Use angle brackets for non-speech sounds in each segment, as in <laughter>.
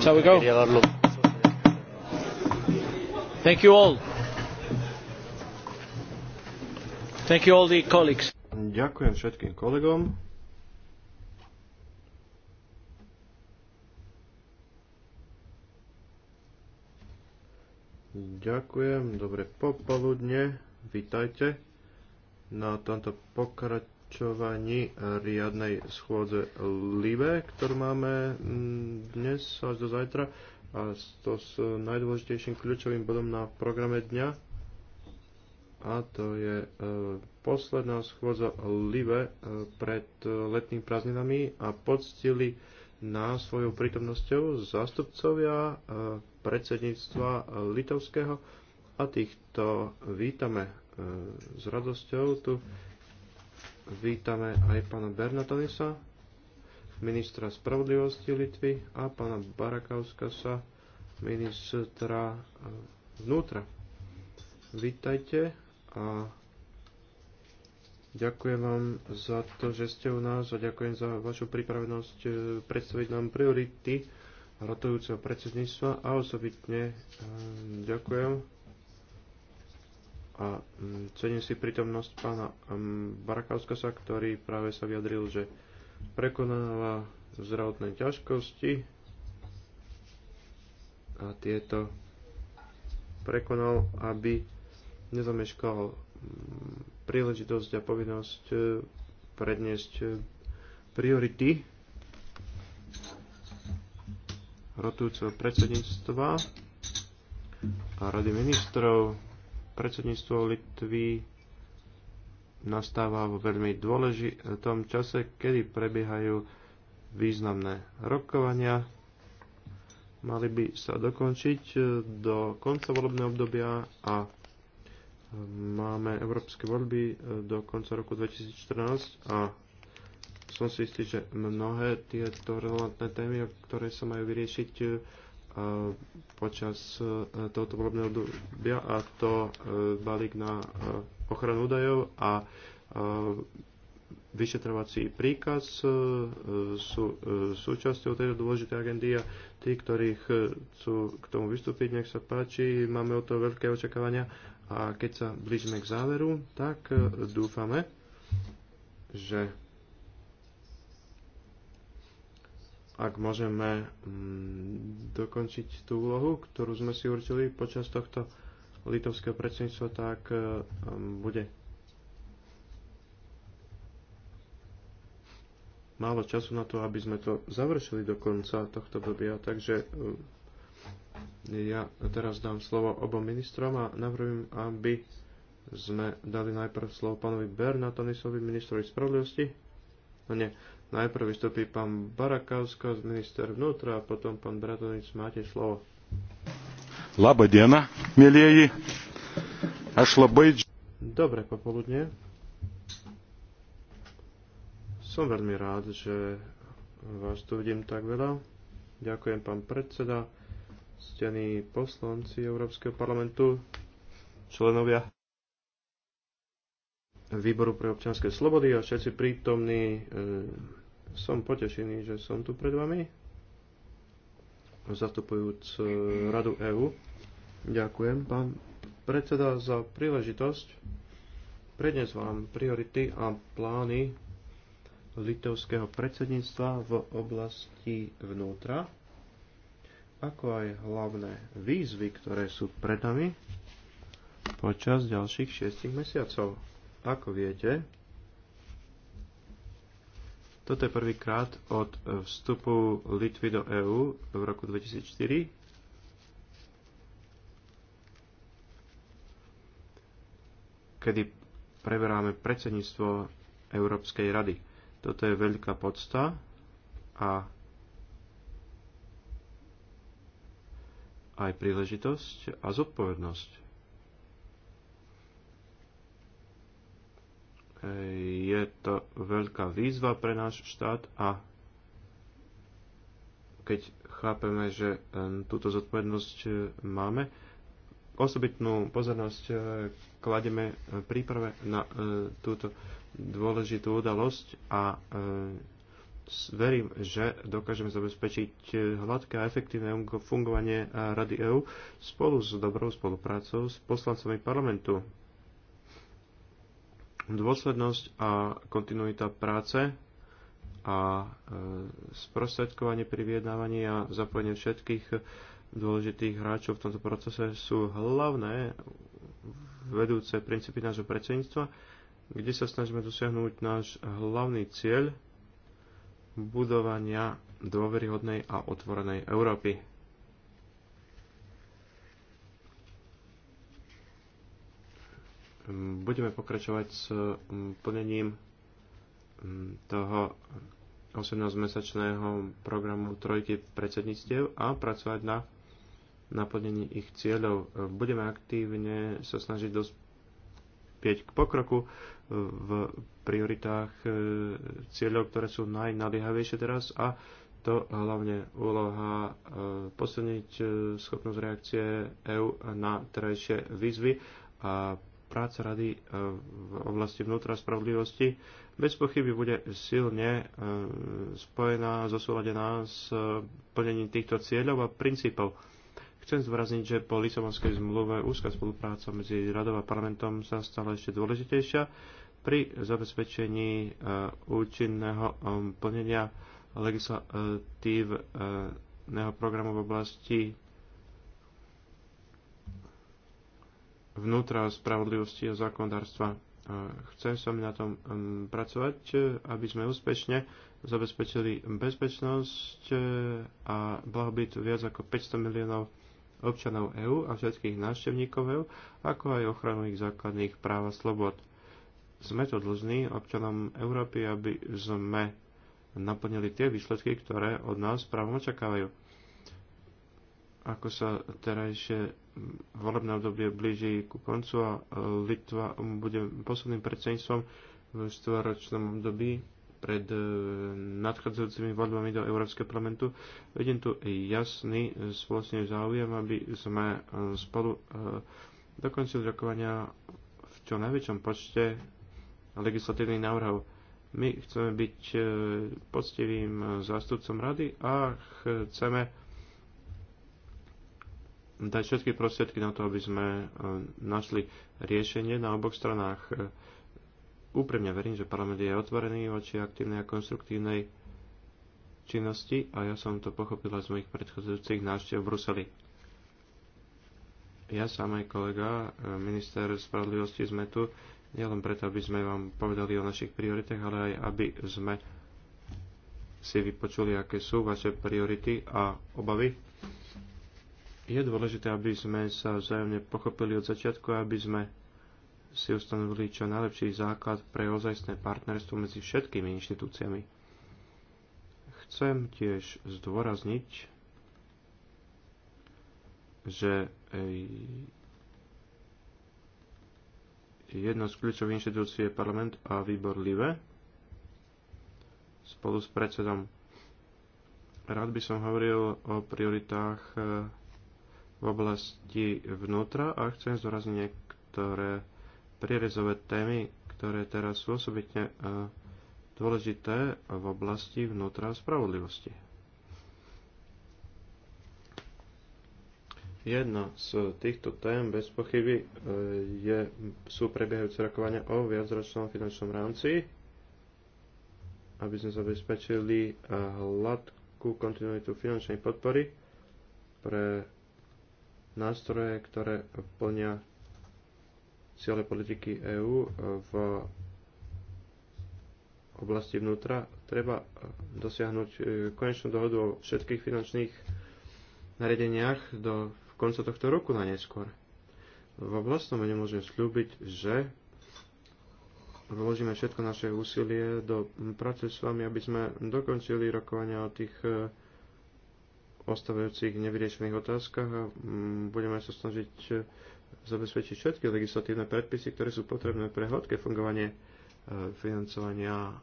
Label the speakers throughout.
Speaker 1: Shall we go? Thank you all.
Speaker 2: Thank you all the colleagues. Ďakujem všetkým kolegom. Ďakujem, dobre popoludne, vítajte na tomto pokračovaní pokračovaní riadnej schôdze LIBE, ktorú máme mm, dnes až do zajtra a to s najdôležitejším kľúčovým bodom na programe dňa a to je e, posledná schôdza LIBE e, pred e, letnými prázdninami a poctili na svojou prítomnosťou zástupcovia predsedníctva litovského a týchto vítame s radosťou tu Vítame aj pána Bernatovisa, ministra spravodlivosti Litvy a pána Barakauskasa, ministra vnútra. Vítajte a Ďakujem vám za to, že ste u nás a ďakujem za vašu pripravenosť eh, predstaviť nám priority rotujúceho predsedníctva a osobitne eh, ďakujem a mm, cením si prítomnosť pána mm, Barakauskasa, ktorý práve sa vyjadril, že prekonáva zdravotné ťažkosti a tieto prekonal, aby nezameškal mm, príležitosť a povinnosť e, predniesť e, priority rotujúceho predsedníctva a rady ministrov predsedníctvo Litvy nastáva vo veľmi dôležitom čase, kedy prebiehajú významné rokovania. Mali by sa dokončiť e, do konca volebného obdobia a e, máme európske voľby e, do konca roku 2014 a som si istý, že mnohé tieto relevantné témy, ktoré sa majú vyriešiť, počas e, tohoto volebného obdobia a to e, balík na e, ochranu údajov a vyšetrovací príkaz sú súčasťou tejto dôležitej agendy a tí, ktorí chcú k tomu vystúpiť, nech sa páči, máme o to veľké očakávania a keď sa blížime k záveru, tak dúfame, že ak môžeme mm, dokončiť tú úlohu, ktorú sme si určili počas tohto litovského predsedníctva, tak e, bude málo času na to, aby sme to završili do konca tohto dobia. Takže e, ja teraz dám slovo obom ministrom a navrhujem, aby sme dali najprv slovo pánovi Bernatonisovi, ministrovi spravodlivosti. No nie, Najprv vystupí pán z minister vnútra, a potom pán Bratonic, máte slovo. Labą dieną, mėlyjeji. Aš labai... Dobre popoludne. Som veľmi rád, že vás tu vidím tak veľa. Ďakujem pán predseda, stení poslanci Európskeho parlamentu, členovia výboru pre občianske slobody a všetci prítomní e, som potešený, že som tu pred vami, zastupujúc e, Radu EÚ. Ďakujem, pán predseda, za príležitosť prednes vám priority a plány litovského predsedníctva v oblasti vnútra, ako aj hlavné výzvy, ktoré sú pred nami počas ďalších 6 mesiacov. Ako viete, toto je prvýkrát od e, vstupu Litvy do EÚ v roku 2004. kedy preberáme predsedníctvo Európskej rady. Toto je veľká podsta a aj príležitosť a zodpovednosť. je to veľká výzva pre náš štát a keď chápeme, že túto zodpovednosť e, máme, osobitnú pozornosť e, klademe e, príprave na túto dôležitú udalosť a verím, že dokážeme zabezpečiť hladké a efektívne fungovanie Rady EÚ spolu s dobrou spoluprácou s poslancami parlamentu dôslednosť a kontinuita práce a e, sprostredkovanie pri vyjednávaní a zapojenie všetkých dôležitých hráčov v tomto procese sú hlavné vedúce princípy nášho predsedníctva, kde sa snažíme dosiahnuť náš hlavný cieľ budovania dôveryhodnej a otvorenej Európy. Mm, budeme pokračovať s mm, plnením mm, toho 18-mesačného programu trojky predsedníctiev a pracovať na naplnení ich cieľov. E, budeme aktívne sa snažiť dospieť k pokroku e, v prioritách e, cieľov, ktoré sú najnaliehavejšie teraz a to hlavne úloha posilniť schopnosť reakcie EÚ na terajšie výzvy a práca rady e, v oblasti vnútra spravodlivosti bez pochyby bude silne e, spojená, zosúladená s e, plnením týchto cieľov a princípov. Chcem zvrazniť, že po Lisabonskej zmluve úzka spolupráca medzi radou a parlamentom sa stala ešte dôležitejšia pri zabezpečení účinného plnenia legislatívneho programu v oblasti vnútra spravodlivosti a zákonodárstva. Chce sa mi na tom um, pracovať, e, aby sme úspešne zabezpečili bezpečnosť e, a blahobyt viac ako 500 miliónov občanov EÚ a všetkých návštevníkov EÚ, ako aj ochranu ich základných práv a slobod. Sme to dlžní občanom Európy, aby sme naplnili tie výsledky, ktoré od nás právom očakávajú. Ako sa terajšie volebné obdobie blíži ku koncu a e, Litva bude posledným predsedníctvom v štvoročnom období pred e, nadchádzajúcimi voľbami do Európskeho parlamentu. Vidím tu jasný e, spoločný záujem, aby sme spolu dokončili rokovania v čo najväčšom počte legislatívnych návrhov. My chceme byť poctivým zástupcom rady a chceme dať všetky prostriedky na to, aby sme e, našli riešenie na oboch stranách. E, úprimne verím, že parlament je otvorený voči aktívnej a konstruktívnej činnosti a ja som to pochopila z mojich predchádzajúcich návštev v Bruseli. Ja sám aj kolega, e, minister spravodlivosti, sme tu nielen preto, aby sme vám povedali o našich prioritách, ale aj aby sme si vypočuli, aké sú vaše priority a obavy je dôležité, aby sme sa vzájomne pochopili od začiatku, aby sme si ustanovili čo najlepší základ pre ozajstné partnerstvo medzi všetkými inštitúciami. Chcem tiež zdôrazniť, že jedna z kľúčových inštitúcií je parlament a výbor LIVE spolu s predsedom. Rád by som hovoril o prioritách v oblasti vnútra a chcem zdôrazniť niektoré prierezové témy, ktoré teraz sú osobitne e, dôležité v oblasti vnútra a spravodlivosti. Jedna z týchto tém bez pochyby e, je, sú prebiehajúce rokovania o viacročnom finančnom rámci, aby sme zabezpečili e, hladkú kontinuitu finančnej podpory pre nástroje, ktoré plnia ciele politiky EÚ e, v oblasti vnútra, treba e, dosiahnuť e, konečnú dohodu o všetkých finančných nariadeniach do konca tohto roku na neskôr. Vo vlastnom mene môžem slúbiť, že vložíme všetko naše úsilie do práce s vami, aby sme dokončili rokovania o tých ostávajúcich nevyriešených otázkach a mm, budeme sa snažiť e, zabezpečiť všetky legislatívne predpisy, ktoré sú potrebné pre hladké fungovanie e, financovania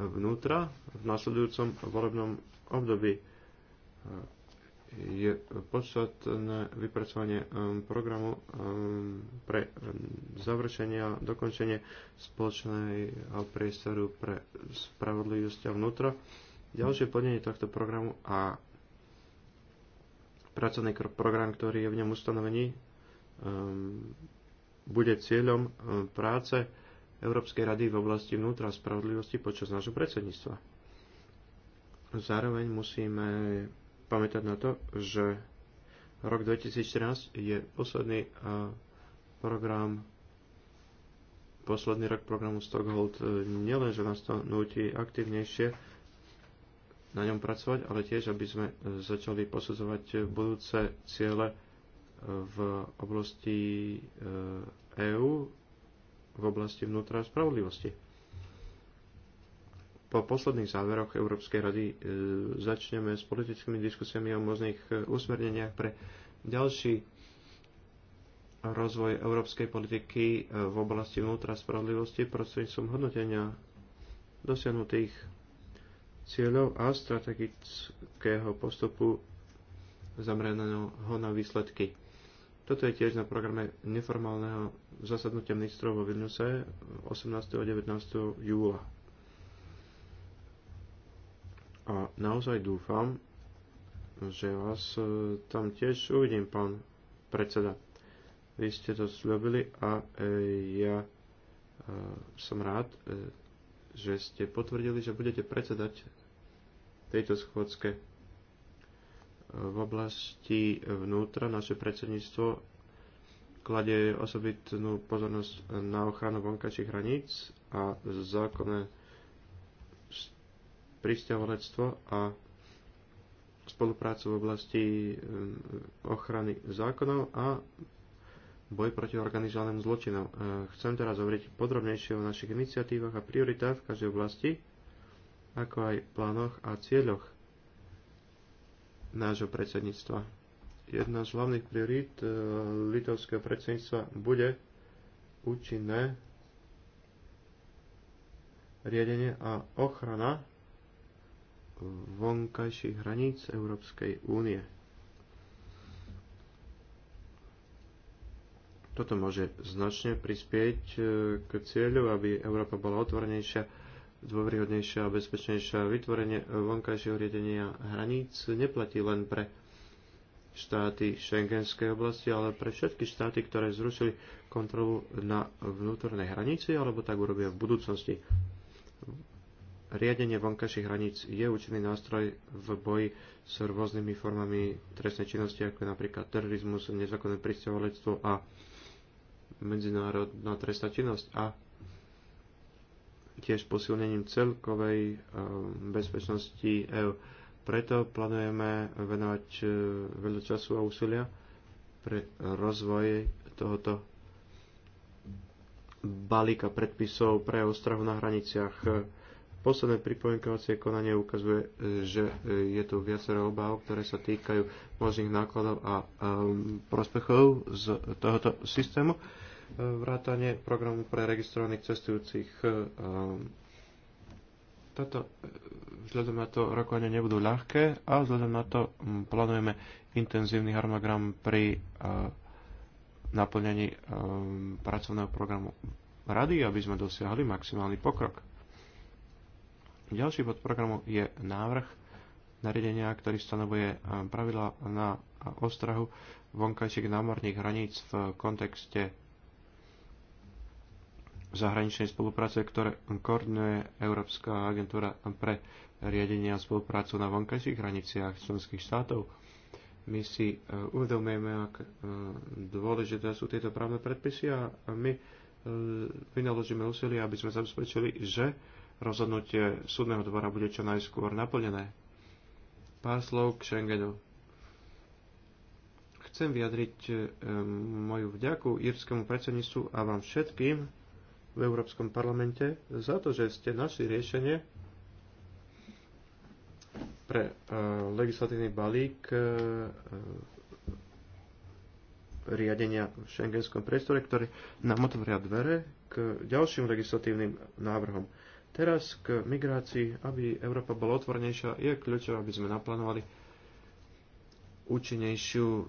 Speaker 2: vnútra v následujúcom volebnom období. E, je podstatné vypracovanie programu pre završenie a dokončenie spoločnej priestoru pre spravodlivosť a vnútra. Ďalšie plnenie tohto programu a pracovný program, ktorý je v ňom ustanovený um, bude cieľom um, práce Európskej rady v oblasti vnútra a spravodlivosti počas nášho predsedníctva. Zároveň musíme pamätať na to, že rok 2014 je posledný uh, program posledný rok programu Stockhold uh, nielenže nás to nutí aktivnejšie na ňom pracovať, ale tiež, aby sme e, začali posudzovať e, budúce ciele e, v oblasti EÚ, v oblasti vnútra spravodlivosti. Po posledných záveroch Európskej rady začneme s politickými diskusiami o možných usmerneniach pre ďalší rozvoj európskej politiky v oblasti vnútra spravodlivosti prostredníctvom hodnotenia dosiahnutých cieľov a strategického postupu zameraného na výsledky. Toto je tiež na programe neformálneho zasadnutia ministrov vo Vilniuse 18. a 19. júla. A naozaj dúfam, že vás e, tam tiež uvidím, pán predseda. Vy ste to slúbili a e, ja e, som rád, že ste potvrdili, že budete predsedať tejto schôdzke. V oblasti vnútra naše predsedníctvo kladie osobitnú pozornosť na ochranu vonkajších hraníc a zákonné pristahovalectvo a spoluprácu v oblasti mm, ochrany zákonov a boj proti organizovaným zločinom. Chcem teraz hovoriť podrobnejšie o našich iniciatívach a prioritách v každej oblasti ako aj plánoch a cieľoch nášho predsedníctva. Jedna z hlavných priorít e, litovského predsedníctva bude účinné riadenie a ochrana vonkajších hraníc Európskej únie. Toto môže značne prispieť e, k cieľu, aby Európa bola otvorenejšia dôveryhodnejšie a bezpečnejšie. Vytvorenie vonkajšieho riadenia hraníc neplatí len pre štáty šengenskej oblasti, ale pre všetky štáty, ktoré zrušili kontrolu na vnútornej hranici alebo tak urobia v budúcnosti. Riadenie vonkajších hraníc je účinný nástroj v boji s rôznymi formami trestnej činnosti, ako napríklad terorizmus, nezákonné pristahovalectvo a medzinárodná trestná činnosť. A tiež posilnením celkovej eh, bezpečnosti EÚ. Preto plánujeme venovať eh, veľa času a úsilia pre rozvoj tohoto balíka predpisov pre ostrahu na hraniciach. Posledné pripomienkovacie konanie ukazuje, že eh, je tu viacero obáv, ktoré sa týkajú možných nákladov a um, prospechov z tohoto systému. Uh, vrátanie programu pre registrovaných cestujúcich. E, e, toto, e, vzhľadom na to, rokovania nebudú ľahké a vzhľadom na to plánujeme intenzívny harmonogram pri naplňaní pracovného programu rady, aby sme dosiahli maximálny pokrok. Ďalší bod programu je návrh nariadenia, ktorý stanovuje pravidla na ostrahu vonkajších námorných hraníc v kontexte zahraničnej spolupráce, ktoré koordinuje Európska agentúra pre riadenie a spoluprácu na vonkajších hraniciach členských štátov. My si e, uvedomujeme, ak e, dôležité sú tieto právne predpisy a my e, vynaložíme úsilie, aby sme zabezpečili, že rozhodnutie súdneho dvora bude čo najskôr naplnené. Pár slov k Schengenu. Chcem vyjadriť moju vďaku írskému predsedníctvu a vám všetkým v Európskom parlamente za to, že ste našli riešenie pre e, legislatívny balík e, e, riadenia v šengenskom priestore, ktorý nám otvoria dvere k ďalším legislatívnym návrhom. Teraz k migrácii, aby Európa bola otvornejšia, je kľúčové, aby sme naplánovali účinnejšiu um,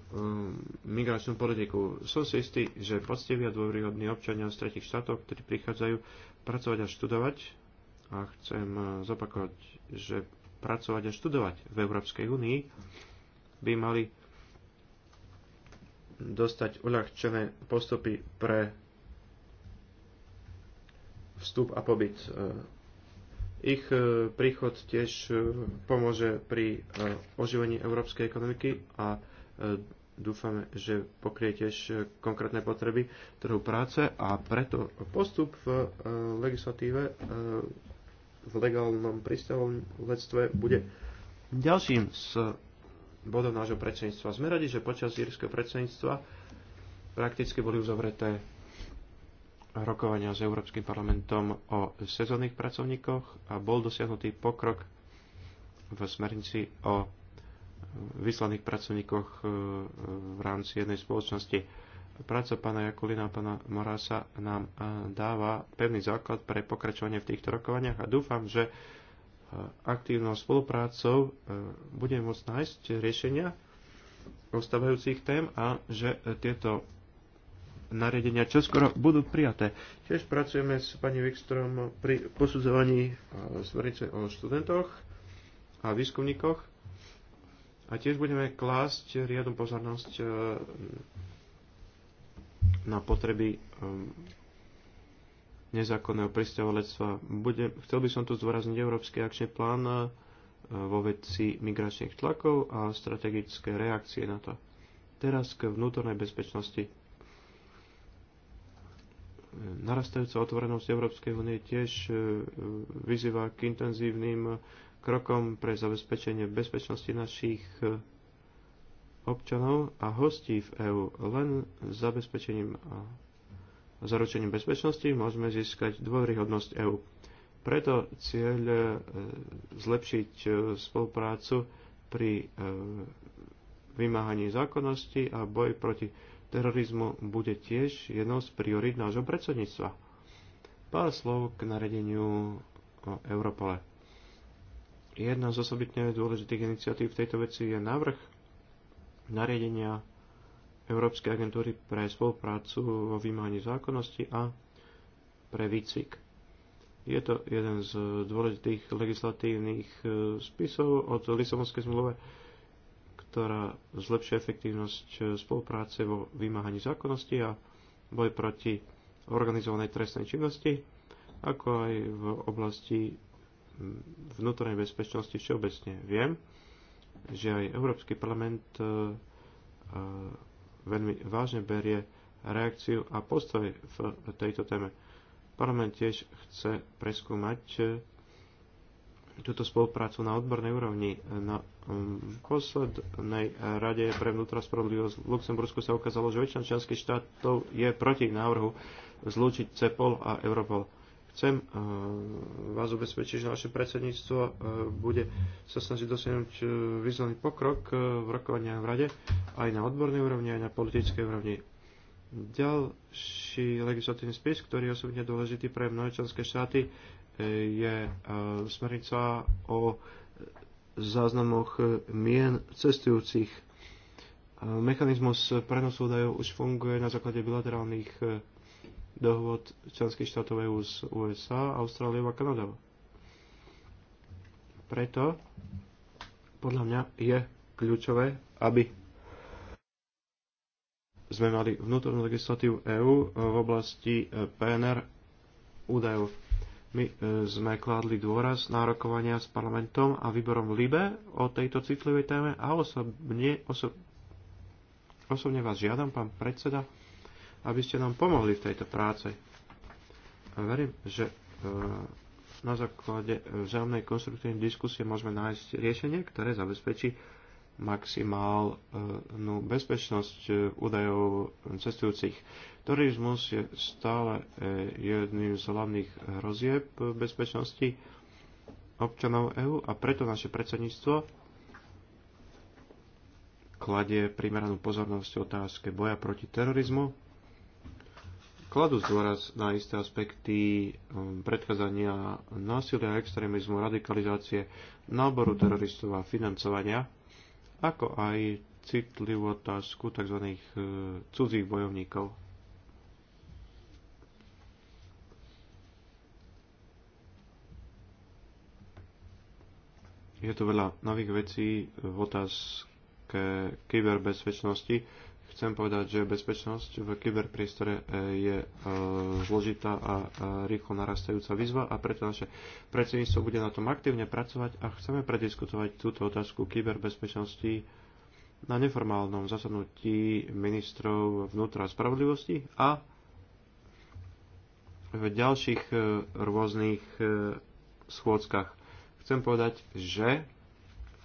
Speaker 2: migračnú politiku. Som si istý, že poctiví a dôveryhodní občania z tretich štátov, ktorí prichádzajú pracovať a študovať, a chcem uh, zopakovať, že pracovať a študovať v Európskej únii by mali dostať uľahčené postupy pre vstup a pobyt uh, ich e, príchod tiež e, pomôže pri e, oživení európskej ekonomiky a dúfame, že pokrie tiež konkrétne potreby trhu práce a preto postup v legislatíve v legálnom pristahovalectve bude ďalším z bodov nášho predsedníctva. Sme radi, že počas írskeho predsedníctva prakticky boli uzavreté rokovania s Európskym parlamentom o sezónnych pracovníkoch a bol dosiahnutý pokrok v smernici o vyslaných pracovníkoch e, v rámci jednej spoločnosti. Práca pána Jakulina a pána Morasa nám e, dáva pevný základ pre pokračovanie v týchto rokovaniach a dúfam, že e, aktívnou spoluprácou budeme môcť nájsť riešenia ostávajúcich tém a že tieto nariadenia čoskoro budú prijaté. Tiež pracujeme s pani Wikstrom pri posudzovaní eh, smernice o študentoch a výskumníkoch a tiež budeme klásť riadnu pozornosť eh, na potreby eh, nezákonného pristahovalectva. chcel by som tu zdôrazniť Európsky akčný plán vo veci migračných tlakov a strategické reakcie na to. Teraz k vnútornej bezpečnosti narastajúca otvorenosť Európskej únie tiež e, vyzýva k intenzívnym krokom pre zabezpečenie bezpečnosti našich e, občanov a hostí v EÚ. Len zabezpečením a zaručením bezpečnosti môžeme získať dôveryhodnosť EÚ. Preto cieľ e, zlepšiť spoluprácu pri vymáhaní zákonnosti a boj proti terorizmu bude tiež jednou z priorít nášho predsedníctva. Pár slov k naredeniu o Europole. Jedna z osobitne dôležitých iniciatív v tejto veci je návrh nariadenia Európskej agentúry pre spoluprácu vo vymáhaní zákonnosti a pre výcvik. Je to jeden z dôležitých legislatívnych eh, spisov od Lisabonskej zmluve ktorá zlepšuje efektívnosť eh, spolupráce vo vymáhaní zákonnosti a boj proti organizovanej trestnej činnosti, ako aj v oblasti hm, vnútornej bezpečnosti všeobecne. Viem, že aj Európsky parlament eh, veľmi vážne berie reakciu a postoj v tejto téme. Parlament tiež chce preskúmať eh, túto spoluprácu na odbornej úrovni. Na um, poslednej rade pre vnútra spravodlivosť v Luxembursku sa ukázalo, že väčšina členských štátov je proti návrhu zlúčiť CEPOL a Europol. Chcem uh, vás ubezpečiť, že naše predsedníctvo uh, bude sa snažiť dosiahnuť uh, významný pokrok v rokovaniach v rade aj na odbornej úrovni, aj na politickej úrovni. Ďalší legislatívny spis, ktorý je osobne dôležitý pre mnohé členské štáty, je e, smernica o záznamoch mien cestujúcich. E, mechanizmus prenosu údajov už funguje na základe bilaterálnych e, dohôd členských štátov EU z USA, Austrálie a Kanada. Preto podľa mňa je kľúčové, aby sme mali vnútornú legislatívu EÚ v oblasti PNR údajov my e, sme kládli dôraz na rokovania s parlamentom a výborom LIBE o tejto citlivej téme a osobne, oso, osobne vás žiadam, pán predseda, aby ste nám pomohli v tejto práci. A verím, že e, na základe vzájomnej konstruktívnej diskusie môžeme nájsť riešenie, ktoré zabezpečí maximálnu bezpečnosť e, údajov cestujúcich. Terorizmus je stále e, jedným z hlavných hrozieb bezpečnosti občanov EÚ a preto naše predsedníctvo kladie primeranú pozornosť otázke boja proti terorizmu, kladú zdôraz na isté aspekty e, predchádzania násilia, extrémizmu, radikalizácie, náboru teroristov a financovania ako aj citlivú otázku tzv. E, cudzích bojovníkov. Je tu veľa nových vecí v otázke kyberbezpečnosti chcem povedať, že bezpečnosť v kyberpriestore eh, je eh, zložitá a rýchlo narastajúca výzva a preto naše predsedníctvo bude na tom aktívne pracovať a chceme prediskutovať túto otázku kyberbezpečnosti na neformálnom zasadnutí ministrov vnútra a spravodlivosti a v ďalších eh, rôznych schôdzkach. Chcem povedať, že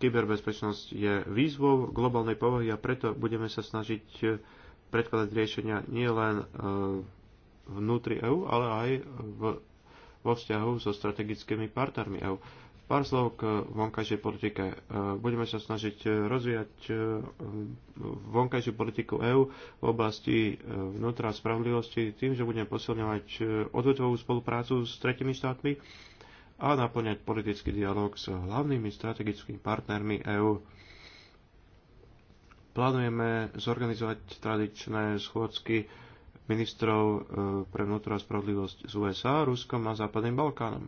Speaker 2: Kyberbezpečnosť je výzvou globálnej povahy a preto budeme sa snažiť e, predkladať riešenia nielen e, vnútri EÚ, ale aj v, vo vzťahu so strategickými partnermi EÚ. Pár slov k vonkajšej politike. E, budeme sa snažiť rozvíjať vonkajšiu politiku EÚ v oblasti vnútra spravodlivosti tým, že budeme posilňovať odvetovú spoluprácu s tretimi štátmi a naplňať politický dialog s hlavnými strategickými partnermi EÚ. Plánujeme zorganizovať tradičné schôdzky ministrov e, pre vnútro a spravodlivosť z USA, Ruskom a Západným Balkánom.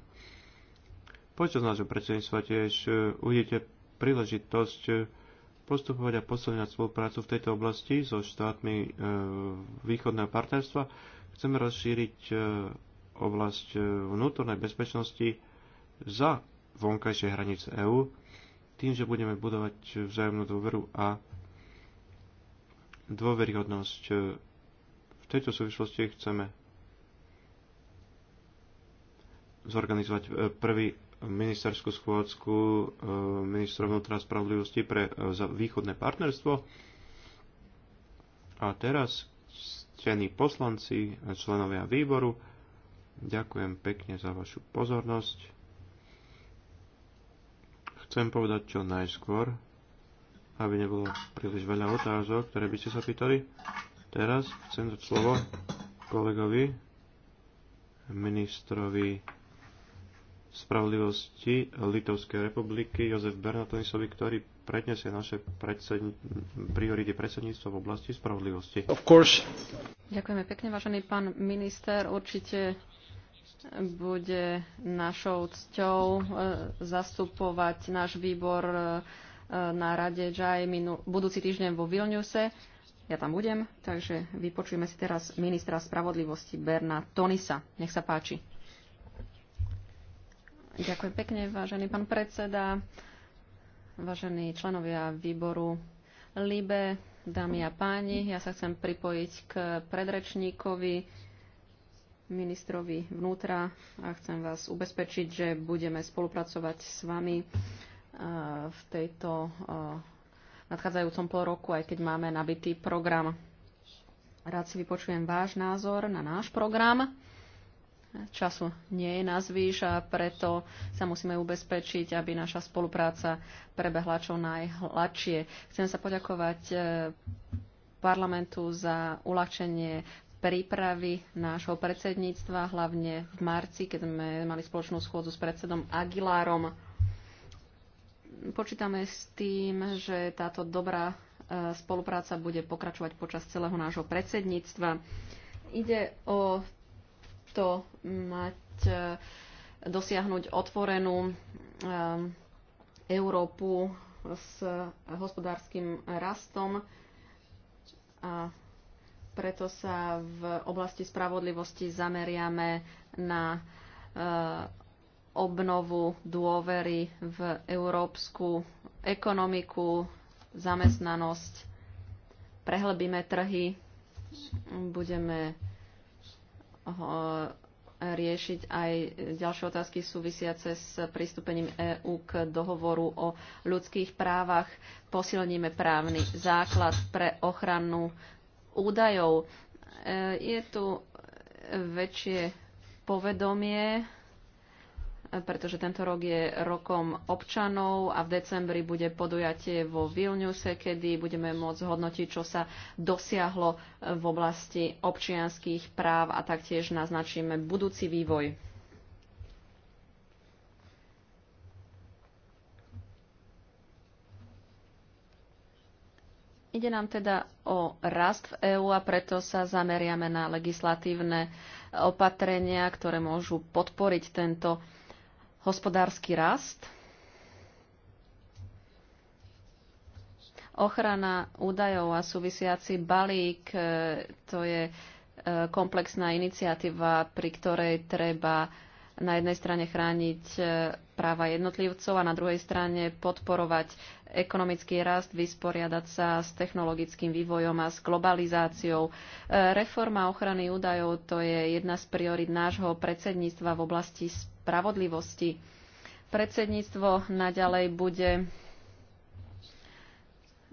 Speaker 2: Počas nášho predsedníctva tiež e, uvidíte príležitosť e, postupovať a posilňovať spoluprácu v tejto oblasti so štátmi východného partnerstva. Chceme rozšíriť oblasť vnútornej bezpečnosti za vonkajšie hranice EÚ, tým, že budeme budovať vzájomnú dôveru a dôveryhodnosť. V tejto súvislosti chceme zorganizovať eh, prvý ministerskú schôdzku eh, ministrov vnútra spravodlivosti pre eh, východné partnerstvo. A teraz, ctení poslanci, členovia výboru, ďakujem pekne za vašu pozornosť chcem povedať čo najskôr, aby nebolo príliš veľa otázok, ktoré by ste sa pýtali. Teraz chcem dať slovo kolegovi, ministrovi spravodlivosti Litovskej republiky Jozef Bernatonisovi, ktorý predniesie naše predsedn- priority predsedníctva v oblasti spravodlivosti. Of course.
Speaker 3: Ďakujeme pekne, vážený pán minister. Určite bude našou cťou e, zastupovať náš výbor e, na rade JAI budúci týždeň vo Vilniuse. Ja tam budem, takže vypočujeme si teraz ministra spravodlivosti Berna Tonisa. Nech sa páči. Ďakujem pekne, vážený pán predseda, vážení členovia výboru LIBE, dámy a páni. Ja sa chcem pripojiť k predrečníkovi ministrovi vnútra a chcem vás ubezpečiť, že budeme spolupracovať s vami e, v tejto e, nadchádzajúcom pol roku, aj keď máme nabitý program. Rád si vypočujem váš názor na náš program. Času nie je nazvýš a preto sa musíme ubezpečiť, aby naša spolupráca prebehla čo najhladšie. Chcem sa poďakovať e, parlamentu za uľahčenie prípravy nášho predsedníctva, hlavne v marci, keď sme mali spoločnú schôdzu s predsedom Aguilárom. Počítame s tým, že táto dobrá e, spolupráca bude pokračovať počas celého nášho predsedníctva. Ide o to mať e, dosiahnuť otvorenú e, Európu s hospodárskym rastom a preto sa v oblasti spravodlivosti zameriame na eh, obnovu dôvery v európsku ekonomiku, zamestnanosť. Prehlbíme trhy, budeme eh, riešiť aj ďalšie otázky súvisiace s pristúpením EÚ k dohovoru o ľudských právach. Posilníme právny základ pre ochranu údajov. E, je tu väčšie povedomie, pretože tento rok je rokom občanov a v decembri bude podujatie vo Vilniuse, kedy budeme môcť hodnotiť, čo sa dosiahlo v oblasti občianských práv a taktiež naznačíme budúci vývoj. Ide nám teda o rast v EÚ a preto sa zameriame na legislatívne opatrenia, ktoré môžu podporiť tento hospodársky rast. Ochrana údajov a súvisiaci balík e, to je e, komplexná iniciatíva, pri ktorej treba na jednej strane chrániť e, práva jednotlivcov a na druhej strane podporovať ekonomický rast, vysporiadať sa s technologickým vývojom a s globalizáciou. E, reforma ochrany údajov to je jedna z priorit nášho predsedníctva v oblasti spravodlivosti. Predsedníctvo naďalej bude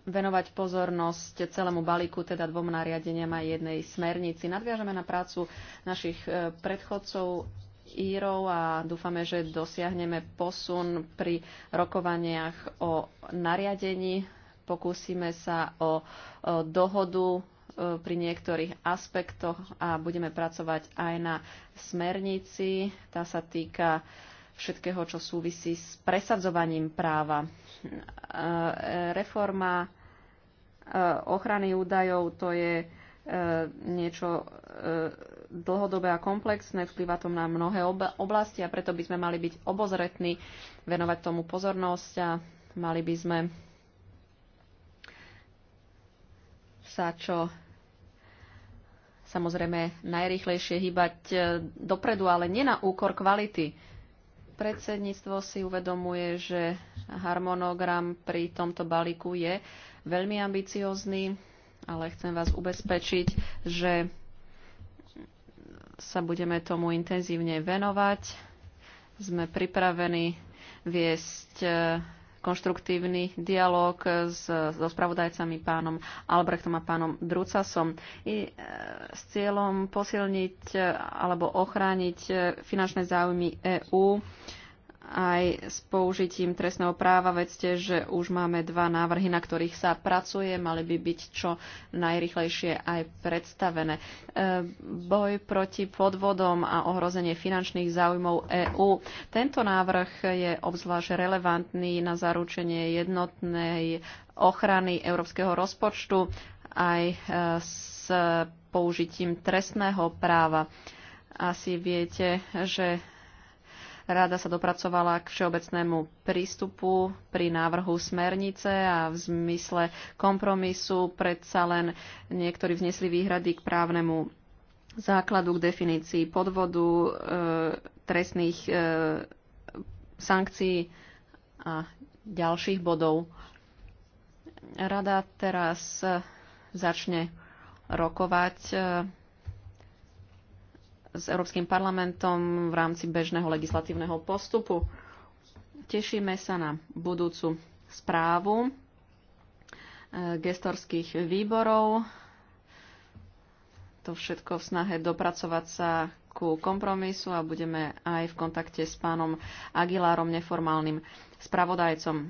Speaker 3: venovať pozornosť celému balíku, teda dvom nariadeniam a jednej smernici. Nadviažeme na prácu našich e, predchodcov Írov a dúfame, že dosiahneme posun pri rokovaniach o nariadení. Pokúsime sa o, o dohodu e, pri niektorých aspektoch a budeme pracovať aj na smernici. Tá sa týka všetkého, čo súvisí s presadzovaním práva. E, reforma e, ochrany údajov to je niečo dlhodobé a komplexné, vplyva to na mnohé oblasti a preto by sme mali byť obozretní, venovať tomu pozornosť a mali by sme sa čo samozrejme najrychlejšie hýbať e, dopredu, ale nie na úkor kvality. Predsedníctvo si uvedomuje, že harmonogram pri tomto balíku je veľmi ambiciózny, ale chcem vás ubezpečiť, že sa budeme tomu intenzívne venovať. Sme pripravení viesť e, konštruktívny dialog s, so spravodajcami pánom Albrechtom a pánom Drucasom i, e, s cieľom posilniť e, alebo ochrániť e, finančné záujmy EÚ. E, aj s použitím trestného práva. Vedzte, že už máme dva návrhy, na ktorých sa pracuje, mali by byť čo najrychlejšie aj predstavené. E, boj proti podvodom a ohrozenie finančných záujmov EÚ. Tento návrh je obzvlášť relevantný na zaručenie jednotnej ochrany európskeho rozpočtu aj e, s použitím trestného práva. Asi viete, že Rada sa dopracovala k všeobecnému prístupu pri návrhu smernice a v zmysle kompromisu predsa len niektorí vznesli výhrady k právnemu základu, k definícii podvodu, e, trestných e, sankcií a ďalších bodov. Rada teraz začne rokovať e, s Európskym parlamentom v rámci bežného legislatívneho postupu. Tešíme sa na budúcu správu e, gestorských výborov. To všetko v snahe dopracovať sa ku kompromisu a budeme aj v kontakte s pánom Aguilárom, neformálnym spravodajcom.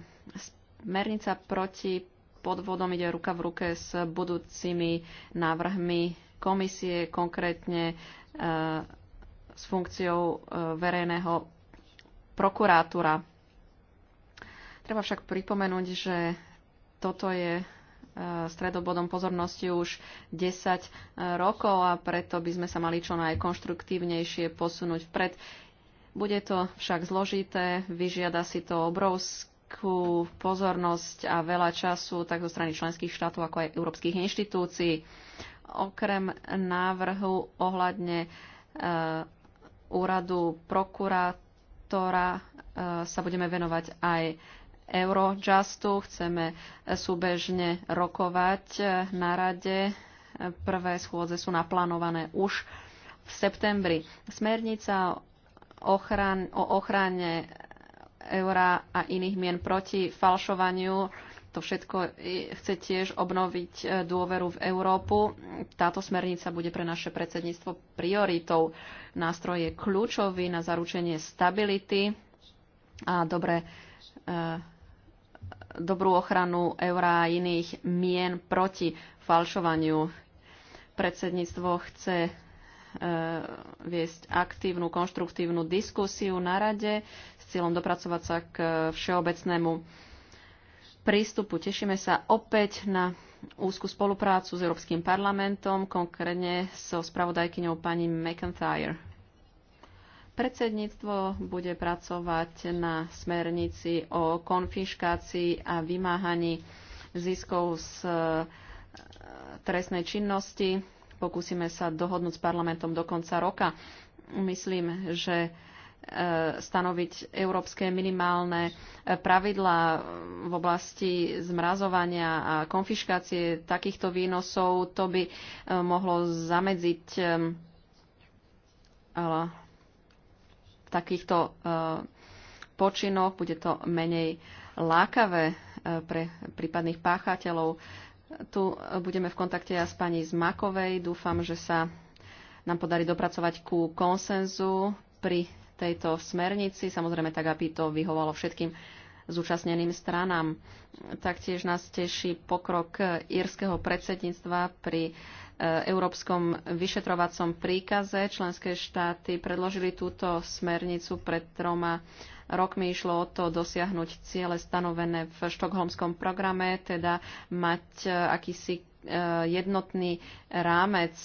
Speaker 3: Smernica proti podvodom ide ruka v ruke s budúcimi návrhmi komisie, konkrétne E, s funkciou e, verejného prokurátora. Treba však pripomenúť, že toto je e, stredobodom pozornosti už 10 rokov a preto by sme sa mali čo najkonštruktívnejšie posunúť vpred. Bude to však zložité, vyžiada si to obrovskú pozornosť a veľa času tak zo strany členských štátov ako aj európskych inštitúcií okrem návrhu ohľadne eh, úradu prokurátora eh, sa budeme venovať aj Eurojustu. Chceme súbežne rokovať eh, na rade. Prvé schôdze sú naplánované už v septembri. Smernica ochran o ochrane eura a iných mien proti falšovaniu to všetko chce tiež obnoviť e, dôveru v Európu. Táto smernica bude pre naše predsedníctvo prioritou. Nástroj je kľúčový na zaručenie stability a dobre e, dobrú ochranu eurá a iných mien proti falšovaniu. Predsedníctvo chce e, viesť aktívnu, konštruktívnu diskusiu na rade s cieľom dopracovať sa k všeobecnému prístupu. Tešíme sa opäť na úzku spoluprácu s Európskym parlamentom, konkrétne so spravodajkyňou pani McIntyre. Predsedníctvo bude pracovať na smernici o konfiškácii a vymáhaní ziskov z e, trestnej činnosti. Pokúsime sa dohodnúť s parlamentom do konca roka. Myslím, že stanoviť európske minimálne e, pravidlá e, v oblasti zmrazovania a konfiškácie takýchto výnosov. To by e, mohlo zamedziť v takýchto počinoch. Bude to menej lákavé pre prípadných páchateľov. Tu budeme v kontakte ja s pani Zmakovej. Dúfam, že sa nám podarí dopracovať ku konsenzu pri tejto smernici, samozrejme tak, aby to vyhovalo všetkým zúčastneným stranám. Taktiež nás teší pokrok írskeho predsedníctva pri e, Európskom vyšetrovacom príkaze. Členské štáty predložili túto smernicu pred troma rokmi. Išlo o to dosiahnuť ciele stanovené v štokholmskom programe, teda mať e, akýsi e, jednotný rámec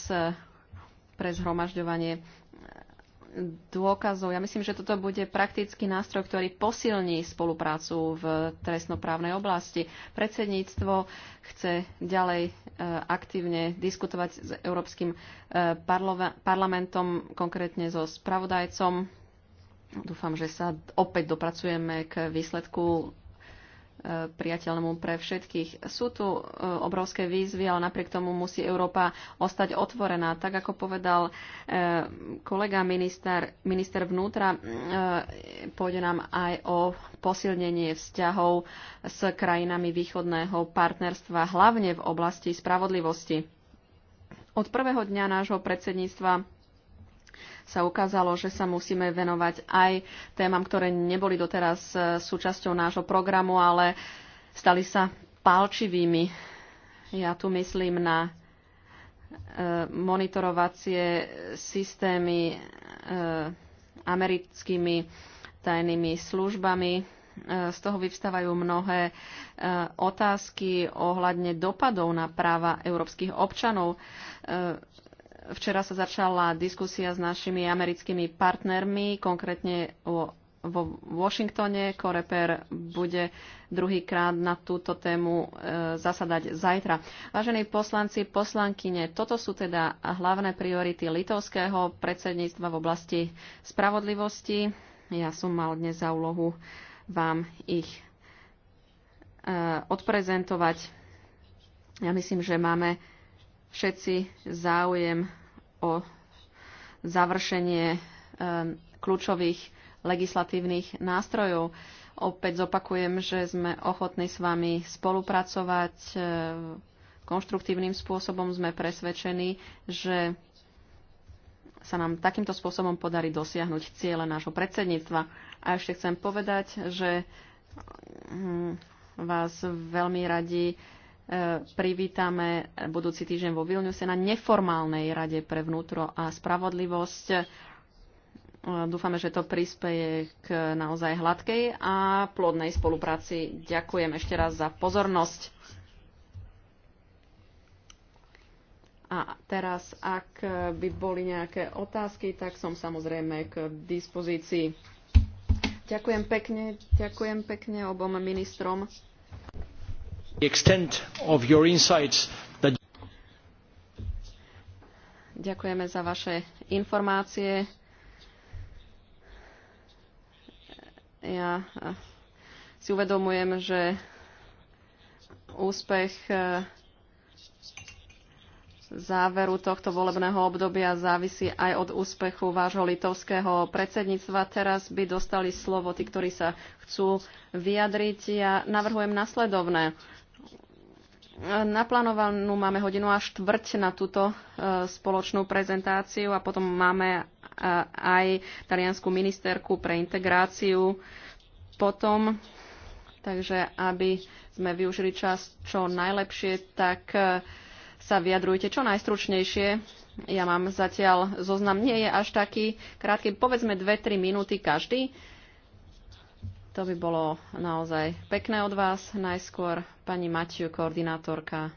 Speaker 3: pre zhromažďovanie dôkazov. Ja myslím, že toto bude praktický nástroj, ktorý posilní spoluprácu v trestnoprávnej oblasti. Predsedníctvo chce ďalej e, aktívne diskutovať s Európskym e, parlamentom, konkrétne so spravodajcom. Dúfam, že sa opäť dopracujeme k výsledku priateľnému pre všetkých. Sú tu e, obrovské výzvy, ale napriek tomu musí Európa ostať otvorená. Tak ako povedal e, kolega minister, minister vnútra, e, pôjde nám aj o posilnenie vzťahov s krajinami východného partnerstva, hlavne v oblasti spravodlivosti. Od prvého dňa nášho predsedníctva sa ukázalo, že sa musíme venovať aj témam, ktoré neboli doteraz e, súčasťou nášho programu, ale stali sa palčivými. Ja tu myslím na e, monitorovacie systémy e, americkými tajnými službami. Z toho vyvstávajú mnohé otázky ohľadne dopadov na práva európskych občanov. Včera sa začala diskusia s našimi americkými partnermi, konkrétne o vo Washingtone. Koreper bude druhýkrát na túto tému e, zasadať zajtra. Vážení poslanci, poslankyne, toto sú teda hlavné priority litovského predsedníctva v oblasti spravodlivosti. Ja som mal dnes za úlohu vám ich e, odprezentovať. Ja myslím, že máme všetci záujem o završenie e, kľúčových legislatívnych nástrojov. Opäť zopakujem, že sme ochotní s vami spolupracovať e, konštruktívnym spôsobom. Sme presvedčení, že sa nám takýmto spôsobom podarí dosiahnuť ciele nášho predsedníctva. A ešte chcem povedať, že hm, vás veľmi radi privítame budúci týždeň vo Vilniuse na neformálnej rade pre vnútro a spravodlivosť. E, dúfame, že to prispieje k naozaj hladkej a plodnej spolupráci. Ďakujem ešte raz za pozornosť. A teraz, ak by boli nejaké otázky, tak som samozrejme k dispozícii. Ďakujem pekne, ďakujem pekne obom ministrom.
Speaker 1: Ďakujeme
Speaker 3: za vaše informácie. Ja si uvedomujem, že úspech eh, záveru tohto volebného obdobia závisí aj od úspechu vášho litovského predsedníctva. Teraz by dostali slovo tí, ktorí sa chcú vyjadriť. Ja navrhujem nasledovné. Naplánovanú máme hodinu a štvrť na túto e, spoločnú prezentáciu a potom máme e, aj taliansku ministerku pre integráciu potom. Takže aby sme využili čas čo najlepšie, tak e, sa vyjadrujte čo najstručnejšie. Ja mám zatiaľ zoznam, nie je až taký krátky, povedzme 2-3 minúty každý. To by bolo naozaj pekné od vás. Najskôr pani Matiu, koordinátorka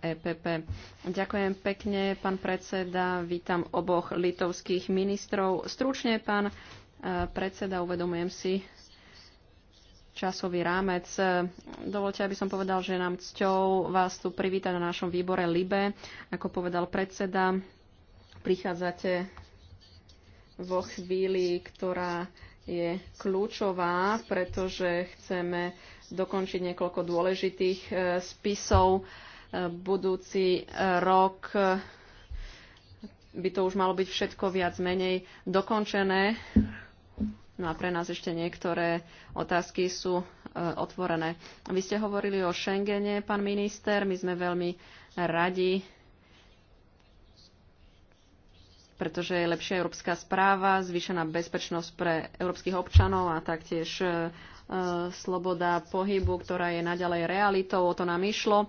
Speaker 3: EPP. E Ďakujem pekne, pán predseda. Vítam oboch litovských ministrov. Stručne, pán e, predseda, uvedomujem si časový rámec. Dovolte, aby som povedal, že nám cťou vás tu privítať na našom výbore LIBE. Ako povedal predseda, prichádzate vo chvíli, ktorá je kľúčová, pretože chceme dokončiť niekoľko dôležitých e, spisov. E, budúci e, rok by to už malo byť všetko viac menej dokončené. No a pre nás ešte niektoré otázky sú otvorené. Vy ste hovorili o Schengene, pán minister. My sme veľmi radi, pretože je lepšia európska správa, zvýšená bezpečnosť pre európskych občanov a taktiež e, sloboda pohybu, ktorá je naďalej realitou. O to nám išlo.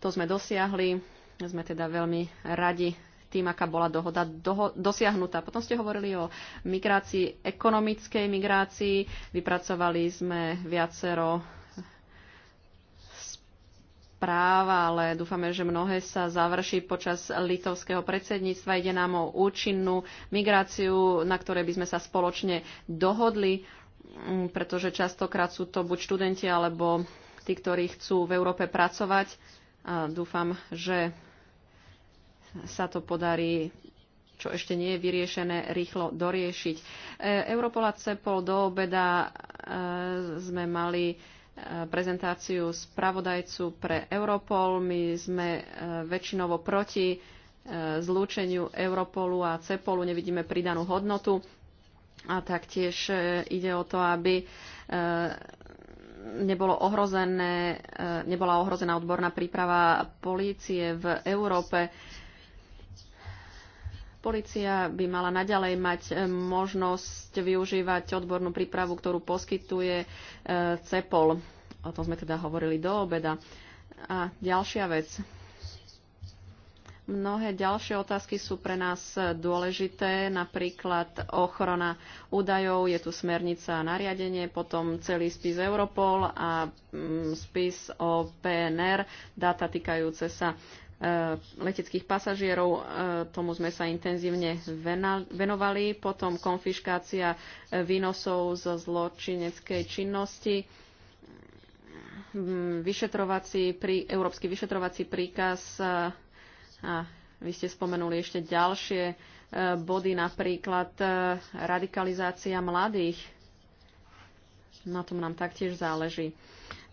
Speaker 3: To sme dosiahli. Sme teda veľmi radi tým, aká bola dohoda doho- dosiahnutá. Potom ste hovorili o migrácii, ekonomickej migrácii. Vypracovali sme viacero správa, ale dúfame, že mnohé sa završí počas litovského predsedníctva. Ide nám o účinnú migráciu, na ktorej by sme sa spoločne dohodli, mm, pretože častokrát sú to buď študenti alebo tí, ktorí chcú v Európe pracovať. A dúfam, že sa to podarí čo ešte nie je vyriešené, rýchlo doriešiť. E, Europola CEPOL do obeda e, sme mali prezentáciu spravodajcu pre Europol. My sme e, väčšinovo proti e, zlúčeniu Europolu a CEPOLu, nevidíme pridanú hodnotu. A taktiež e, ide o to, aby nebolo ohrozené, nebola ohrozená odborná príprava polície v Európe. Polícia by mala naďalej mať e, možnosť využívať odbornú prípravu, ktorú poskytuje e, CEPOL. O tom sme teda hovorili do obeda. A ďalšia vec. Mnohé ďalšie otázky sú pre nás dôležité, napríklad ochrana údajov, je tu smernica a nariadenie, potom celý spis Europol a mm, spis o PNR, dáta týkajúce sa Eh, leteckých pasažierov. Eh, tomu sme sa intenzívne venovali. Potom konfiškácia eh, výnosov zo zločineckej činnosti mm, vyšetrovací, prí, európsky vyšetrovací príkaz a, vy ste spomenuli ešte ďalšie body, napríklad radikalizácia mladých. Na tom nám taktiež záleží.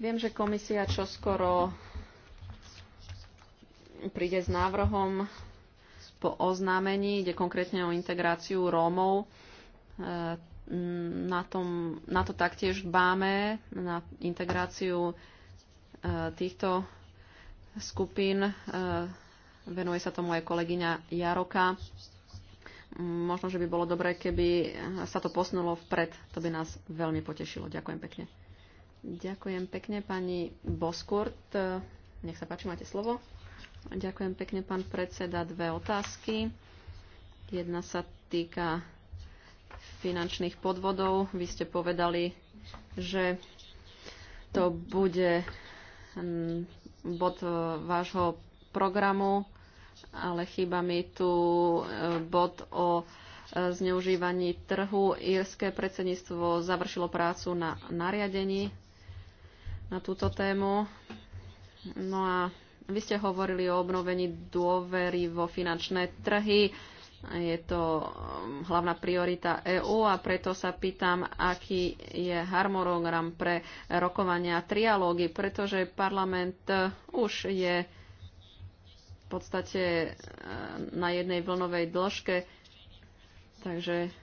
Speaker 3: Viem, že komisia čoskoro príde s návrhom po oznámení, ide konkrétne o integráciu Rómov. E, na, tom, na to taktiež dbáme, na integráciu e, týchto skupín. E, venuje sa tomu aj kolegyňa Jaroka. Možno, že by bolo dobré, keby sa to posunulo vpred. To by nás veľmi potešilo. Ďakujem pekne. Ďakujem pekne pani Boskurt. Nech sa páči, máte slovo. Ďakujem pekne, pán predseda. Dve otázky. Jedna sa týka finančných podvodov. Vy ste povedali, že to bude mm, bod e, vášho programu, ale chýba mi tu e, bod o e, zneužívaní trhu. Írske predsedníctvo završilo prácu na nariadení na túto tému. No a vy ste hovorili o obnovení dôvery vo finančné trhy. Je to um, hlavná priorita EÚ a preto sa pýtam, aký je harmonogram pre rokovania a trialógy, pretože parlament uh, už je v podstate uh, na jednej vlnovej dĺžke. Takže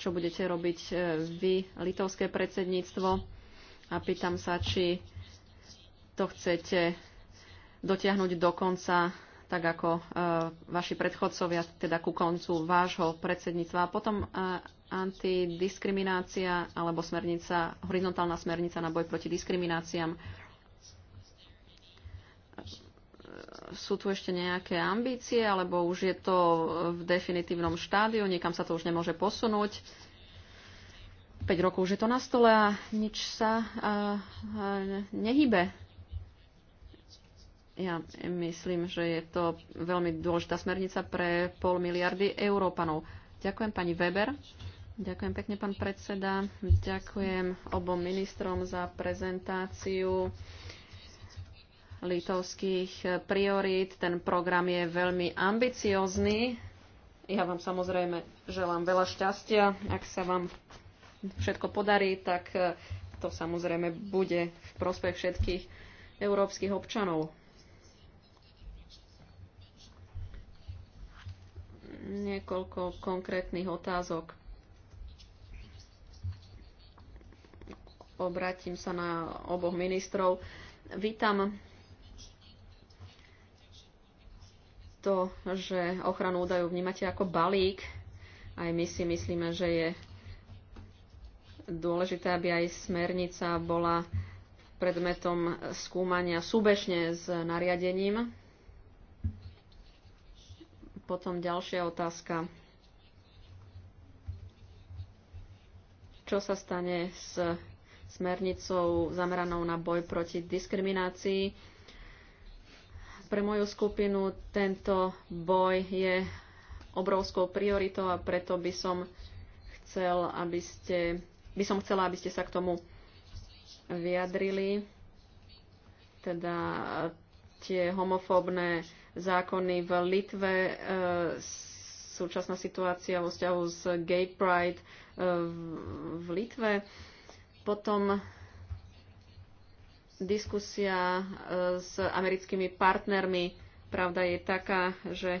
Speaker 3: čo budete robiť uh, vy, litovské predsedníctvo? A pýtam sa, či to chcete dotiahnuť do konca tak ako e, vaši predchodcovia, teda ku koncu vášho predsedníctva. A potom e, antidiskriminácia alebo smernica, horizontálna smernica na boj proti diskrimináciám. Sú tu ešte nejaké ambície, alebo už je to v definitívnom štádiu, niekam sa to už nemôže posunúť. 5 rokov už je to na stole a nič sa uh, uh, nehybe ja myslím, že je to veľmi dôležitá smernica pre pol miliardy Európanov. Ďakujem pani Weber. Ďakujem pekne, pán predseda. Ďakujem obom ministrom za prezentáciu litovských priorít. Ten program je veľmi ambiciózny. Ja vám samozrejme želám veľa šťastia. Ak sa vám všetko podarí, tak to samozrejme bude v prospech všetkých európskych občanov. Niekoľko konkrétnych otázok. Obratím sa na oboch ministrov. Vítam to, že ochranu údajov vnímate ako balík. Aj my si myslíme, že je dôležité, aby aj smernica bola predmetom skúmania súbežne s nariadením potom ďalšia otázka. Čo sa stane s smernicou zameranou na boj proti diskriminácii? Pre moju skupinu tento boj je obrovskou prioritou a preto by som chcel, aby ste, by som chcela, aby ste sa k tomu vyjadrili. Teda tie homofóbne zákony v Litve, e, súčasná situácia vo vzťahu s Gay Pride e, v Litve, potom diskusia e, s americkými partnermi. Pravda je taká, že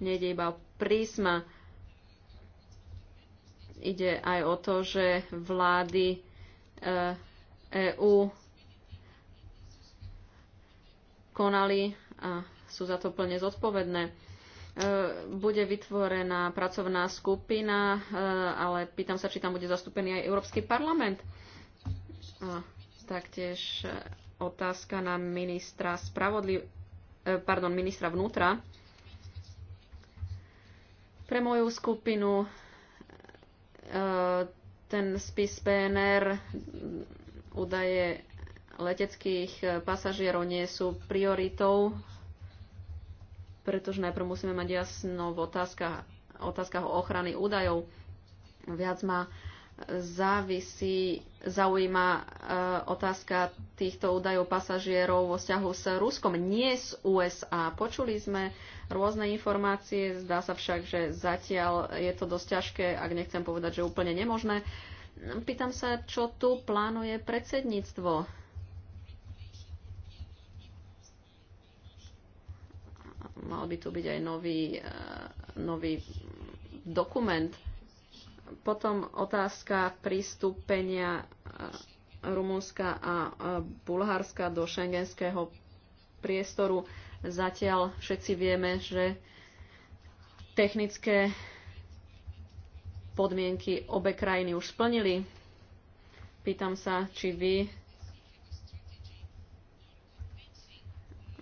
Speaker 3: nejde iba o prísma, ide aj o to, že vlády EÚ konali a sú za to plne zodpovedné. E, bude vytvorená pracovná skupina, e, ale pýtam sa, či tam bude zastúpený aj Európsky parlament. A taktiež otázka na ministra spravodliv... E, pardon, ministra vnútra. Pre moju skupinu ten spis PNR údaje leteckých pasažierov nie sú prioritou pretože najprv musíme mať jasno v otázkach, otázkach o ochrany údajov. Viac ma závisí, zaujíma e, otázka týchto údajov pasažierov vo vzťahu s Ruskom, nie z USA. Počuli sme rôzne informácie, zdá sa však, že zatiaľ je to dosť ťažké, ak nechcem povedať, že úplne nemožné. Pýtam sa, čo tu plánuje predsedníctvo mal by tu byť aj nový, eh, nový dokument. Potom otázka pristúpenia eh, Rumunska a eh, Bulharska do šengenského priestoru. Zatiaľ všetci vieme, že technické podmienky obe krajiny už splnili. Pýtam sa, či vy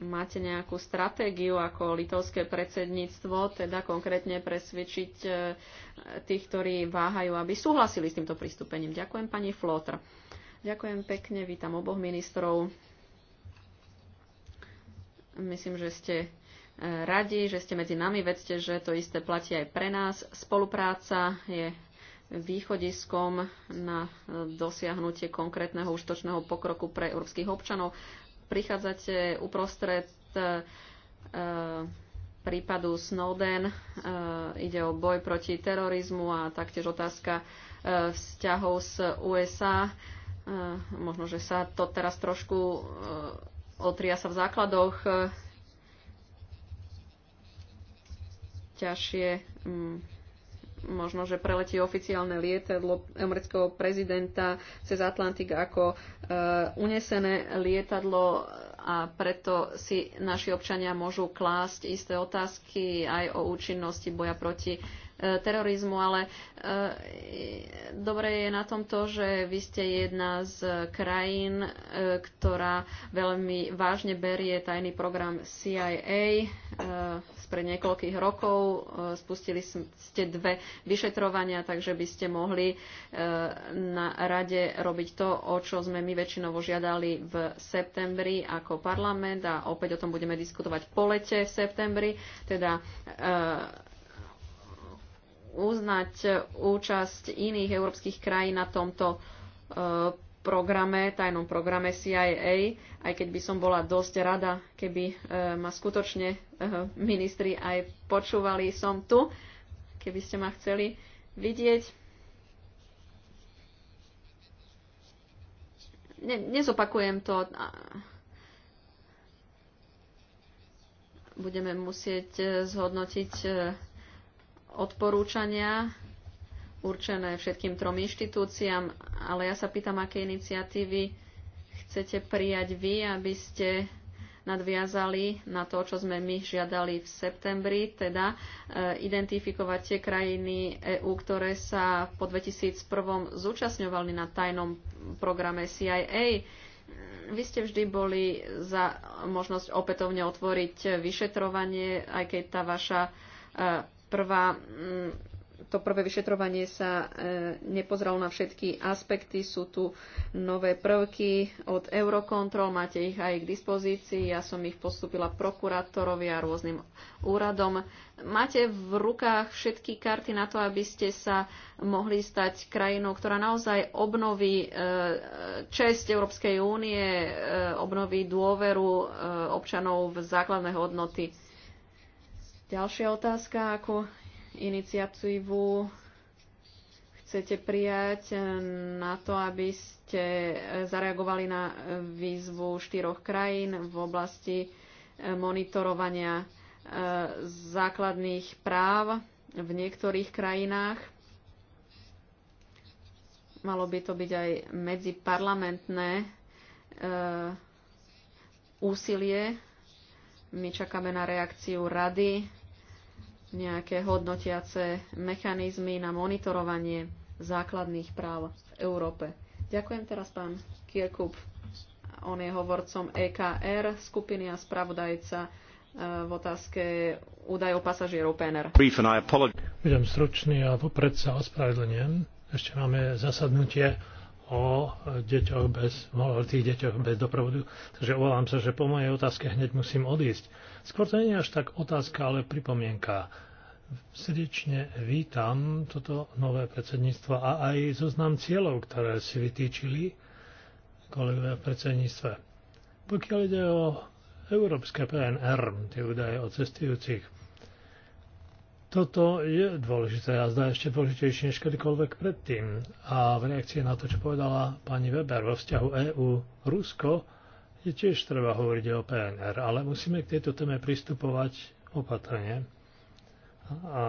Speaker 3: máte nejakú stratégiu ako litovské predsedníctvo, teda konkrétne presvedčiť e, tých, ktorí váhajú, aby súhlasili s týmto pristúpením. Ďakujem pani Flotr. Ďakujem pekne, vítam oboch ministrov. Myslím, že ste e, radi, že ste medzi nami. Vedzte, že to isté platí aj pre nás. Spolupráca je východiskom na dosiahnutie konkrétneho užtočného pokroku pre európskych občanov prichádzate uprostred e, e, prípadu Snowden. E, ide o boj proti terorizmu a taktiež otázka vzťahov s USA. Možno, že sa to teraz trošku otria sa v základoch ťažšie možno, že preletí oficiálne lietadlo amerického prezidenta cez Atlantik ako e, unesené lietadlo a preto si naši občania môžu klásť isté otázky aj o účinnosti boja proti E, terorizmu, ale e, dobre je na tom to, že vy ste jedna z krajín, e, ktorá veľmi vážne berie tajný program CIA. Spred niekoľkých rokov spustili ste dve vyšetrovania, takže by ste mohli na rade robiť to, o čo sme my väčšinovo žiadali v septembri ako parlament a opäť o tom budeme diskutovať po lete v septembri, teda uznať účasť iných európskych krajín na tomto e, programe, tajnom programe CIA, aj keď by som bola dosť rada, keby e, ma skutočne e, ministri aj počúvali som tu, keby ste ma chceli vidieť. ne, nezopakujem to. Budeme musieť zhodnotiť odporúčania určené všetkým trom inštitúciám, ale ja sa pýtam, aké iniciatívy chcete prijať vy, aby ste nadviazali na to, čo sme my žiadali v septembri, teda e, identifikovať tie krajiny EÚ, ktoré sa po 2001 zúčastňovali na tajnom programe CIA. Vy ste vždy boli za možnosť opätovne otvoriť vyšetrovanie, aj keď tá vaša e, prvá, mm, to prvé vyšetrovanie sa e, nepozralo na všetky aspekty. Sú tu nové prvky od Eurocontrol, máte ich aj k dispozícii. Ja som ich postupila prokurátorovi a rôznym úradom. Máte v rukách všetky karty na to, aby ste sa mohli stať krajinou, ktorá naozaj obnoví e, čest Európskej únie, e, obnoví dôveru občanov v základné hodnoty Ďalšia otázka, ako iniciatívu chcete prijať na to, aby ste zareagovali na výzvu štyroch krajín v oblasti eh, monitorovania eh, základných práv v niektorých krajinách. Malo by to byť aj medziparlamentné eh, úsilie. My čakáme na reakciu rady nejaké hodnotiace mechanizmy na monitorovanie základných práv v Európe. Ďakujem teraz pán Kirkup. On je hovorcom EKR skupiny a spravodajca e, v otázke údajov pasažierov PNR.
Speaker 1: Budem stručný a popred sa ospravedlňujem. Ešte máme zasadnutie o deťoch bez, o tých deťoch bez doprovodu. Takže uvolám sa, že po mojej otázke hneď musím odísť. Skôr to nie je až tak otázka, ale pripomienka. Srdečne vítam toto nové predsedníctvo a aj zoznam cieľov, ktoré si vytýčili kolegovia v predsedníctve. Pokiaľ ide o európske PNR, tie údaje o cestujúcich, toto je dôležité a zdá ešte dôležitejšie než kedykoľvek predtým. A v reakcii na to, čo povedala pani Weber vo vzťahu EU-Rusko, je tiež treba hovoriť o PNR, ale musíme k tejto téme pristupovať opatrne. A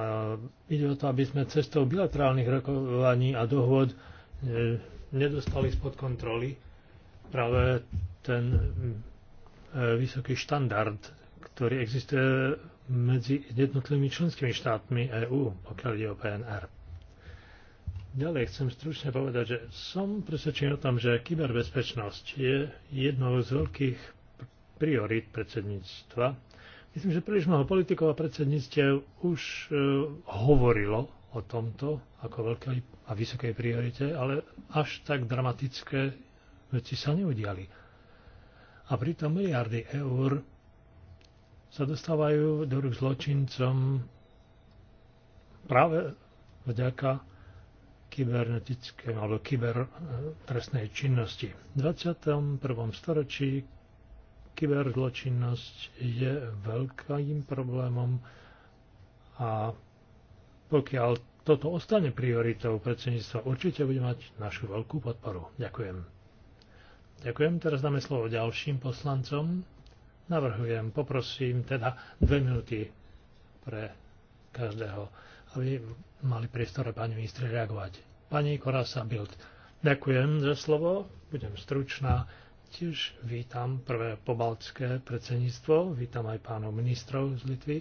Speaker 1: ide o to, aby sme cestou bilaterálnych rokovaní a dohôd e, nedostali spod kontroly práve ten e, vysoký štandard, ktorý existuje medzi jednotlivými členskými štátmi EÚ, pokiaľ ide o PNR. Ďalej chcem stručne povedať, že som presvedčený o tom, že kyberbezpečnosť je jednou z veľkých priorít predsedníctva. Myslím, že príliš mnoho politikov a predsedníctiev už uh, hovorilo o tomto ako veľkej a vysokej priorite, ale až tak dramatické veci sa neudiali. A pritom miliardy eur sa dostávajú do rúk zločincom práve vďaka kybernetickej alebo kybertrestnej činnosti. V 21. storočí kyberzločinnosť je veľkým problémom a pokiaľ toto ostane prioritou predsedníctva, určite bude mať našu veľkú podporu. Ďakujem. Ďakujem. Teraz dáme slovo ďalším poslancom. Navrhujem, poprosím teda dve minúty pre každého aby mali priestor pani ministri reagovať. Pani Korasa Bild, ďakujem za slovo, budem stručná. Tiež vítam prvé pobaltské predsedníctvo, vítam aj pánov ministrov z Litvy.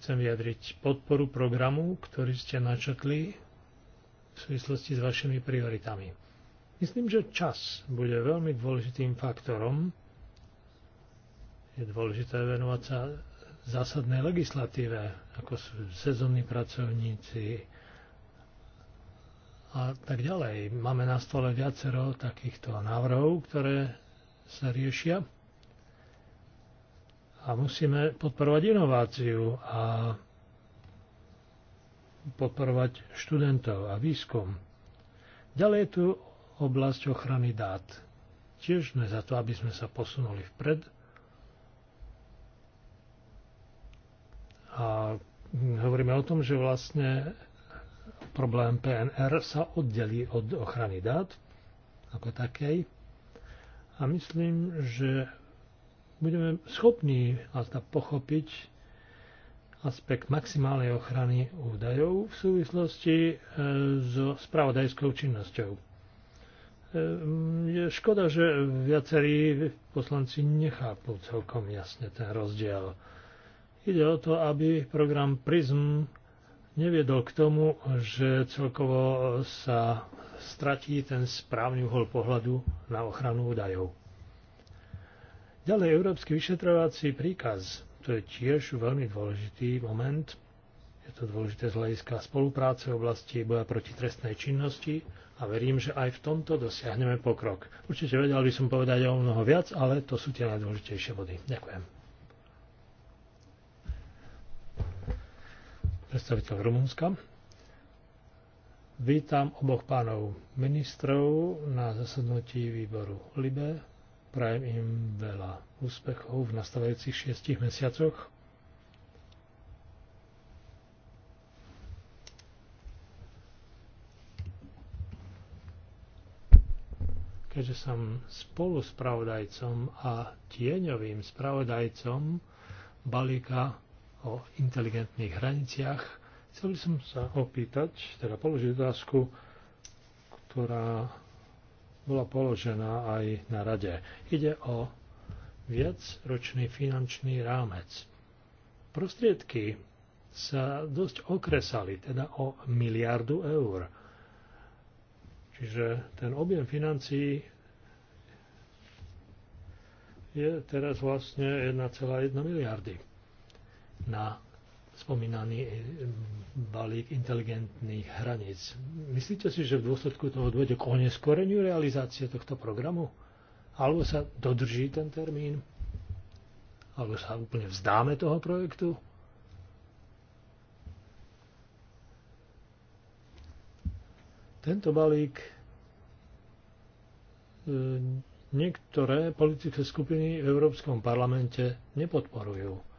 Speaker 1: Chcem vyjadriť podporu programu, ktorý ste načetli v súvislosti s vašimi prioritami. Myslím, že čas bude veľmi dôležitým faktorom. Je dôležité venovať sa zásadnej legislatíve, ako sú sezónni pracovníci a tak ďalej. Máme na stole viacero takýchto návrhov, ktoré sa riešia a musíme podporovať inováciu a podporovať študentov a výskum. Ďalej je tu oblasť ochrany dát. Tiež sme za to, aby sme sa posunuli vpred A hovoríme o tom, že vlastne problém PNR sa oddelí od ochrany dát ako takej. A myslím, že budeme schopní pochopiť aspekt maximálnej ochrany údajov v súvislosti e, so spravodajskou činnosťou. E, je škoda, že viacerí poslanci nechápu celkom jasne ten rozdiel Ide o to, aby program PRISM neviedol k tomu, že celkovo sa stratí ten správny uhol pohľadu na ochranu údajov. Ďalej, Európsky vyšetrovací príkaz. To je tiež veľmi dôležitý moment. Je to dôležité z hľadiska spolupráce v oblasti boja proti trestnej činnosti a verím, že aj v tomto dosiahneme pokrok. Určite vedel by som povedať o mnoho viac, ale to sú tie najdôležitejšie body. Ďakujem. predstaviteľ Rumunska. Vítam oboch pánov ministrov na zasadnutí výboru LIBE. Prajem im veľa úspechov v nastavajúcich šiestich mesiacoch. Keďže som spolu pravodajcom a tieňovým spravodajcom balíka o inteligentných hraniciach, chcel by som sa opýtať, teda položiť otázku, ktorá bola položená aj na rade. Ide o viacročný finančný rámec. Prostriedky sa dosť okresali, teda o miliardu eur. Čiže ten objem financií je teraz vlastne 1,1 miliardy na spomínaný eh, balík inteligentných hraníc. Myslíte si, že v dôsledku toho dôjde k oneskoreniu realizácie tohto programu? Alebo sa dodrží ten termín? Alebo sa úplne vzdáme toho projektu? Tento balík eh, niektoré politické skupiny v Európskom parlamente nepodporujú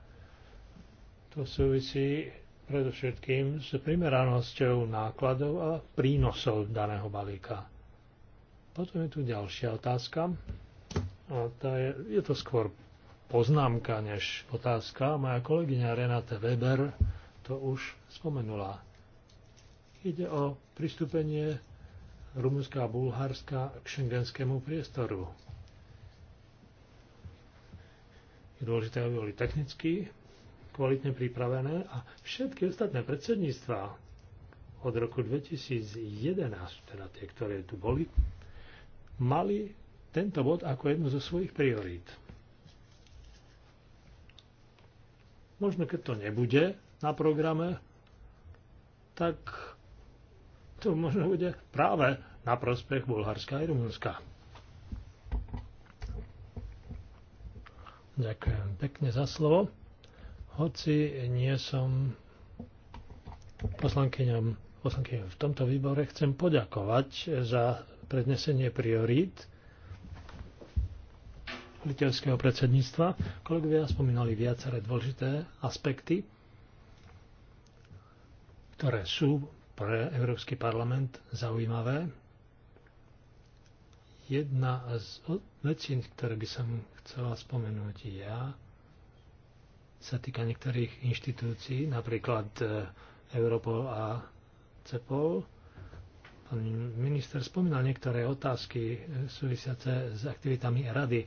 Speaker 1: to súvisí predovšetkým s primeranosťou nákladov a prínosov daného balíka. Potom je tu ďalšia otázka. A tá je, je to skôr poznámka než otázka. Moja kolegyňa Renate Weber to už spomenula. Ide o pristúpenie Rumunska a Bulharska k šengenskému priestoru. Je dôležité, aby boli technicky kvalitne pripravené a všetky ostatné predsedníctva od roku 2011, teda tie, ktoré tu boli, mali tento bod ako jednu zo svojich priorít. Možno keď to nebude na programe, tak to možno bude práve na prospech Bulharska a Rumunska. Ďakujem pekne za slovo. Hoci nie som poslankyňom v tomto výbore, chcem poďakovať za prednesenie priorít liteľského predsedníctva. Kolegovia spomínali viaceré dôležité aspekty, ktoré sú pre Európsky parlament zaujímavé. Jedna z vecí, ktoré by som chcela spomenúť ja, sa týka niektorých inštitúcií, napríklad e, Europol a CEPOL. Pán minister spomínal niektoré otázky e, súvisiace s aktivitami rady,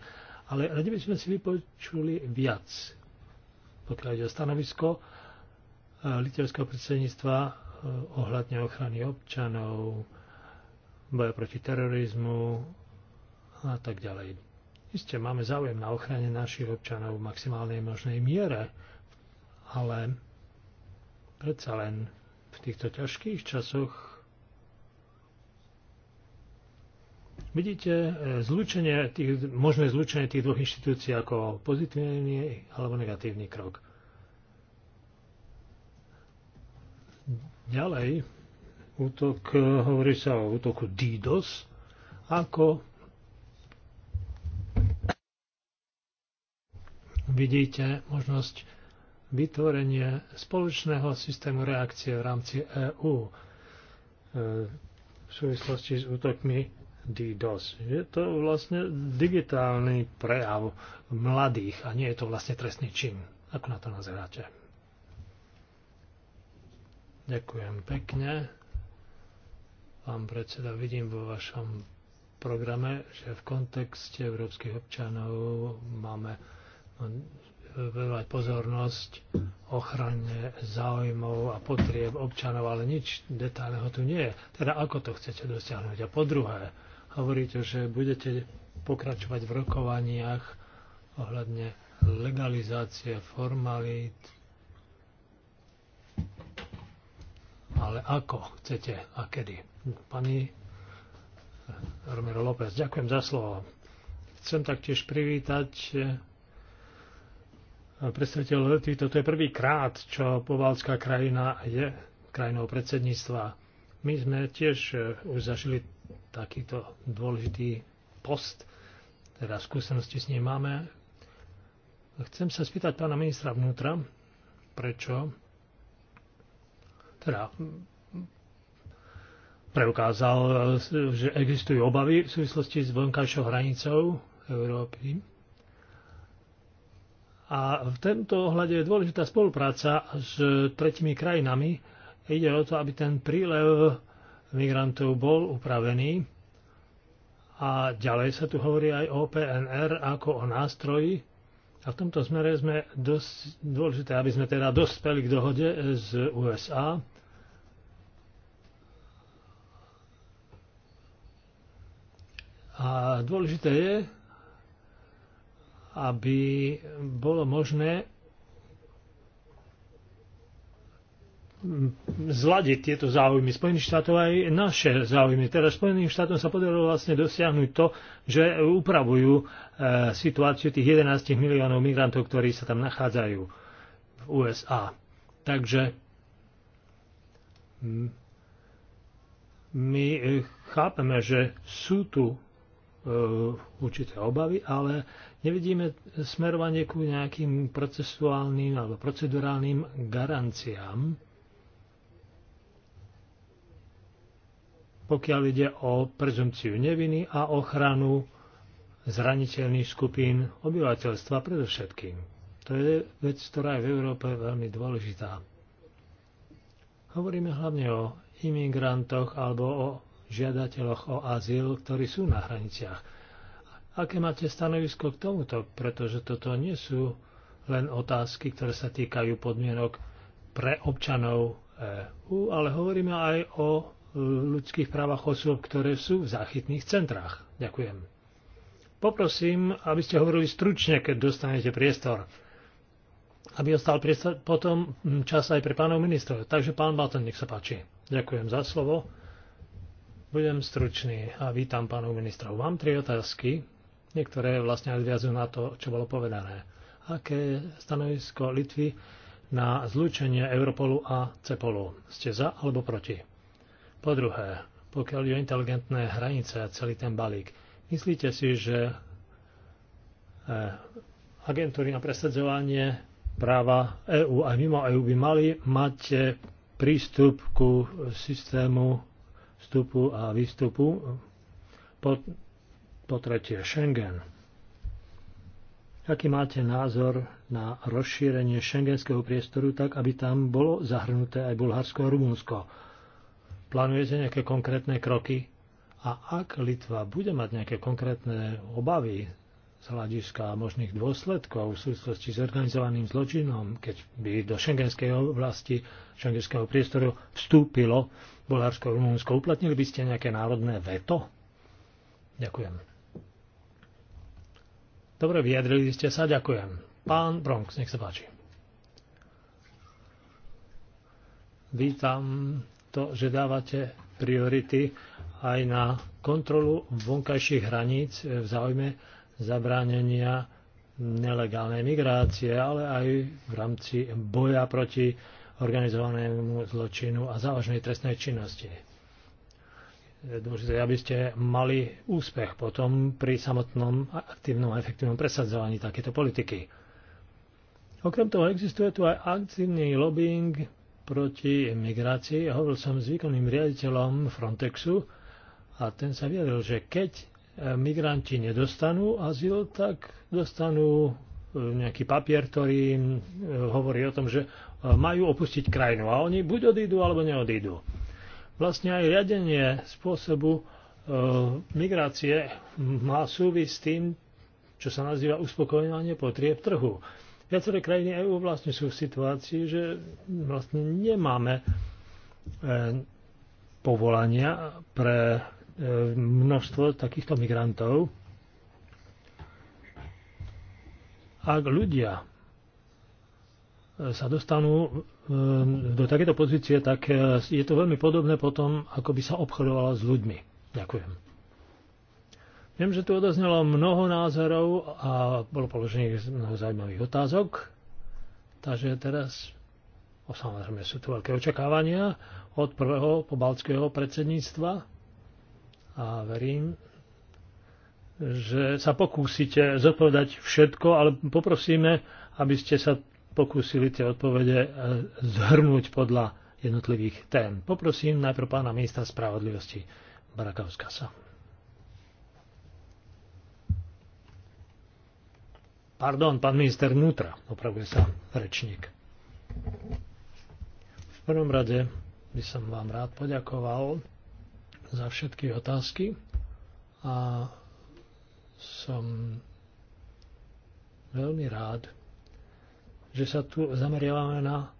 Speaker 1: ale radi by sme si vypočuli viac, pokiaľ ide o stanovisko e, litevského predsedníctva ohľadne ochrany občanov, boja proti terorizmu a tak ďalej. Isté, máme záujem na ochrane našich občanov v maximálnej možnej miere, ale predsa len v týchto ťažkých časoch vidíte e, zlučenie tých, možné zlučenie tých dvoch inštitúcií ako pozitívny alebo negatívny krok. Ďalej, útok, e, hovorí sa o útoku DDoS ako vidíte možnosť vytvorenie spoločného systému reakcie v rámci EÚ e, v súvislosti s útokmi DDoS. Je to vlastne digitálny prejav mladých a nie je to vlastne trestný čin. Ako na to nazeráte? Ďakujem pekne. Pán predseda, vidím vo vašom programe, že v kontexte európskych občanov máme E, venovať pozornosť ochrane záujmov a potrieb občanov, ale nič detálneho tu nie je. Teda ako to chcete dosiahnuť? A po druhé, hovoríte, že budete pokračovať v rokovaniach ohľadne legalizácie formalít. Ale ako chcete a kedy? Pani Romero López, ďakujem za slovo. Chcem taktiež privítať E, predstaviteľ Lety, toto je prvý krát, čo povalská krajina je krajinou predsedníctva. My sme tiež e, už zažili takýto dôležitý post, teda skúsenosti s ním máme. Chcem sa spýtať pána ministra vnútra, prečo teda preukázal, e, že existujú obavy v súvislosti s vonkajšou hranicou Európy a v tomto ohľade je dôležitá spolupráca s tretimi krajinami. Ide o to, aby ten prílev migrantov bol upravený. A ďalej sa tu hovorí aj o PNR ako o nástroji. A v tomto smere sme dosť dôležité, aby sme teda dospeli k dohode z USA. A dôležité je, aby bolo možné zladiť tieto záujmy Spojených štátov aj naše záujmy. Teraz Spojeným štátom sa podarilo vlastne dosiahnuť to, že upravujú e, situáciu tých 11 miliónov migrantov, ktorí sa tam nachádzajú v USA. Takže my e, chápeme, že sú tu e, určité obavy, ale nevidíme smerovanie ku nejakým procesuálnym alebo procedurálnym garanciám, pokiaľ ide o prezumciu neviny a ochranu zraniteľných skupín obyvateľstva predovšetkým. To je vec, ktorá je v Európe veľmi dôležitá. Hovoríme hlavne o imigrantoch alebo o žiadateľoch o azyl, ktorí sú na hraniciach. Aké máte stanovisko k tomuto? Pretože toto nie sú len otázky, ktoré sa týkajú podmienok pre občanov EU. ale hovoríme aj o ľudských právach osôb, ktoré sú v záchytných centrách. Ďakujem. Poprosím, aby ste hovorili stručne, keď dostanete priestor. Aby ostal priestor, potom čas aj pre pánov ministrov. Takže pán Balton, nech sa páči. Ďakujem za slovo. Budem stručný a vítam pánov ministrov. Mám tri otázky Niektoré vlastne nadviazujú na to, čo bolo povedané. Aké je stanovisko Litvy na zlúčenie Europolu a Cepolu? Ste za alebo proti? Po druhé, pokiaľ je inteligentné hranice a celý ten balík, myslíte si, že e, agentúry na presadzovanie práva EÚ aj mimo EÚ by mali mať e, prístup ku systému vstupu a výstupu. Po po tretie, Schengen. Aký máte názor na rozšírenie šengenského priestoru tak, aby tam bolo zahrnuté aj Bulharsko a Rumunsko? Plánujete nejaké konkrétne kroky? A ak Litva bude mať nejaké konkrétne obavy z hľadiska možných dôsledkov v súvislosti s organizovaným zločinom, keď by do šengenskej oblasti, šengenského priestoru vstúpilo Bulharsko a Rumunsko, uplatnili by ste nejaké národné veto? Ďakujem. Dobre, vyjadrili ste sa, ďakujem. Pán Bronx, nech sa páči. Vítam to, že dávate priority aj na kontrolu vonkajších hraníc v záujme zabránenia nelegálnej migrácie, ale aj v rámci boja proti organizovanému zločinu a závažnej trestnej činnosti dôležité, aby ste mali úspech potom pri samotnom aktívnom a efektívnom presadzovaní takéto politiky. Okrem toho existuje tu aj aktívny lobbying proti migrácii. Hovoril som s výkonným riaditeľom Frontexu a ten sa vyjadril, že keď e, migranti nedostanú azyl, tak dostanú e, nejaký papier, ktorý e, hovorí o tom, že majú opustiť krajinu. A oni buď odídu, alebo neodídu vlastne aj riadenie spôsobu e, migrácie má súvis s tým, čo sa nazýva uspokojovanie potrieb trhu. Viaceré krajiny EU vlastne sú v situácii, že vlastne nemáme e, povolania pre e, množstvo takýchto migrantov. Ak ľudia e, sa dostanú Ehm, do takéto pozície, tak e, je to veľmi podobné potom, ako by sa obchodovala s ľuďmi. Ďakujem. Viem, že tu odoznelo mnoho názorov a bolo položených mnoho zaujímavých otázok. Takže teraz, o samozrejme, sú tu veľké očakávania od prvého pobaltského predsedníctva a verím, že sa pokúsite zodpovedať všetko, ale poprosíme, aby ste sa pokúsili tie odpovede e, zhrnúť podľa jednotlivých tém. Poprosím najprv pána ministra spravodlivosti Barakauskasa. Pardon, pán minister vnútra, opravuje sa rečník. V prvom rade by som vám rád poďakoval za všetky otázky a som veľmi rád, že sa tu zameriavame na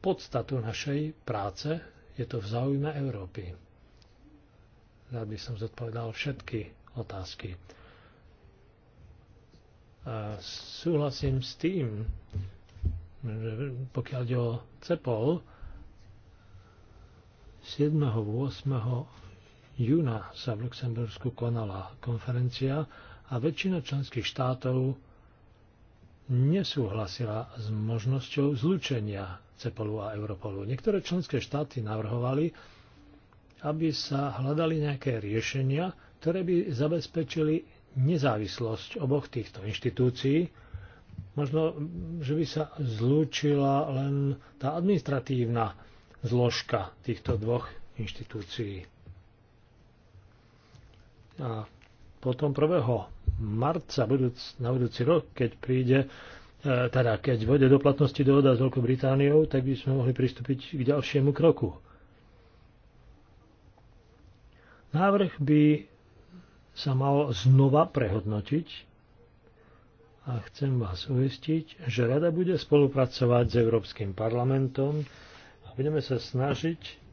Speaker 1: podstatu našej práce. Je to v záujme Európy. Rád by som zodpovedal všetky otázky. A súhlasím s tým, že pokiaľ ide o CEPOL, 7. 8. júna sa v Luxembursku konala konferencia a väčšina členských štátov nesúhlasila s možnosťou zlúčenia CEPOLu a Europolu. Niektoré členské štáty navrhovali, aby sa hľadali nejaké riešenia, ktoré by zabezpečili nezávislosť oboch týchto inštitúcií. Možno, že by sa zlúčila len tá administratívna zložka týchto dvoch inštitúcií. A potom 1. marca budúc, na budúci rok, keď príde e, teda keď vode do platnosti dohoda s Veľkou Britániou, tak by sme mohli pristúpiť k ďalšiemu kroku. Návrh by sa mal znova prehodnotiť a chcem vás uistiť, že Rada bude spolupracovať s Európskym parlamentom a budeme sa snažiť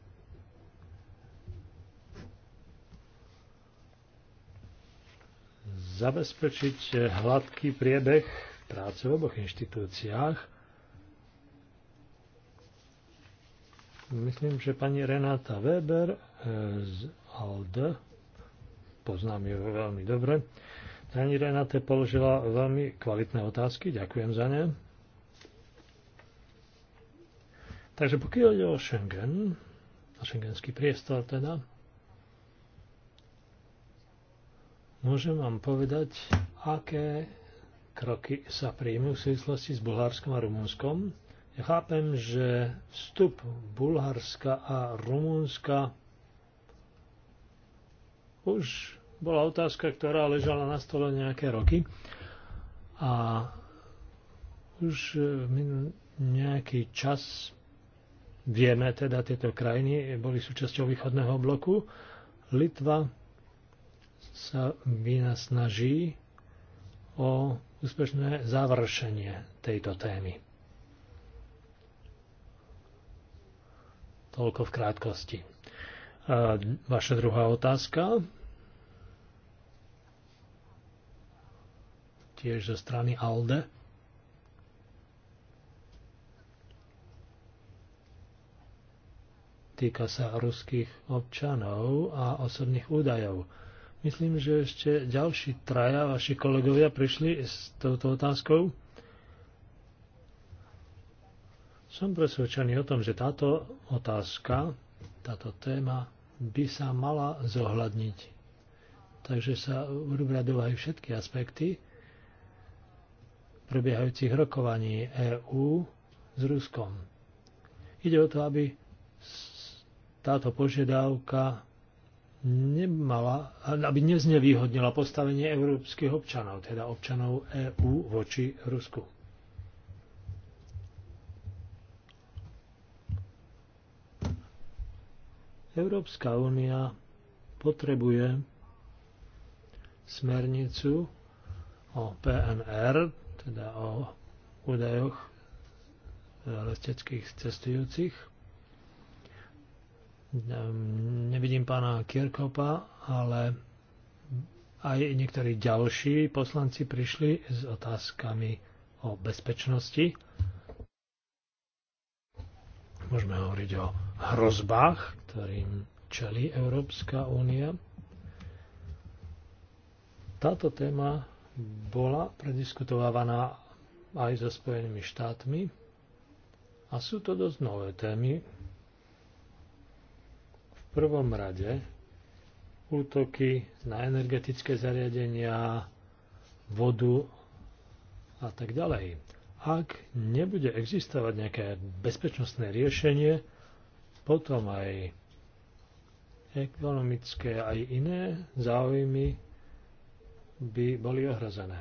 Speaker 1: zabezpečiť eh, hladký priebeh práce v oboch inštitúciách. Myslím, že pani Renáta Weber eh, z ALD poznám ju veľmi dobre, pani Renáte položila veľmi kvalitné otázky, ďakujem za ne. Takže pokiaľ ide o Schengen, a šengenský priestor teda, Môžem vám povedať, aké kroky sa príjmu v súvislosti s Bulharskom a Rumunskom. Ja chápem, že vstup Bulharska a Rumunska už bola otázka, ktorá ležala na stole nejaké roky. A už e, nejaký čas vieme, teda tieto krajiny boli súčasťou východného bloku. Litva sa vynasnaží o úspešné završenie tejto témy. Toľko v krátkosti. A vaša druhá otázka. Tiež zo strany ALDE. Týka sa ruských občanov a osobných údajov. Myslím, že ešte ďalší traja vaši kolegovia prišli s touto otázkou. Som presvedčený o tom, že táto otázka, táto téma by sa mala zohľadniť. Takže sa budú brať do úvahy všetky aspekty prebiehajúcich rokovaní EÚ s Ruskom. Ide o to, aby táto požiadavka nemala, aby neznevýhodnila postavenie európskych občanov, teda občanov EÚ voči Rusku. Európska únia potrebuje smernicu o PNR, teda o údajoch leteckých cestujúcich, Ehm, nevidím pána Kierkopa, ale aj niektorí ďalší poslanci prišli s otázkami o bezpečnosti. Môžeme hovoriť o hrozbách, ktorým čelí Európska únia. Táto téma bola prediskutovaná aj so Spojenými štátmi a sú to dosť nové témy, prvom rade útoky na energetické zariadenia, vodu a tak ďalej. Ak nebude existovať nejaké bezpečnostné riešenie, potom aj ekonomické aj iné záujmy by boli ohrozené.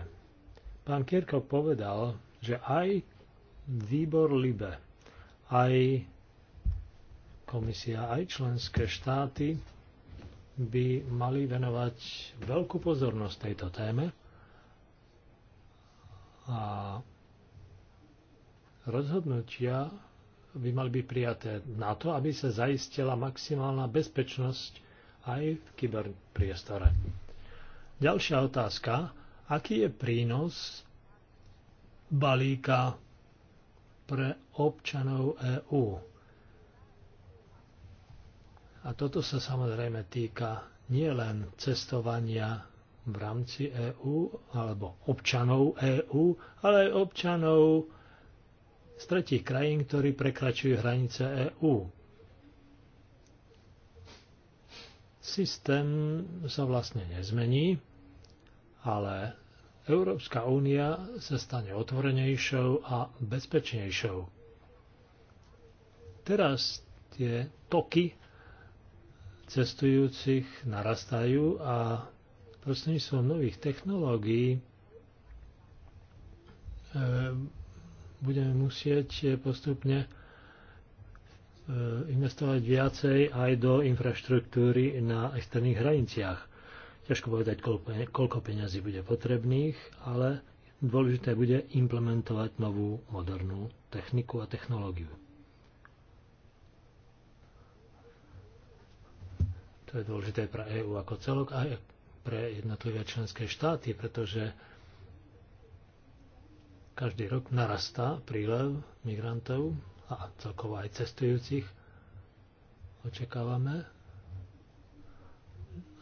Speaker 1: Pán Kierko povedal, že aj výbor LIBE, aj komisia aj členské štáty by mali venovať veľkú pozornosť tejto téme a rozhodnutia by mali byť prijaté na to, aby sa zaistila maximálna bezpečnosť aj v kyberpriestore. Ďalšia otázka. Aký je prínos balíka pre občanov EÚ? A toto sa samozrejme týka nielen cestovania v rámci EÚ alebo občanov EÚ, ale aj občanov z tretich krajín, ktorí prekračujú hranice EÚ. Systém sa vlastne nezmení, ale Európska únia sa stane otvorenejšou a bezpečnejšou. Teraz tie toky cestujúcich narastajú a prostredníctvom nových technológií e, budeme musieť postupne e, investovať viacej aj do infraštruktúry na externých hraniciach. Ťažko povedať, koľko peňazí bude potrebných, ale dôležité bude implementovať novú modernú techniku a technológiu. To je dôležité pre EÚ ako celok a pre jednotlivé členské štáty, pretože každý rok narastá prílev migrantov a celkovo aj cestujúcich. Očakávame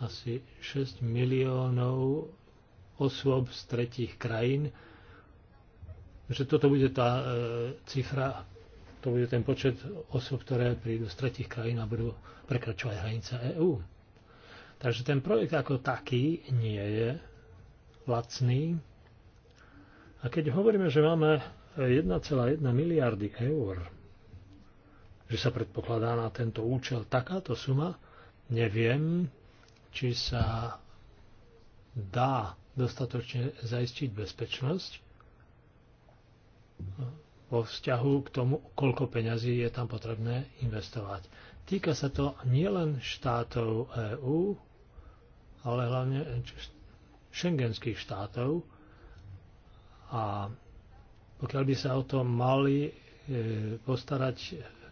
Speaker 1: asi 6 miliónov osôb z tretích krajín, že toto bude tá e, cifra, to bude ten počet osob, ktoré prídu z tretich krajín a budú prekračovať hranice EÚ. Takže ten projekt ako taký nie je lacný. A keď hovoríme, že máme 1,1 miliardy eur, že sa predpokladá na tento účel takáto suma, neviem, či sa dá dostatočne zaistiť bezpečnosť vo vzťahu k tomu, koľko peňazí je tam potrebné investovať. Týka sa to nielen štátov EÚ, ale hlavne šengenských štátov a pokiaľ by sa o to mali e, postarať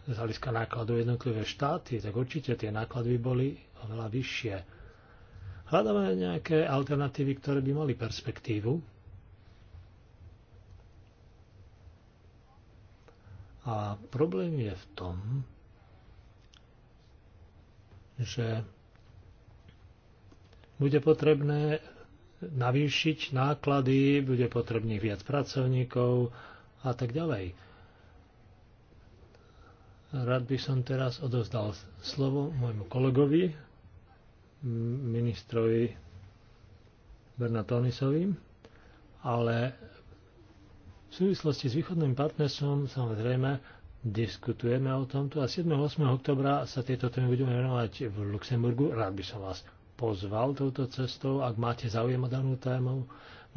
Speaker 1: z hľadiska nákladov jednotlivé štáty, tak určite tie náklady by boli oveľa vyššie. Hľadáme nejaké alternatívy, ktoré by mali perspektívu A problém je v tom, že bude potrebné navýšiť náklady, bude potrebných viac pracovníkov a tak ďalej. Rád by som teraz odozdal slovo môjmu kolegovi, ministrovi Bernatonisovi, ale súvislosti s východným partnerstvom samozrejme diskutujeme o tomto a 7. 8. oktobra sa tieto témy budeme venovať v Luxemburgu. Rád by som vás pozval touto cestou. Ak máte záujem o danú tému,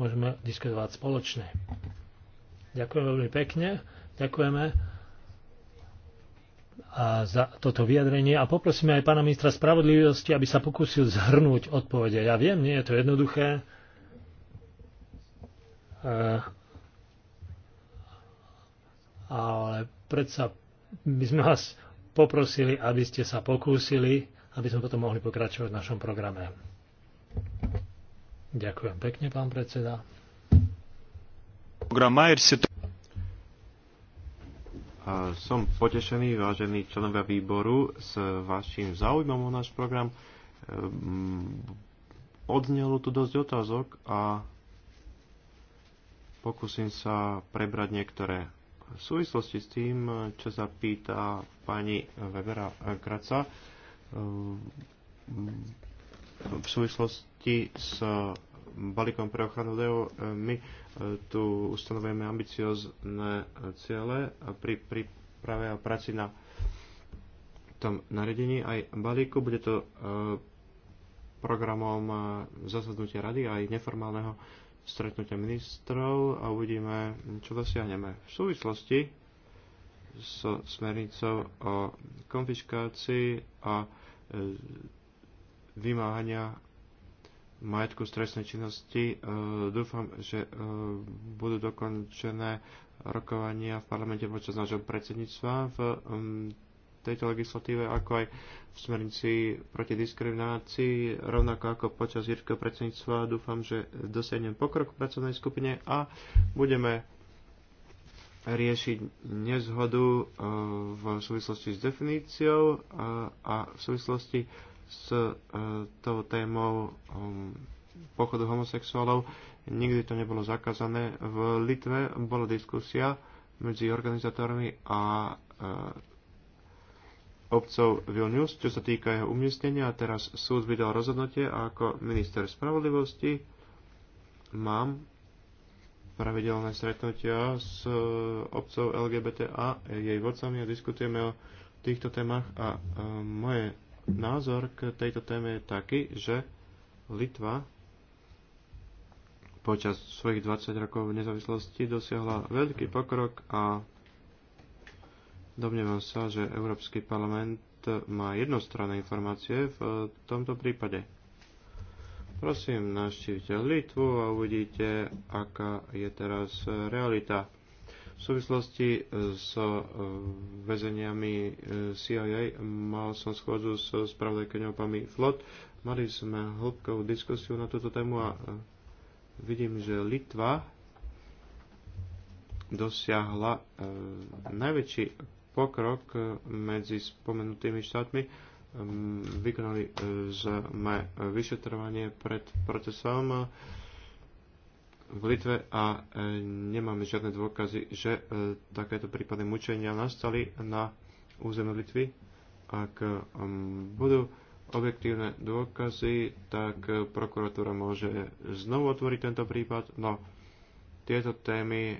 Speaker 1: môžeme diskutovať spoločne. Ďakujem veľmi pekne. Ďakujeme a za toto vyjadrenie a poprosíme aj pána ministra spravodlivosti, aby sa pokúsil zhrnúť odpovede. Ja viem, nie je to jednoduché, e, ale predsa by sme vás poprosili, aby ste sa pokúsili, aby sme potom mohli pokračovať v našom programe. Ďakujem pekne, pán predseda.
Speaker 2: A som potešený, vážení členovia výboru, s vašim záujmom o náš program. Ehm, odznelo tu dosť otázok a pokúsim sa prebrať niektoré v súvislosti s tým, čo sa pýta pani Webera Kraca, ehm, v súvislosti s balíkom pre ochranu údajov ehm, my eh, tu ustanovujeme ambiciozne ciele pri príprave a práci na tom naredení aj balíku. Bude to eh, programom eh, zasadnutia rady aj neformálneho stretnutia ministrov a uvidíme, čo dosiahneme. V súvislosti so smernicou o konfiškácii a e, vymáhania majetku stresnej činnosti. E, dúfam, že e, budú dokončené rokovania v parlamente počas nášho predsedníctva v tejto legislatíve, ako aj v smernici proti diskriminácii, rovnako ako počas Jirského predsedníctva. Dúfam, že dosiahnem pokrok v pracovnej skupine a budeme riešiť nezhodu e, v súvislosti s definíciou e, a v súvislosti s e, tou témou pochodu homosexuálov. Nikdy to nebolo zakázané. V Litve bola diskusia medzi organizátormi a obcov Vilnius, čo sa týka jeho umiestnenia. A teraz súd vydal rozhodnutie a ako minister spravodlivosti mám pravidelné stretnutia s e, obcov LGBT a jej vodcami a diskutujeme o týchto témach a e, môj názor k tejto téme je taký, že Litva počas svojich 20 rokov nezávislosti dosiahla veľký pokrok a Domnievam sa, že Európsky parlament má jednostranné informácie v e, tomto prípade. Prosím, navštívte Litvu a uvidíte, aká je teraz e, realita. V súvislosti e, s väzeniami CIA mal som schôdzu s spravodajkeňou Pami Flot. Mali sme hĺbkovú diskusiu na túto tému a vidím, že Litva dosiahla najväčší pokrok e, medzi spomenutými štátmi. Vykonali sme e, vyšetrovanie pred procesom e, v Litve a nemáme žiadne dôkazy, že takéto prípady mučenia nastali na území Litvy. Ak budú objektívne dôkazy, tak prokuratúra môže znovu otvoriť tento prípad, no tieto témy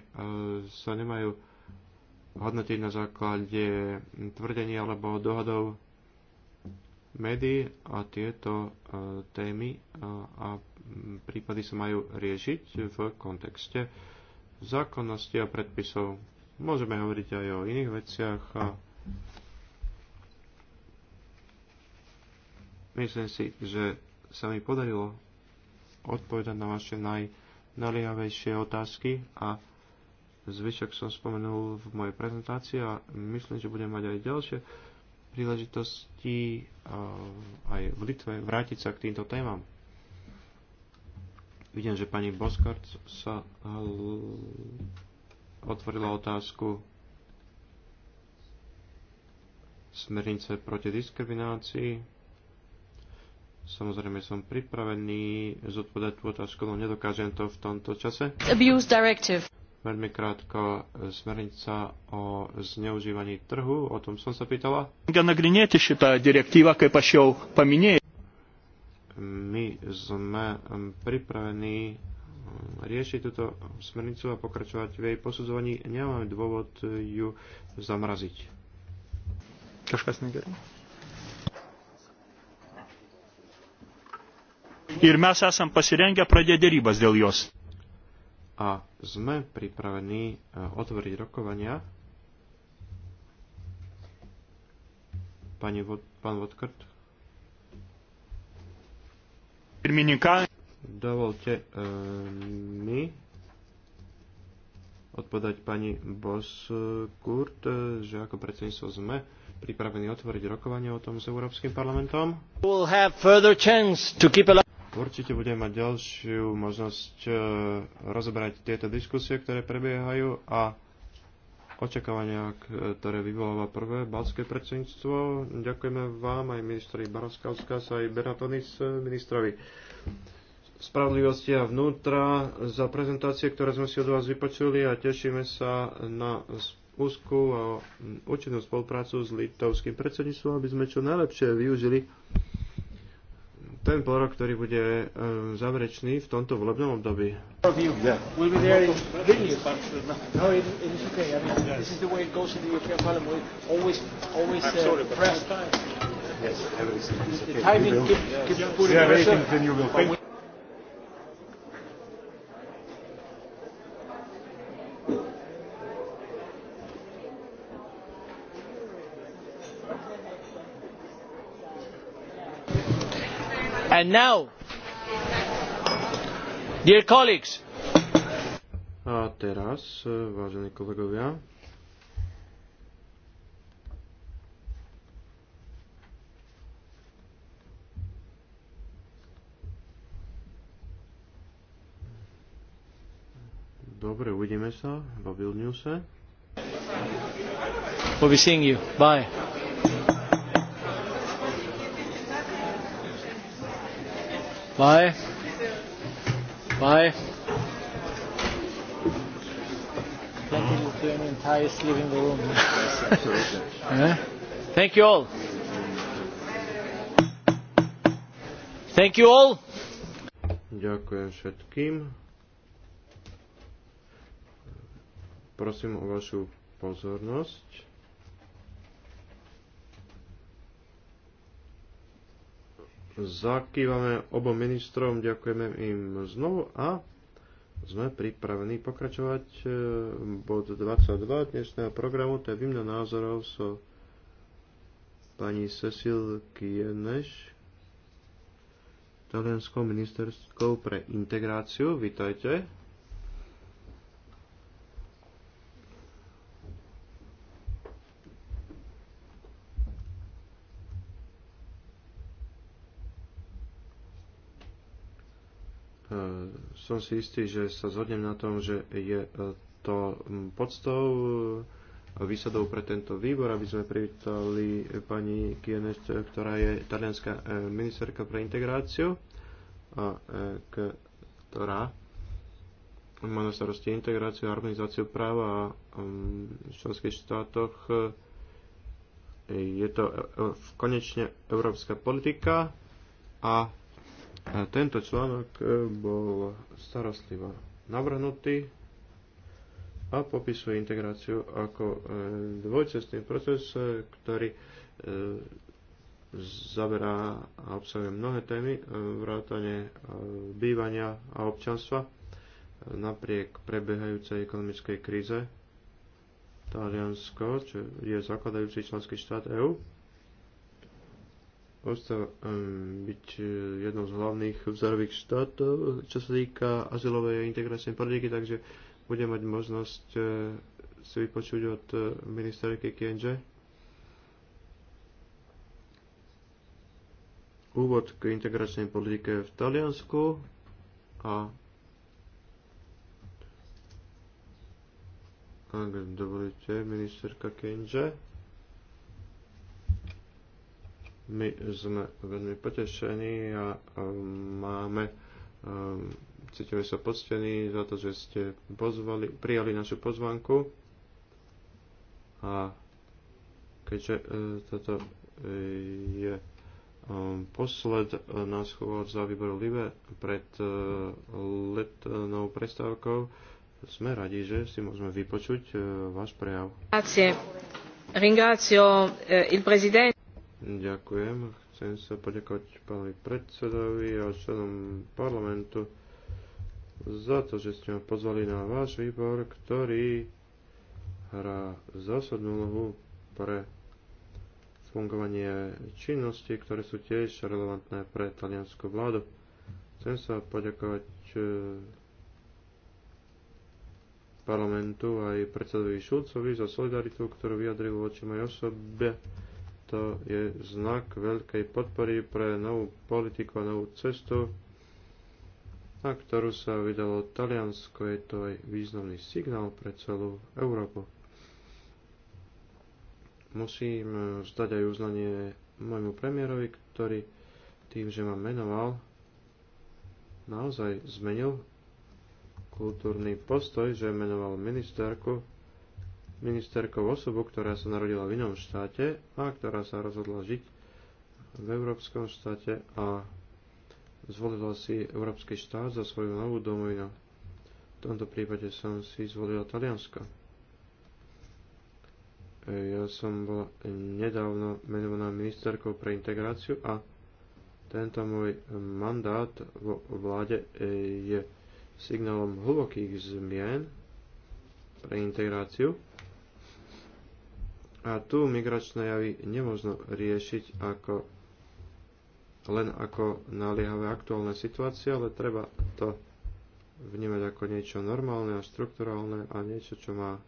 Speaker 2: sa nemajú hodnotiť na základe tvrdenia alebo dohodov médií a tieto e, témy e, a prípady sa majú riešiť v kontexte zákonnosti a predpisov. Môžeme hovoriť aj o iných veciach a myslím si, že sa mi podarilo odpovedať na vaše najnaliehavejšie otázky a Zvyšok som spomenul v mojej prezentácii a myslím, že budem mať aj ďalšie príležitosti aj v Litve vrátiť sa k týmto témam. Vidím, že pani Boskart sa otvorila otázku smernice proti diskriminácii. Samozrejme som pripravený zodpovedať tú otázku, no nedokážem to v tomto čase. Abuse directive. Veľmi krátko, smernica o zneužívaní trhu, o tom som sa pýtala. My sme pripravení riešiť túto smernicu a pokračovať v jej posudzovaní. Nemáme dôvod ju zamraziť. Kažkas negerai. Ir mes esam pasirengę pradėti dėrybas dėl jos a sme pripravení e, otvoriť rokovania. Pani, pán Vodkrt. Dovolte e, mi odpovedať pani Boskurt, e, že ako predsedníctvo sme pripravení otvoriť rokovanie o tom s Európskym parlamentom. We'll have further chance to keep Určite budeme mať ďalšiu možnosť e, rozobrať tieto diskusie, ktoré prebiehajú a očakávania, ktoré vyvoláva prvé balské predsedníctvo. Ďakujeme vám aj ministrovi Baroskovskas aj Beratonis e, ministrovi spravodlivosti a vnútra za prezentácie, ktoré sme si od vás vypočuli a tešíme sa na úzkú a účinnú spoluprácu s litovským predsedníctvom, aby sme čo najlepšie využili ten porok, ktorý bude e, záverečný v tomto volebnom období.
Speaker 1: Yes, everything. The timing keeps, keeps putting pressure. And now, dear colleagues,
Speaker 2: a teraz, e, vážení kolegovia, Dobre, uvidíme sa vo Vilniuse.
Speaker 1: We'll be seeing you. Bye. Bye. Bye. Thank you, Lithuanian room. <laughs> eh? Thank you all. Thank you all. Ďakujem všetkým.
Speaker 2: Prosím o vašu pozornosť. zakývame obom ministrom, ďakujeme im znovu a sme pripravení pokračovať e, bod 22 dnešného programu, to je výmna názorov so pani Cecil Kieneš, Talianskou ministerskou pre integráciu. Vítajte. som si istý, že sa zhodnem na tom, že je e, to podstou e, výsadou pre tento výbor, aby sme privítali pani Kienest, e, ktorá je talianská ministerka pre integráciu, a ktorá má na starosti integráciu a harmonizáciu práva a v členských štátoch. Je to konečne európska politika a tento článok e, bol starostlivo navrhnutý a popisuje integráciu ako e, dvojcestný proces, e, ktorý zaberá a obsahuje mnohé témy, vrátane bývania a občanstva napriek prebiehajúcej ekonomickej kríze Taliansko, čo je zakladajúci členský štát EÚ, ostáva ehm, byť eh, jednou z hlavných vzorových štátov, čo sa týka azylovej a integračnej politiky, takže budem mať možnosť eh, si vypočuť od eh, ministerky Kienže. Úvod k integračnej politike v Taliansku a ak dovolíte, ministerka Kenže my sme veľmi potešení a um, máme um, cítime sa poctení za to, že ste pozvali, prijali našu pozvanku a keďže e, toto e, je um, posled e, na schôd za výboru Libe pred letnou prestávkou, sme radi, že si môžeme vypočuť váš prejav.
Speaker 3: Grazie. Ringrazio il Presidente.
Speaker 2: Ďakujem. Chcem sa poďakovať pánovi predsedovi a členom parlamentu za to, že ste ma pozvali na váš výbor, ktorý hrá zásadnú úlohu pre fungovanie činnosti, ktoré sú tiež relevantné pre talianskú vládu. Chcem sa poďakovať e, parlamentu aj predsedovi Šulcovi za solidaritu, ktorú vyjadril voči mojej osobe to je znak veľkej podpory pre novú politiku a novú cestu, na ktorú sa vydalo Taliansko. Je to aj významný signál pre celú Európu. Musím e, zdať aj uznanie môjmu premiérovi, ktorý tým, že ma menoval, naozaj zmenil kultúrny postoj, že menoval ministerku ministerkou osobu, ktorá sa narodila v inom štáte a ktorá sa rozhodla žiť v európskom štáte a zvolila si európsky štát za svoju novú domovinu. V tomto prípade som si zvolila Taliansko. Ja som bola nedávno menovaná ministerkou pre integráciu a tento môj mandát vo vláde e, je signálom hlbokých zmien pre integráciu a tu migračné javy nemôžno riešiť ako, len ako naliehavé aktuálne situácie, ale treba to vnímať ako niečo normálne a štrukturálne a niečo, čo má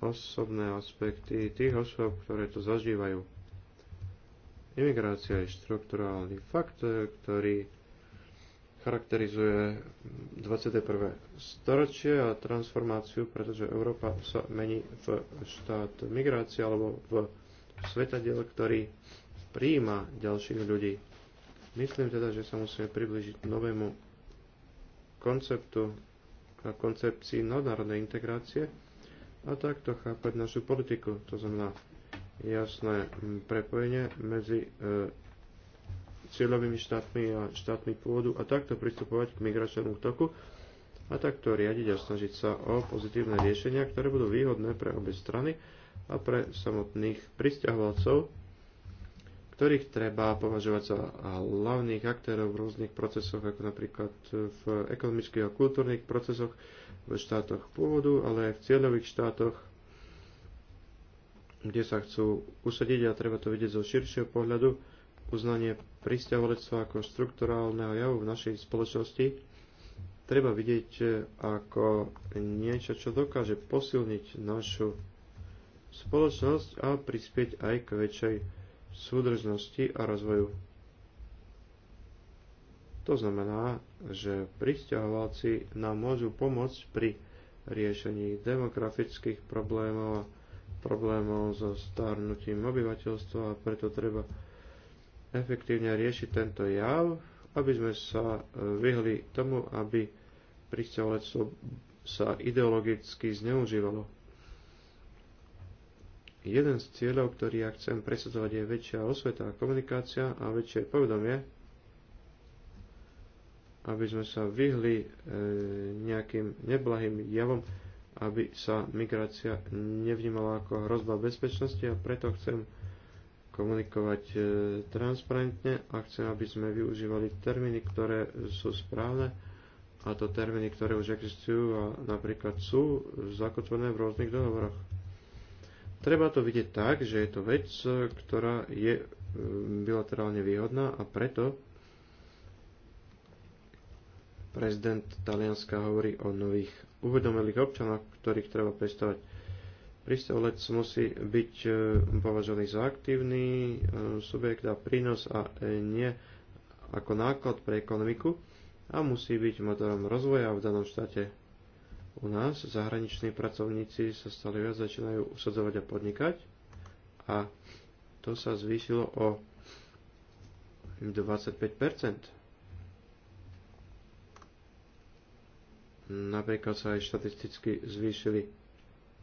Speaker 2: osobné aspekty tých osôb, ktoré to zažívajú. Imigrácia je štrukturálny fakt, ktorý charakterizuje 21. storočie a transformáciu, pretože Európa sa mení v štát migrácie alebo v svetadiel, ktorý prijíma ďalších ľudí. Myslím teda, že sa musíme približiť novému konceptu a koncepcii nadnárodnej integrácie a takto chápať našu politiku. To znamená jasné prepojenie medzi e, cieľovými štátmi a štátmi pôvodu a takto pristupovať k migračnému toku a takto riadiť a snažiť sa o pozitívne riešenia, ktoré budú výhodné pre obe strany a pre samotných pristahovalcov, ktorých treba považovať za hlavných aktérov v rôznych procesoch, ako napríklad v ekonomických a kultúrnych procesoch v štátoch pôvodu, ale aj v cieľových štátoch, kde sa chcú usadiť a treba to vidieť zo širšieho pohľadu, uznanie pristahovalectva ako štrukturálneho javu v našej spoločnosti treba vidieť e, ako niečo, čo dokáže posilniť našu spoločnosť a prispieť aj k väčšej súdržnosti a rozvoju. To znamená, že pristahovalci nám môžu pomôcť pri riešení demografických problémov a problémov so starnutím obyvateľstva a preto treba efektívne riešiť tento jav, aby sme sa e, vyhli tomu, aby pristahovalectvo sa ideologicky zneužívalo. Jeden z cieľov, ktorý ja chcem presadzovať, je väčšia osveta a komunikácia a väčšie povedomie, aby sme sa vyhli e, nejakým neblahým javom, aby sa migrácia nevnímala ako hrozba bezpečnosti a preto chcem komunikovať e, transparentne a chcem, aby sme využívali termíny, ktoré sú správne a to termíny, ktoré už existujú a napríklad sú zakotvené v rôznych dohovoroch. Treba to vidieť tak, že je to vec, e, ktorá je e, bilaterálne výhodná a preto prezident Talianska hovorí o nových uvedomelých občanoch, ktorých treba pestovať. Pristahovalec musí byť e, považovaný za aktívny e, subjekt a prínos a e, nie ako náklad pre ekonomiku a musí byť motorom rozvoja v danom štáte. U nás zahraniční pracovníci sa stále viac začínajú usadzovať a podnikať a to sa zvýšilo o 25 Napríklad sa aj štatisticky zvýšili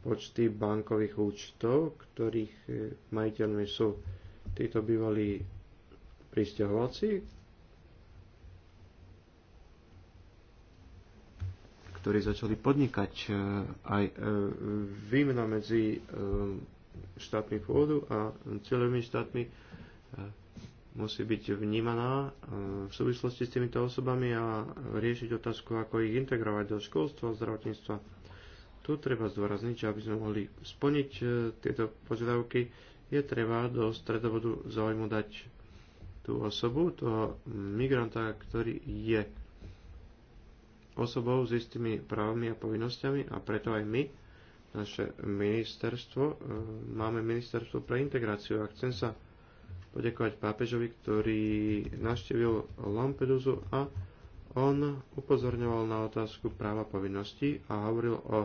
Speaker 2: počty bankových účtov, ktorých e, majiteľmi sú títo bývalí pristahovalci, ktorí začali podnikať e, aj e, výmena medzi štátmi pôvodu a celými štátmi musí byť vnímaná v súvislosti s týmito osobami a riešiť otázku, ako ich integrovať do školstva, zdravotníctva, tu treba zdôrazniť, že aby sme mohli splniť e, tieto požiadavky, je treba do stredovodu záujmu dať tú osobu, toho migranta, ktorý je osobou s istými právami a povinnosťami a preto aj my, naše ministerstvo, e, máme ministerstvo pre integráciu a chcem sa poďakovať pápežovi, ktorý navštívil Lampedusu a on upozorňoval na otázku práva povinností a hovoril o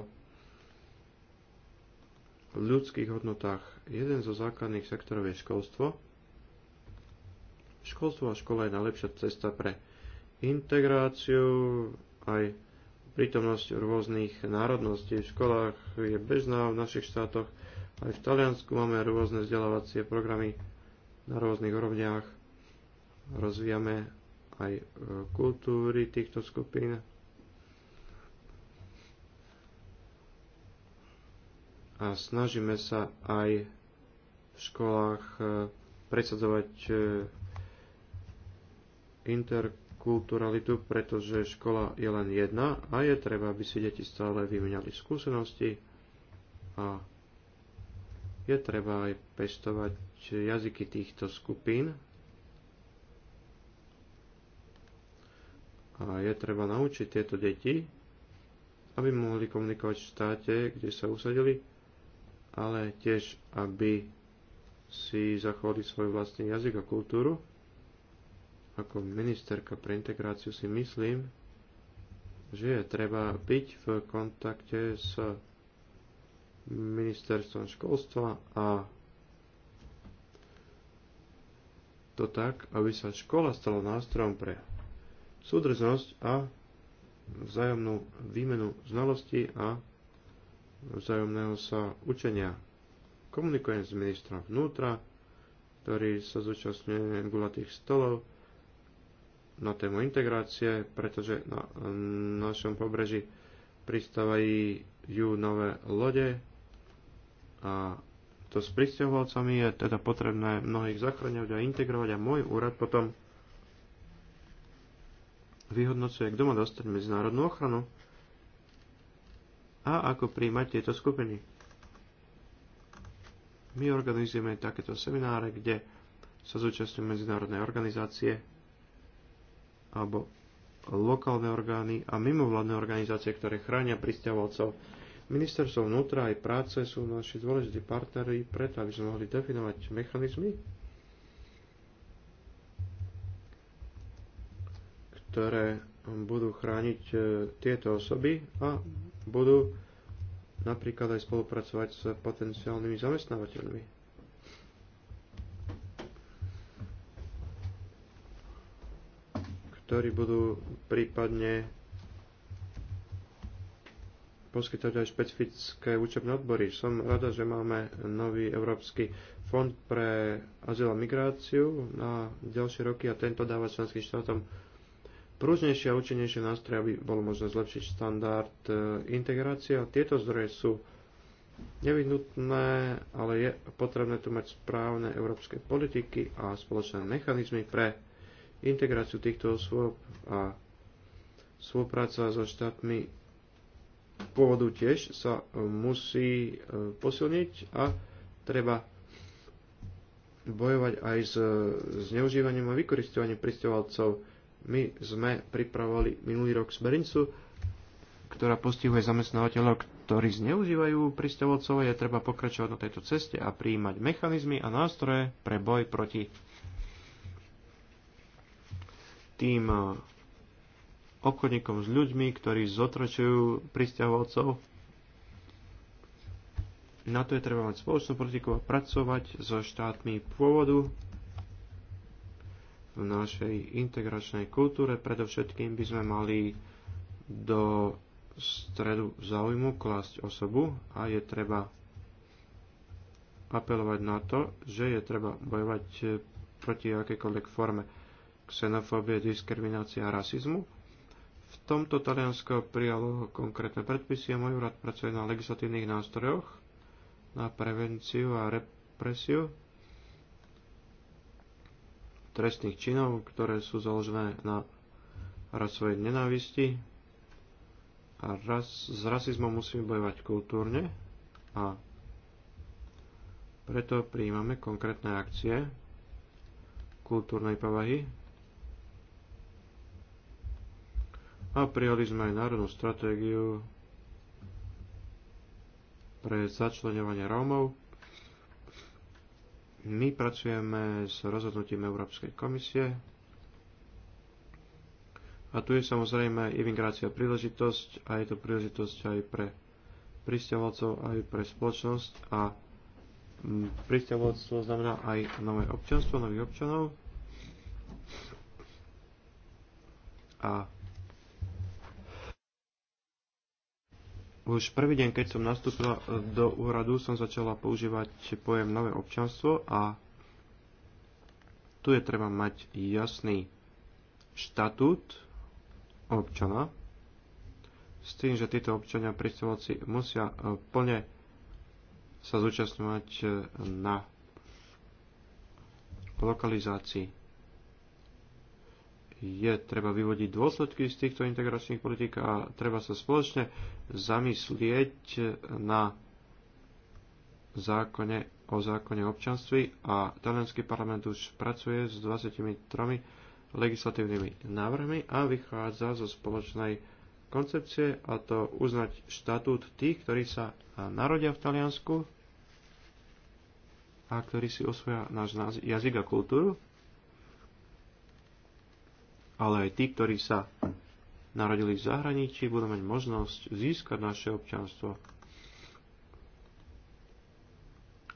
Speaker 2: v ľudských hodnotách. Jeden zo základných sektorov je školstvo. Školstvo a škola je najlepšia cesta pre integráciu aj prítomnosť rôznych národností v školách je bežná v našich štátoch. Aj v Taliansku máme rôzne vzdelávacie programy na rôznych úrovniach. Rozvíjame aj e, kultúry týchto skupín. a snažíme sa aj v školách e, presadzovať e, interkulturalitu, pretože škola je len jedna a je treba, aby si deti stále vymenali skúsenosti a je treba aj pestovať jazyky týchto skupín a je treba naučiť tieto deti, aby mohli komunikovať v štáte, kde sa usadili ale tiež, aby si zachovali svoj vlastný jazyk a kultúru. Ako ministerka pre integráciu si myslím, že je treba byť v kontakte s ministerstvom školstva a to tak, aby sa škola stala nástrojom pre súdržnosť a vzájomnú výmenu znalostí a vzájomného sa učenia. Komunikujem s ministrom vnútra, ktorý sa zúčastňuje gulatých stolov na tému integrácie, pretože na našom pobreží pristávajú nové lode a to s pristahovalcami je teda potrebné mnohých zachraňovať a integrovať a môj úrad potom vyhodnocuje, kto má dostať medzinárodnú ochranu a ako príjmať tieto skupiny. My organizujeme takéto semináre, kde sa zúčastňujú medzinárodné organizácie alebo lokálne orgány a mimovládne organizácie, ktoré chránia pristahovalcov. Ministerstvo vnútra aj práce sú naši dôležití partnery preto, aby sme mohli definovať mechanizmy, ktoré budú chrániť e, tieto osoby a budú napríklad aj spolupracovať s potenciálnymi zamestnávateľmi. ktorí budú prípadne poskytovať aj špecifické učebné odbory. Som rada, že máme nový Európsky fond pre azyl a migráciu na ďalšie roky a tento dáva členským štátom Prúžnejšie a účinnejšie nástroje, aby bolo možné zlepšiť štandard e, integrácie. A tieto zdroje sú nevyhnutné, ale je potrebné tu mať správne európske politiky a spoločné mechanizmy pre integráciu týchto osôb a spolupráca so štátmi pôvodu tiež sa e, musí e, posilniť a treba bojovať aj s zneužívaním a vykoristovaním pristovalcov my sme pripravovali minulý rok smernicu, ktorá postihuje zamestnávateľov, ktorí zneužívajú pristavovcov, Je treba pokračovať na tejto ceste a prijímať mechanizmy a nástroje pre boj proti tým eh, obchodníkom s ľuďmi, ktorí zotročujú pristahovalcov. Na to je treba mať spoločnú politiku a pracovať so štátmi pôvodu v našej integračnej kultúre. Predovšetkým by sme mali do stredu záujmu klásť osobu a je treba apelovať na to, že je treba bojovať eh, proti akékoľvek forme xenofóbie, diskriminácie a rasizmu. V tomto Taliansko prijalo konkrétne predpisy a môj úrad pracuje na legislatívnych nástrojoch na prevenciu a represiu trestných činov, ktoré sú založené na rasovej nenávisti. A ras, s rasizmom musíme bojovať kultúrne a preto prijímame konkrétne akcie kultúrnej povahy. A prijali sme aj národnú stratégiu pre začlenovanie Rómov my pracujeme s rozhodnutím Európskej komisie a tu je samozrejme imigrácia príležitosť a je to príležitosť aj pre pristahovalcov, aj pre spoločnosť a pristahovalstvo znamená aj nové občanstvo, nových občanov a Už prvý deň, keď som nastúpila e, do úradu, som začala používať pojem nové občanstvo a tu je treba mať jasný štatút občana, s tým, že títo občania pristavovci musia e, plne sa zúčastňovať e, na lokalizácii je treba vyvodiť dôsledky z týchto integračných politik a treba sa spoločne zamyslieť na zákone o zákone občanství a talianský parlament už pracuje s 23 legislatívnymi návrhmi a vychádza zo spoločnej koncepcie a to uznať štatút tých, ktorí sa narodia v Taliansku a ktorí si osvoja náš jazyk a kultúru ale aj tí, ktorí sa narodili v zahraničí, budú mať možnosť získať naše občanstvo.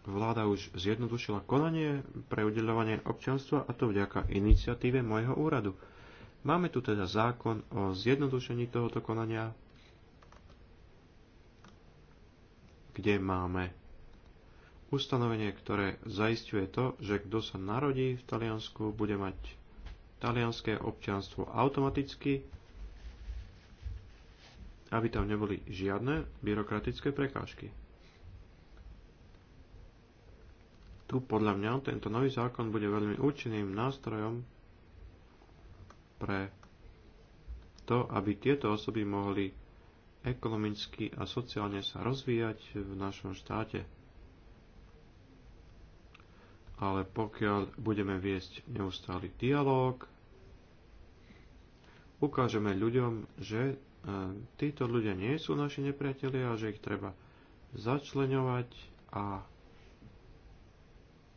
Speaker 2: Vláda už zjednodušila konanie pre udeľovanie občanstva a to vďaka iniciatíve môjho úradu. Máme tu teda zákon o zjednodušení tohoto konania, kde máme ustanovenie, ktoré zaistuje to, že kto sa narodí v Taliansku, bude mať talianské občianstvo automaticky, aby tam neboli žiadne byrokratické prekážky. Tu podľa mňa tento nový zákon bude veľmi účinným nástrojom pre to, aby tieto osoby mohli ekonomicky a sociálne sa rozvíjať v našom štáte. Ale pokiaľ budeme viesť neustály dialog, ukážeme ľuďom, že e, títo ľudia nie sú naši nepriatelia a že ich treba začleňovať a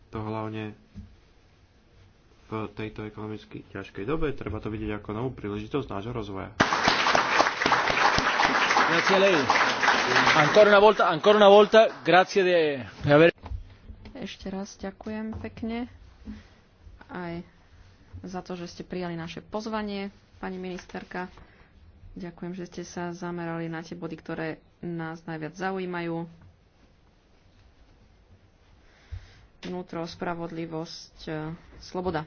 Speaker 2: to hlavne v tejto ekonomicky ťažkej dobe. Treba to vidieť ako novú príležitosť nášho rozvoja.
Speaker 3: Ešte raz ďakujem pekne aj za to, že ste prijali naše pozvanie. Pani ministerka, ďakujem, že ste sa zamerali na tie body, ktoré nás najviac zaujímajú. Vnútro, spravodlivosť, e, sloboda.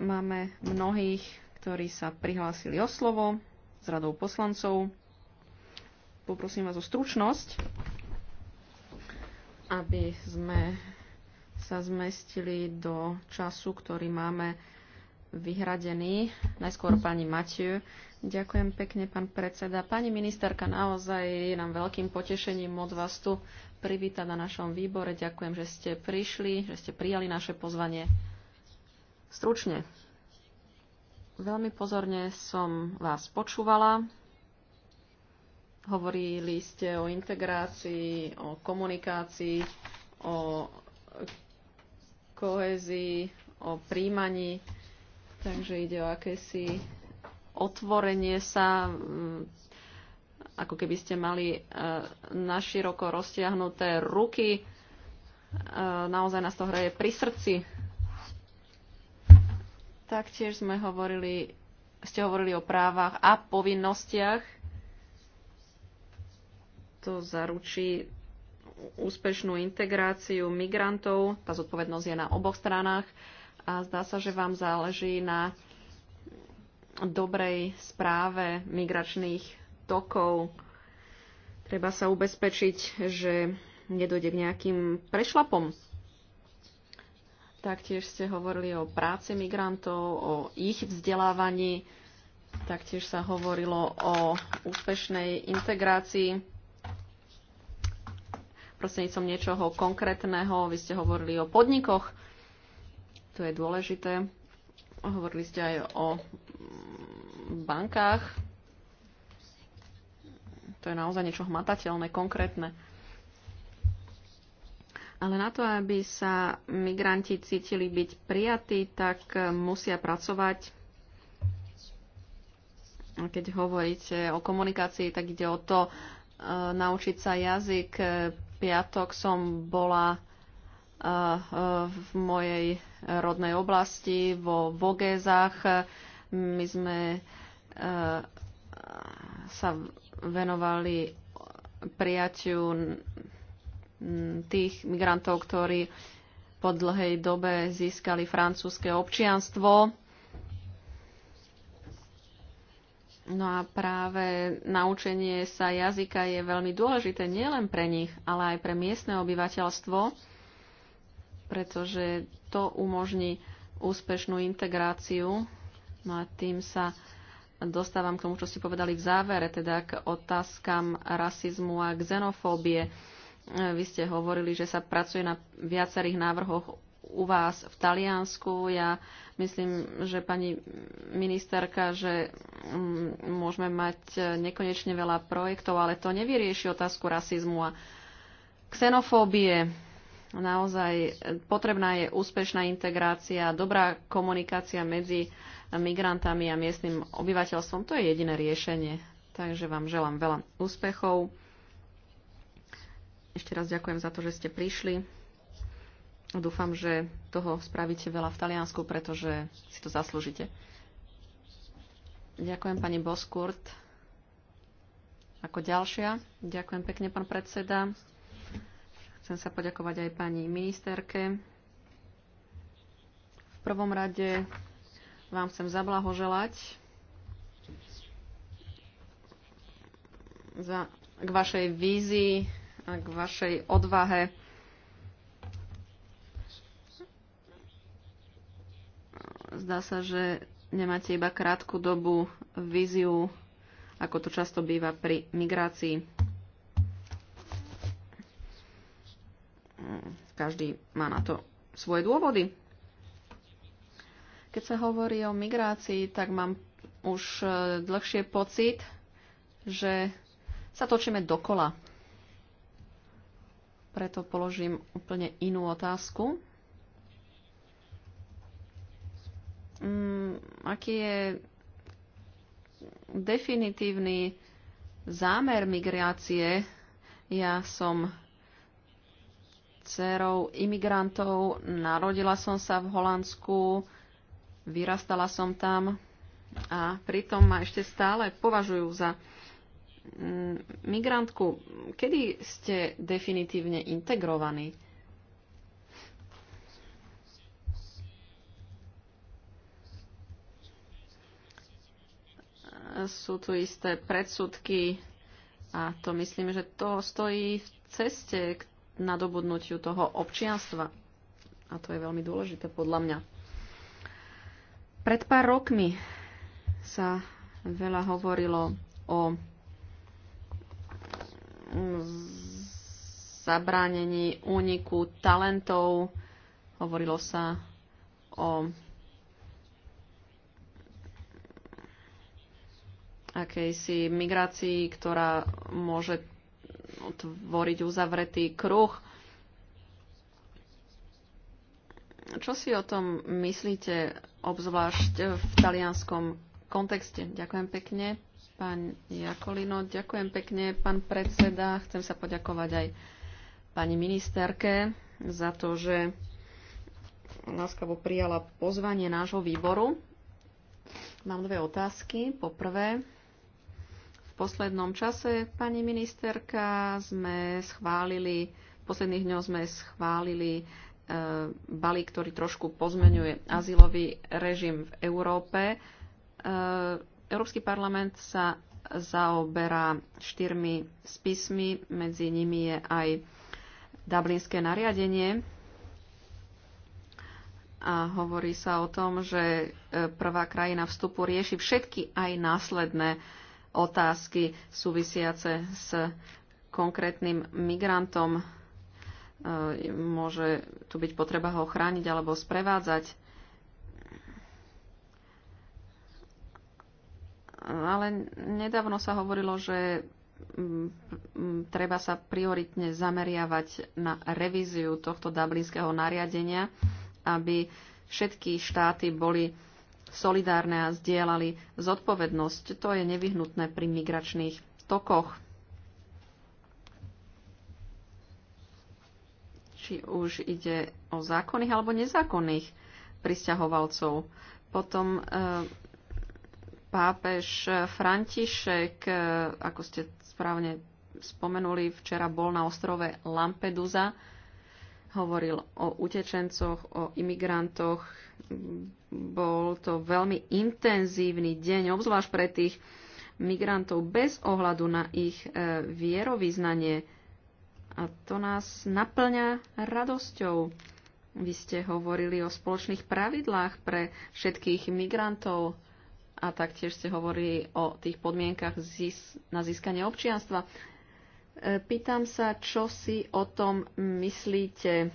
Speaker 3: Máme mnohých, ktorí sa prihlásili o slovo s radou poslancov. Poprosím vás o stručnosť, aby sme sa zmestili do času, ktorý máme vyhradený. Najskôr pani Matiu. Ďakujem pekne, pán predseda. Pani ministerka, naozaj je nám veľkým potešením od vás tu privítať na našom výbore. Ďakujem, že ste prišli, že ste prijali naše pozvanie. Stručne. Veľmi pozorne som vás počúvala. Hovorili ste o integrácii, o komunikácii, o kohezii, o príjmaní Takže ide o akési otvorenie sa, mm, ako keby ste mali e, naširoko roztiahnuté ruky. E, naozaj nás to hraje pri srdci. Taktiež sme hovorili, ste hovorili o právach a povinnostiach. To zaručí úspešnú integráciu migrantov. Tá zodpovednosť je na oboch stranách a zdá sa, že vám záleží na dobrej správe migračných tokov. Treba sa ubezpečiť, že nedojde k nejakým prešlapom. Taktiež ste hovorili o práci migrantov, o ich vzdelávaní. Taktiež sa hovorilo o úspešnej integrácii prostrednícom niečoho konkrétneho. Vy ste hovorili o podnikoch, to je dôležité. Hovorili ste aj o bankách. To je naozaj niečo hmatateľné, konkrétne. Ale na to, aby sa migranti cítili byť prijatí, tak musia pracovať. Keď hovoríte o komunikácii, tak ide o to e, naučiť sa jazyk. Piatok som bola e, e, v mojej rodnej oblasti, vo Vogézach. My sme eh, sa venovali prijatiu tých migrantov, ktorí po dlhej dobe získali francúzske občianstvo. No a práve naučenie sa jazyka je veľmi dôležité nielen pre nich, ale aj pre miestne obyvateľstvo, pretože to umožní úspešnú integráciu. No a tým sa dostávam k tomu, čo ste povedali v závere, teda k otázkam rasizmu a xenofóbie. Vy ste hovorili, že sa pracuje na viacerých návrhoch u vás v Taliansku. Ja myslím, že pani ministerka, že mm, môžeme mať nekonečne veľa projektov, ale to nevyrieši otázku rasizmu a xenofóbie naozaj e, potrebná je úspešná integrácia, dobrá komunikácia medzi migrantami a miestnym obyvateľstvom. To je jediné riešenie. Takže vám želám veľa úspechov. Ešte raz ďakujem za to, že ste prišli. Dúfam, že toho spravíte veľa v Taliansku, pretože si to zaslúžite. Ďakujem pani Boskurt. Ako ďalšia. Ďakujem pekne, pán predseda. Chcem sa poďakovať aj pani ministerke. V prvom rade vám chcem zablahoželať za, k vašej vízii a k vašej odvahe. Zdá sa, že nemáte iba krátku dobu víziu, ako to často býva pri migrácii. Každý má na to svoje dôvody. Keď sa hovorí o migrácii, tak mám už e, dlhšie pocit, že sa točíme dokola. Preto položím úplne inú otázku. Mm, aký je definitívny zámer migrácie? Ja som dcerou imigrantov. Narodila som sa v Holandsku, vyrastala som tam a pritom ma ešte stále považujú za mm, migrantku. Kedy ste definitívne integrovaní? Sú tu isté predsudky a to myslím, že to stojí v ceste k nadobudnutiu toho občianstva. A to je veľmi dôležité podľa mňa. Pred pár rokmi sa veľa hovorilo o zabránení úniku talentov. Hovorilo sa o akejsi migrácii, ktorá môže tvoriť uzavretý kruh. Čo si o tom myslíte, obzvlášť v talianskom kontexte? Ďakujem pekne, pán Jakolino. Ďakujem pekne, pán predseda. Chcem sa poďakovať aj pani ministerke za to, že láskavo prijala pozvanie nášho výboru. Mám dve otázky. Poprvé, poslednom čase, pani ministerka, sme schválili, v posledných dňoch sme schválili e, balík, ktorý trošku pozmenuje azylový režim v Európe. E, Európsky parlament sa zaoberá štyrmi spismi, medzi nimi je aj Dublinské nariadenie a hovorí sa o tom, že e, prvá krajina vstupu rieši všetky aj následné E, otázky súvisiace s konkrétnym migrantom. E, môže tu byť potreba ho chrániť alebo sprevádzať. Ale nedávno sa hovorilo, že treba sa prioritne zameriavať na revíziu tohto dublinského nariadenia, aby všetky štáty boli solidárne a zdieľali zodpovednosť. To je nevyhnutné pri migračných tokoch. Či už ide o zákonných alebo nezákonných pristahovalcov. Potom e, pápež František, e, ako ste správne spomenuli, včera bol na ostrove Lampedusa, hovoril o utečencoch, o imigrantoch, bol to veľmi intenzívny deň, obzvlášť pre tých migrantov bez ohľadu na ich e, vierovýznanie. A to nás naplňa radosťou. Vy ste hovorili o spoločných pravidlách pre všetkých migrantov a taktiež ste hovorili o tých podmienkach na získanie občianstva. E, pýtam sa, čo si o tom myslíte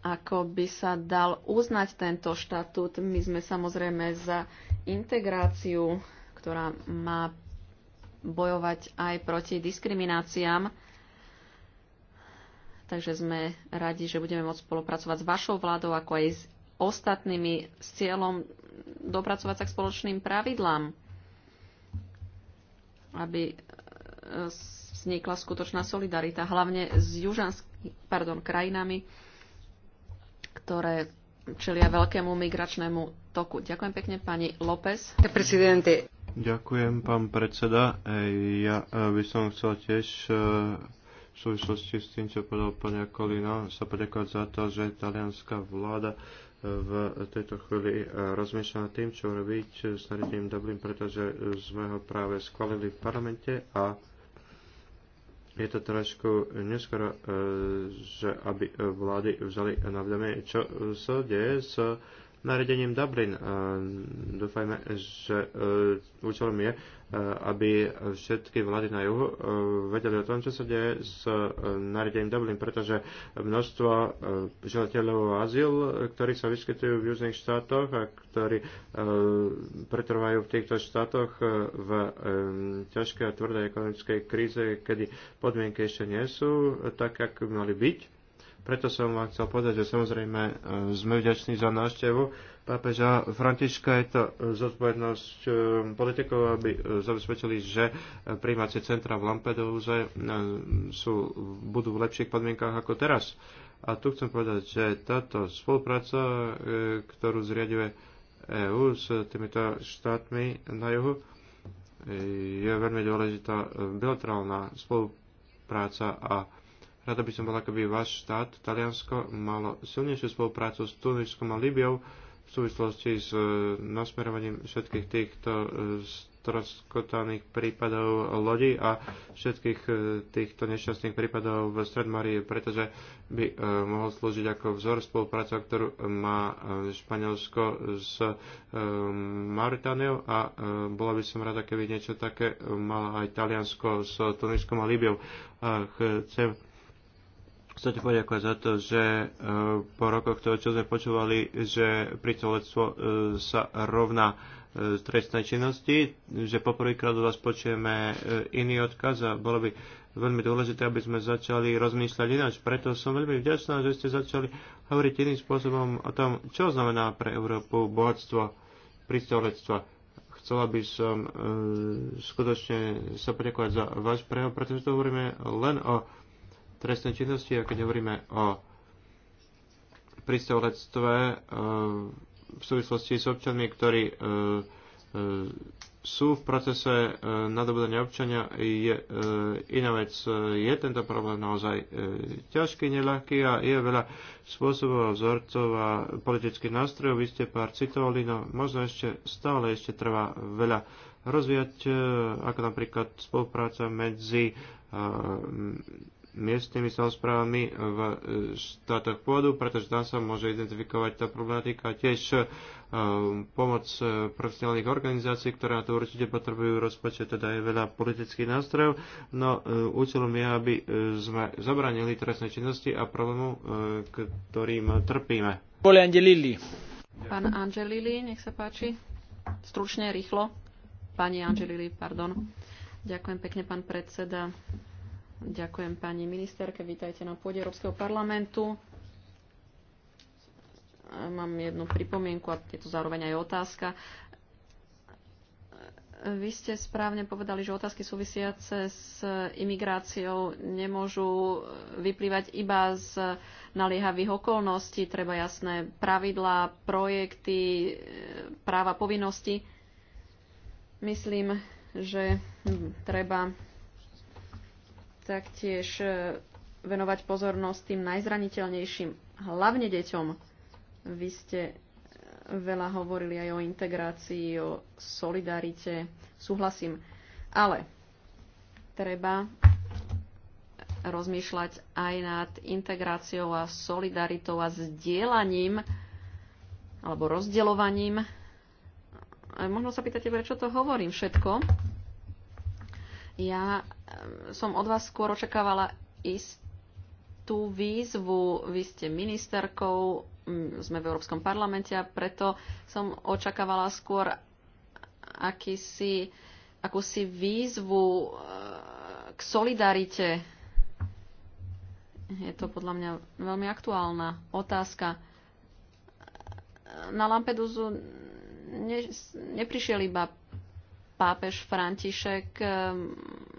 Speaker 3: ako by sa dal uznať tento štatút. My sme samozrejme za integráciu, ktorá má bojovať aj proti diskrimináciám. Takže sme radi, že budeme môcť spolupracovať s vašou vládou, ako aj s ostatnými s cieľom dopracovať sa k spoločným pravidlám, aby e, vznikla skutočná solidarita, hlavne s južanskými krajinami, ktoré čelia veľkému migračnému toku. Ďakujem pekne pani López.
Speaker 2: Ďakujem, pán predseda. Ja e, by som chcel tiež e, v súvislosti s tým, čo povedal pani Kolina, sa poďakovať za to, že talianská vláda e, v tejto chvíli rozmýšľa nad tým, čo robiť s nariadením Dublin, pretože sme ho práve schválili v parlamente a je to trošku neskoro, e, že aby e, vlády vzali na vedomie, čo sa deje s nariadením Dublin. Dúfajme, že e, účelom je, e, aby všetky vlády na juhu e, vedeli o tom, čo sa deje s nariadením Dublin, pretože množstvo želateľov o azyl, ktorí sa vyskytujú v južných štátoch a ktorí pretrvajú v týchto štátoch v ťažkej a tvrdej ekonomickej kríze, kedy podmienky ešte nie sú tak, ako by mali byť preto som vám chcel povedať, že samozrejme e, sme vďační za návštevu pápeža Františka. Je to e, zodpovednosť e, politikov, aby zabezpečili, že príjmacie centra v Lampedouze sú, budú v lepších podmienkách ako teraz. A tu chcem povedať, že táto spolupráca, ktorú zriaduje EÚ s týmito štátmi na juhu, je veľmi dôležitá bilaterálna spolupráca a Rada by som bola, keby váš štát, Taliansko, malo silnejšiu spoluprácu s Tuniskom a Libiou v súvislosti s e, nasmerovaním všetkých týchto stroskotaných e, prípadov lodi a všetkých e, týchto nešťastných prípadov v Stredmarii, pretože by mohol slúžiť ako vzor spolupráca, ktorú má Španielsko s Mauritániou a bola by som rada, keby niečo také mala aj Taliansko s Tuniskom a Libiou. A chcem ti poďakovať za to, že eh, po rokoch toho, čo sme počúvali, že pricolectvo eh, sa rovná eh, trestnej činnosti, že poprvýkrát od vás počujeme iný odkaz a bolo by veľmi dôležité, aby sme začali rozmýšľať ináč. Preto som veľmi vďačná, že ste začali hovoriť iným spôsobom o tom, čo znamená pre Európu bohatstvo pristolectva. Chcela by som e, skutočne sa poďakovať za váš prehov, pretože to hovoríme len o trestnej činnosti a keď hovoríme o pristavolectve e, v súvislosti s občanmi, ktorí e, e, sú v procese nadobudania občania, je iná vec. Je tento problém naozaj ťažký, neľahký a je veľa spôsobov, vzorcov a politických nástrojov. Vy ste pár citovali, no možno ešte stále ešte trvá veľa rozvíjať, ako napríklad spolupráca medzi miestnymi samozprávami v e, štátoch pôdu, pretože tam sa môže identifikovať tá problematika. Tiež e, pomoc e, profesionálnych organizácií, ktoré na to určite potrebujú rozpočet, teda je veľa politických nástrojov, no účelom je, aby sme zabranili trestné činnosti a problému, ktorým trpíme. Poli Angelili.
Speaker 3: Pán Angelili, nech sa páči. Stručne, rýchlo. Pani Angelili, pardon. Ďakujem pekne, pán predseda. Ďakujem pani ministerke, vítajte na pôde Európskeho parlamentu. Mám jednu pripomienku a je to zároveň aj otázka. Vy ste správne povedali, že otázky súvisiace s imigráciou nemôžu vyplývať iba z naliehavých okolností, treba jasné pravidlá, projekty, práva, povinnosti. Myslím, že treba taktiež e, venovať pozornosť tým najzraniteľnejším, hlavne deťom. Vy ste e, veľa hovorili aj o integrácii, o solidarite, súhlasím. Ale treba rozmýšľať aj nad integráciou a solidaritou a sdielaním alebo rozdeľovaním. A e, možno sa pýtate, prečo to hovorím všetko. Ja Ehm, som od vás skôr očakávala istú výzvu. Vy ste ministerkou, sme v Európskom parlamente a preto som očakávala skôr akýsi, akúsi výzvu eh, k solidarite. Je to podľa mňa veľmi aktuálna otázka. Na Lampedusu ne, neprišiel iba pápež František. Eh,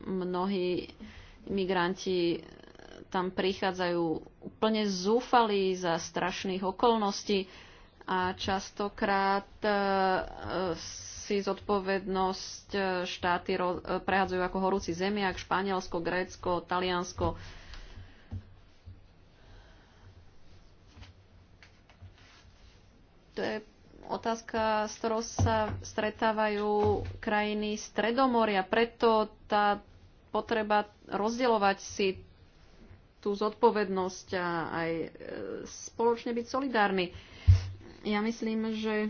Speaker 3: mnohí migranti tam prichádzajú úplne zúfalí za strašných okolností a častokrát eh, si zodpovednosť eh, štáty prehádzajú ako horúci zemiak Španielsko, Grécko, Taliansko. To je otázka, s ktorou sa stretávajú krajiny Stredomoria. Preto tá potreba rozdielovať si tú zodpovednosť a aj e, spoločne byť solidárny. Ja myslím, že e,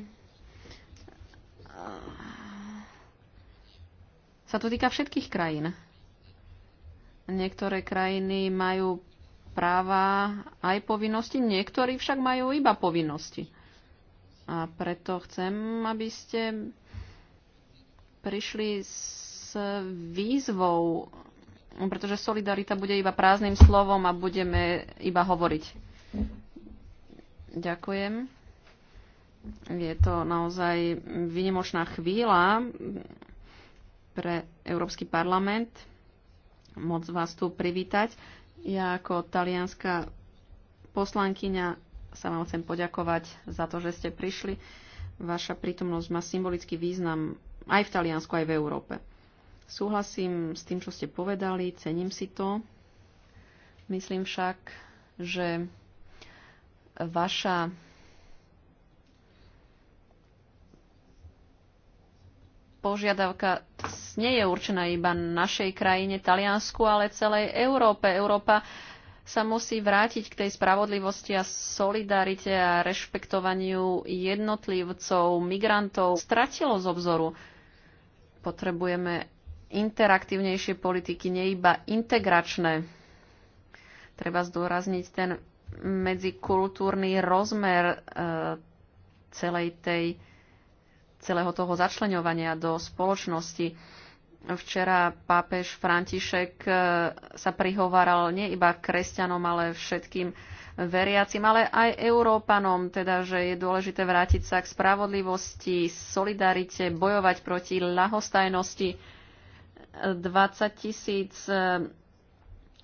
Speaker 3: sa to týka všetkých krajín. Niektoré krajiny majú práva aj povinnosti, niektorí však majú iba povinnosti. A preto chcem, aby ste prišli s výzvou, pretože solidarita bude iba prázdnym slovom a budeme iba hovoriť. Ďakujem. Je to naozaj vynimočná chvíľa pre Európsky parlament. Moc vás tu privítať. Ja ako talianská poslankyňa sa vám chcem poďakovať za to, že ste prišli. Vaša prítomnosť má symbolický význam aj v Taliansku, aj v Európe. Súhlasím s tým, čo ste povedali, cením si to. Myslím však, že vaša požiadavka nie je určená iba našej krajine Taliansku, ale celej Európe. Európa sa musí vrátiť k tej spravodlivosti a solidarite a rešpektovaniu jednotlivcov, migrantov. Stratilo z obzoru. Potrebujeme interaktívnejšie politiky, nie iba integračné. Treba zdôrazniť ten medzikultúrny rozmer e, celej tej, celého toho začleňovania do spoločnosti Včera pápež František e, sa prihovaral nie iba kresťanom, ale všetkým veriacim, ale aj Európanom, teda, že je dôležité vrátiť sa k spravodlivosti, solidarite, bojovať proti lahostajnosti. 20 tisíc e,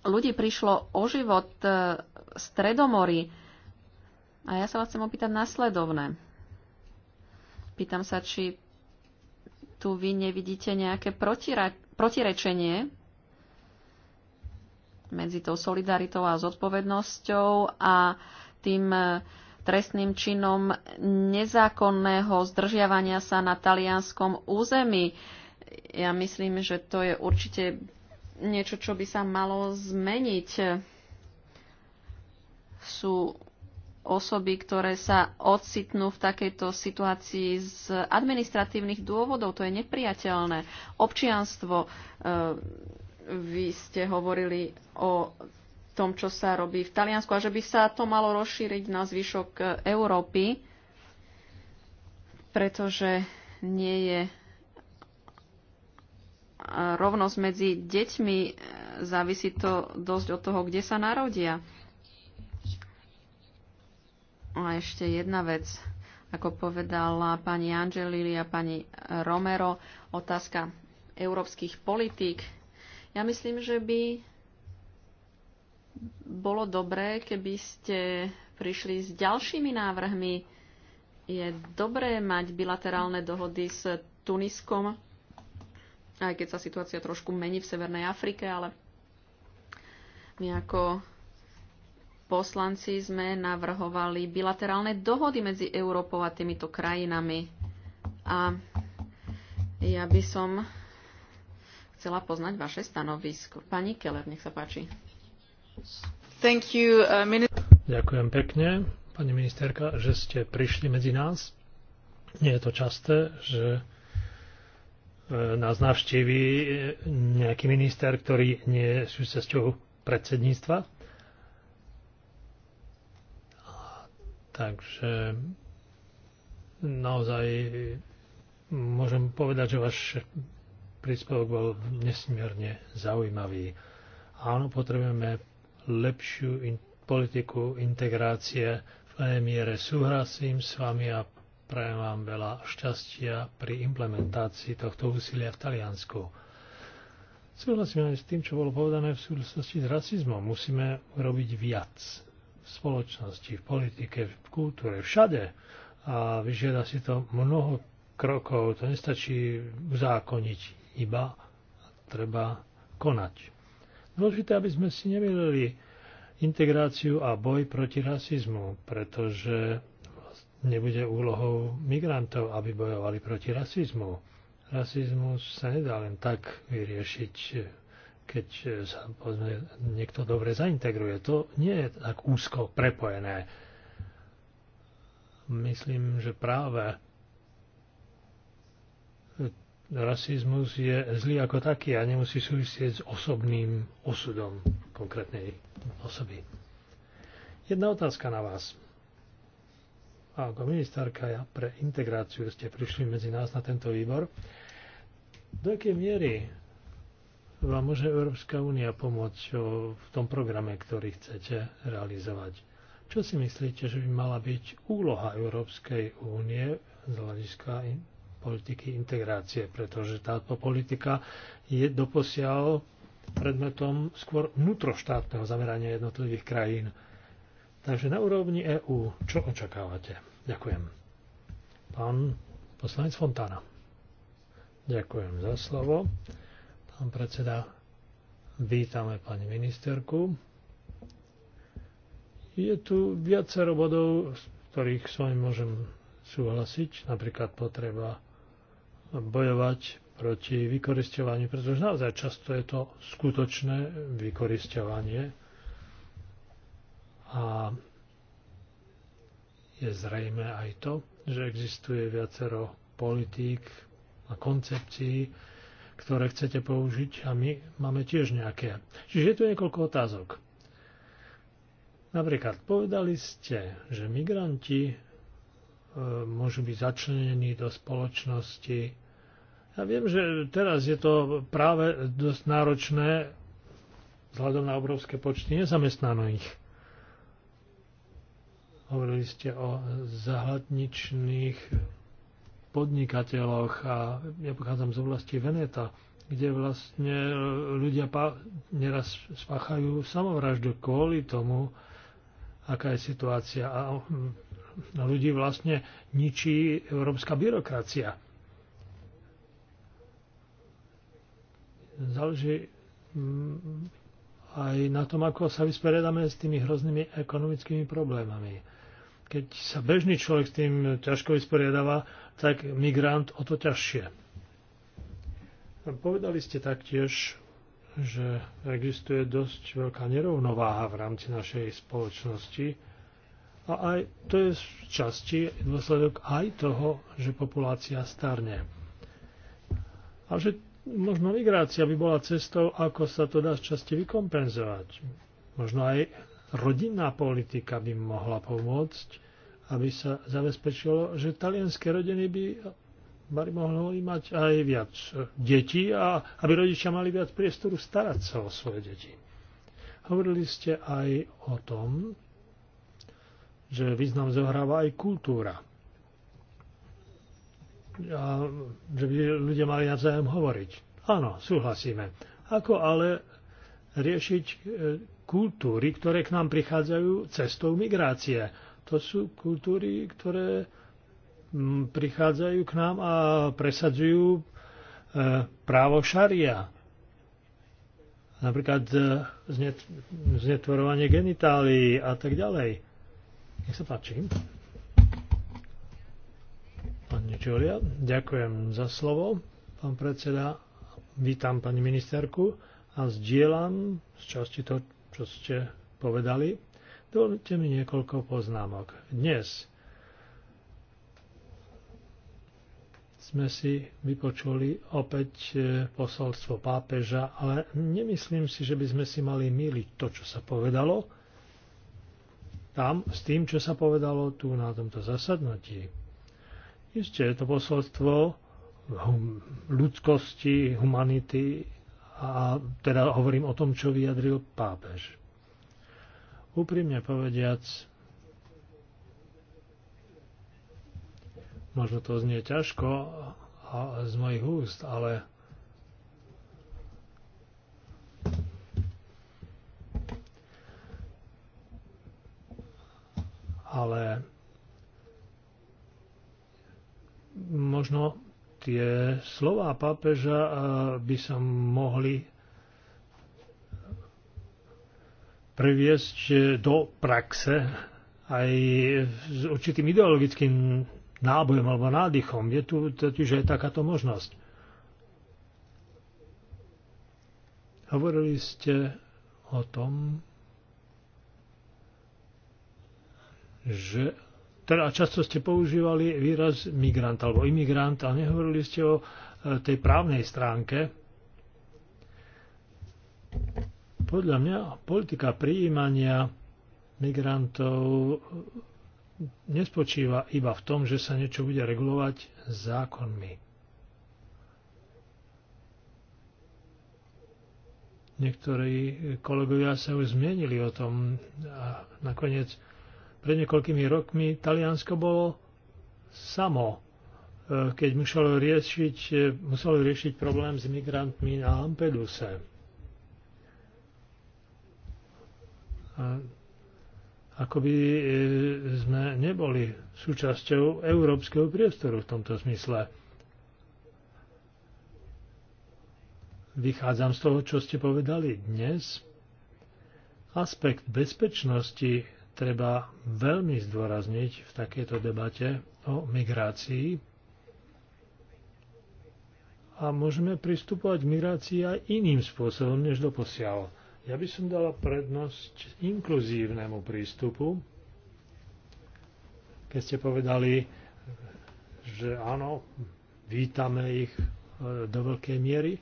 Speaker 3: ľudí prišlo o život e, v Stredomori. A ja sa vás chcem opýtať nasledovné. Pýtam sa, či tu vy nevidíte nejaké protirečenie medzi tou solidaritou a zodpovednosťou a tým e, trestným činom nezákonného zdržiavania sa na talianskom území. Ja myslím, že to je určite niečo, čo by sa malo zmeniť. Sú osoby, ktoré sa ocitnú v takejto situácii z administratívnych dôvodov. To je nepriateľné. Občianstvo, e, vy ste hovorili o tom, čo sa robí v Taliansku a že by sa to malo rozšíriť na zvyšok e, Európy, pretože nie je e, rovnosť medzi deťmi, závisí to dosť od toho, kde sa narodia. A ešte jedna vec, ako povedala pani Angelili a pani Romero, otázka európskych politík. Ja myslím, že by bolo dobré, keby ste prišli s ďalšími návrhmi. Je dobré mať bilaterálne dohody s Tuniskom, aj keď sa situácia trošku mení v Severnej Afrike, ale my ako poslanci sme navrhovali bilaterálne dohody medzi Európou a týmito krajinami. A ja by som chcela poznať vaše stanovisko. Pani Keller, nech sa páči. Thank you, uh,
Speaker 1: Ďakujem pekne, pani ministerka, že ste prišli medzi nás. Nie je to časté, že e, nás navštíví nejaký minister, ktorý nie je súčasťou predsedníctva Takže naozaj môžem povedať, že váš príspevok bol nesmierne zaujímavý. Áno, potrebujeme lepšiu in- politiku integrácie. V plnej miere súhlasím s vami a prajem vám veľa šťastia pri implementácii tohto úsilia v Taliansku. Súhlasím aj s tým, čo bolo povedané v súvislosti s rasizmom. Musíme robiť viac v spoločnosti, v politike, v kultúre, všade. A vyžiada si to mnoho krokov. To nestačí uzákoniť iba, treba konať. Dôležité, aby sme si nemýlili integráciu a boj proti rasizmu, pretože nebude úlohou migrantov, aby bojovali proti rasizmu. Rasizmus sa nedá len tak vyriešiť keď e, sa povedzme, niekto dobre zaintegruje. To nie je tak úzko prepojené. Myslím, že práve rasizmus je zlý ako taký a nemusí súvisieť s osobným osudom konkrétnej osoby. Jedna otázka na vás. A ako ministerka ja pre integráciu ste prišli medzi nás na tento výbor. Do akej miery vám môže Európska únia pomôcť v tom programe, ktorý chcete realizovať. Čo si myslíte, že by mala byť úloha Európskej únie z hľadiska politiky integrácie, pretože táto politika je doposiaľ predmetom skôr vnútroštátneho zamerania jednotlivých krajín. Takže na úrovni EÚ, čo očakávate? Ďakujem. Pán poslanec Fontána. Ďakujem za slovo pán predseda. Vítame pani ministerku. Je tu viacero bodov, z ktorých s vami môžem súhlasiť, napríklad potreba bojovať proti vykoristovaniu, pretože naozaj často je to skutočné vykoristovanie a je zrejme aj to, že existuje viacero politík a koncepcií, ktoré chcete použiť a my máme tiež nejaké. Čiže je tu niekoľko otázok. Napríklad povedali ste, že migranti e, môžu byť začlenení do spoločnosti. Ja viem, že teraz je to práve dosť náročné vzhľadom na obrovské počty nezamestnaných. Hovorili ste o zahľadničných podnikateľoch a ja pochádzam z oblasti Veneta, kde vlastne ľudia neraz spáchajú samovraždu kvôli tomu, aká je situácia. A mm, ľudí vlastne ničí európska byrokracia. Záleží mm, aj na tom, ako sa vysporiadame s tými hroznými ekonomickými problémami. Keď sa bežný človek s tým ťažko vysporiadáva, tak migrant o to ťažšie. Povedali ste taktiež, že existuje dosť veľká nerovnováha v rámci našej spoločnosti a aj to je v časti dôsledok aj toho, že populácia starne. A že možno migrácia by bola cestou, ako sa to dá z časti vykompenzovať. Možno aj rodinná politika by mohla pomôcť aby sa zabezpečilo, že talianské rodiny by mali mohli mať aj viac detí a aby rodičia mali viac priestoru starať sa o svoje deti. Hovorili ste aj o tom, že význam zohráva aj kultúra. A že by ľudia mali navzájom hovoriť. Áno, súhlasíme. Ako ale riešiť e, kultúry, ktoré k nám prichádzajú cestou migrácie? To sú kultúry, ktoré mm, prichádzajú k nám a presadzujú e, právo šaria. Napríklad e, znet, znetvorovanie genitálií a tak ďalej. Nech sa páči. Pani Čulia, ďakujem za slovo. Pán predseda, vítam pani ministerku a zdieľam z časti to, čo ste povedali. Dovolte mi niekoľko poznámok. Dnes sme si vypočuli opäť e, posolstvo pápeža, ale nemyslím si, že by sme si mali míliť to, čo sa povedalo tam s tým, čo sa povedalo tu na tomto zasadnutí. Isté, to posolstvo hum, ľudskosti, humanity a teda hovorím o tom, čo vyjadril pápež. Úprimne povediac, možno to znie ťažko z mojich úst, ale ale možno tie slová pápeža eh, by sa mohli previesť do praxe aj s určitým ideologickým nábojom alebo nádychom. Je tu totiž aj takáto možnosť. Hovorili ste o tom, že teda často ste používali výraz migrant alebo imigrant a nehovorili ste o e, tej právnej stránke Podľa mňa politika prijímania migrantov nespočíva iba v tom, že sa niečo bude regulovať zákonmi. Niektorí kolegovia sa už zmienili o tom a nakoniec pred niekoľkými rokmi Taliansko bolo samo, e, keď muselo riešiť, e, muselo riešiť problém s migrantmi na Lampeduse ako by e, sme neboli súčasťou európskeho priestoru v tomto zmysle. Vychádzam z toho, čo ste povedali dnes. Aspekt bezpečnosti treba veľmi zdôrazniť v takejto debate o migrácii. A môžeme pristupovať k migrácii aj iným spôsobom, než doposiaľ. Ja by som dala prednosť inkluzívnemu prístupu. Keď ste povedali, že áno, vítame ich e, do veľkej miery,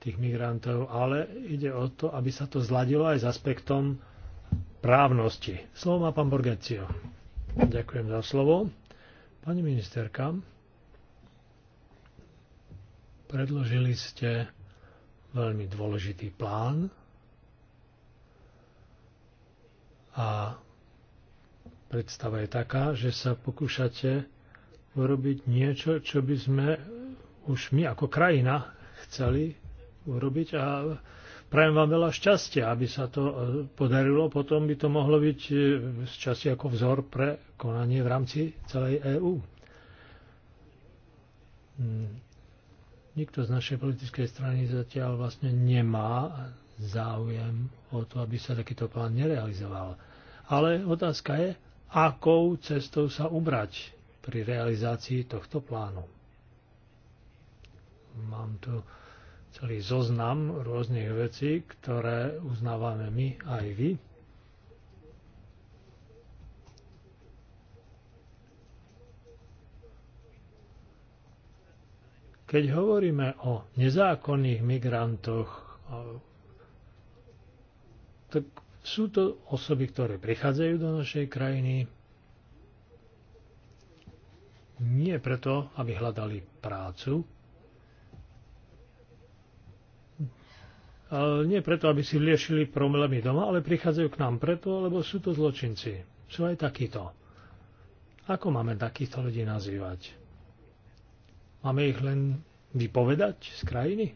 Speaker 1: tých migrantov, ale ide o to, aby sa to zladilo aj s aspektom právnosti. Slovo má pán Borgecio. Ďakujem za slovo. Pani ministerka, predložili ste veľmi dôležitý plán A predstava je taká, že sa pokúšate urobiť niečo, čo by sme už my ako krajina chceli urobiť a prajem vám veľa šťastia, aby sa to e, podarilo. Potom by to mohlo byť e, z časti ako vzor pre konanie v rámci celej EÚ. Hm. Nikto z našej politickej strany zatiaľ vlastne nemá záujem o to, aby sa takýto plán nerealizoval. Ale otázka je, akou cestou sa ubrať pri realizácii tohto plánu. Mám tu celý zoznam rôznych vecí, ktoré uznávame my aj vy. Keď hovoríme o nezákonných migrantoch, tak sú to osoby, ktoré prichádzajú do našej krajiny nie preto, aby hľadali prácu, ale nie preto, aby si riešili problémy doma, ale prichádzajú k nám preto, lebo sú to zločinci. Sú aj takíto. Ako máme takýchto ľudí nazývať? Máme ich len vypovedať z krajiny?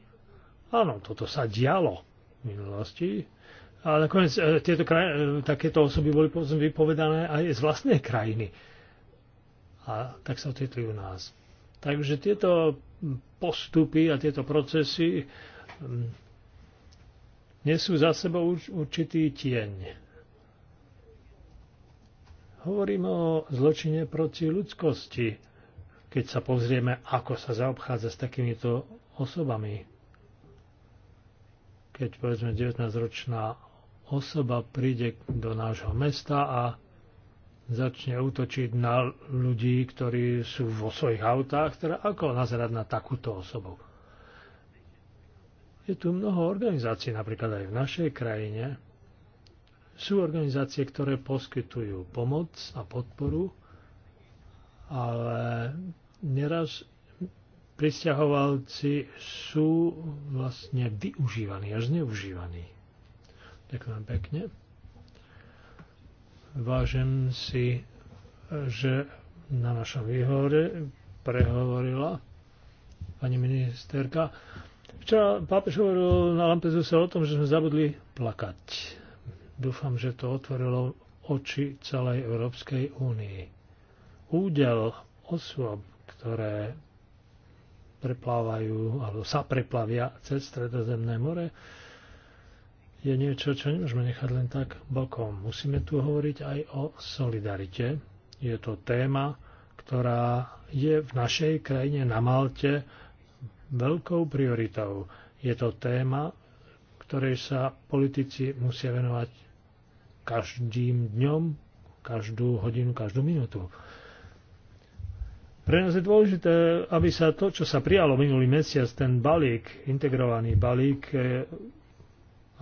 Speaker 1: Áno, toto sa dialo v minulosti a nakoniec e, tieto kraj, e, takéto osoby boli vypovedané aj z vlastnej krajiny. A tak sa ocitli u nás. Takže tieto postupy a tieto procesy mm, nesú za sebou určitý tieň. Hovorím o zločine proti ľudskosti, keď sa pozrieme, ako sa zaobchádza s takýmito osobami. Keď povedzme 19-ročná osoba príde do nášho mesta a začne útočiť na ľudí, ktorí sú vo svojich autách, teda ako nazerať na takúto osobu. Je tu mnoho organizácií, napríklad aj v našej krajine. Sú organizácie, ktoré poskytujú pomoc a podporu, ale neraz pristahovalci sú vlastne využívaní, až zneužívaní. Ďakujem pekne. Vážim si, že na našom výhore prehovorila pani ministerka. Včera pápež hovoril na Lampezuse o tom, že sme zabudli plakať. Dúfam, že to otvorilo oči celej Európskej únii. Údel osôb, ktoré preplávajú alebo sa preplavia cez Stredozemné more, je niečo, čo nemôžeme nechať len tak bokom. Musíme tu hovoriť aj o solidarite. Je to téma, ktorá je v našej krajine na Malte veľkou prioritou. Je to téma, ktorej sa politici musia venovať každým dňom, každú hodinu, každú minútu. Pre nás je dôležité, aby sa to, čo sa prijalo minulý mesiac, ten balík, integrovaný balík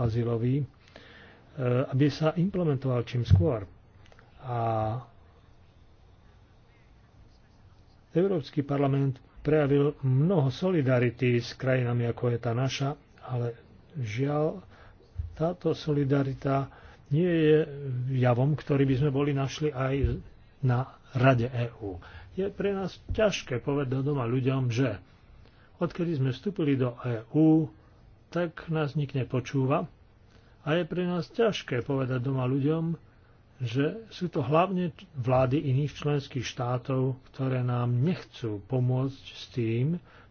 Speaker 1: azylový, e, aby sa implementoval čím skôr. A Európsky parlament prejavil mnoho solidarity s krajinami, ako je tá naša, ale žiaľ, táto solidarita nie je javom, ktorý by sme boli našli aj na Rade EÚ. Je pre nás ťažké povedať doma ľuďom, že odkedy sme vstúpili do EÚ, tak nás nik nepočúva a je pre nás ťažké povedať doma ľuďom, že sú to hlavne vlády iných členských štátov, ktoré nám nechcú pomôcť s tým,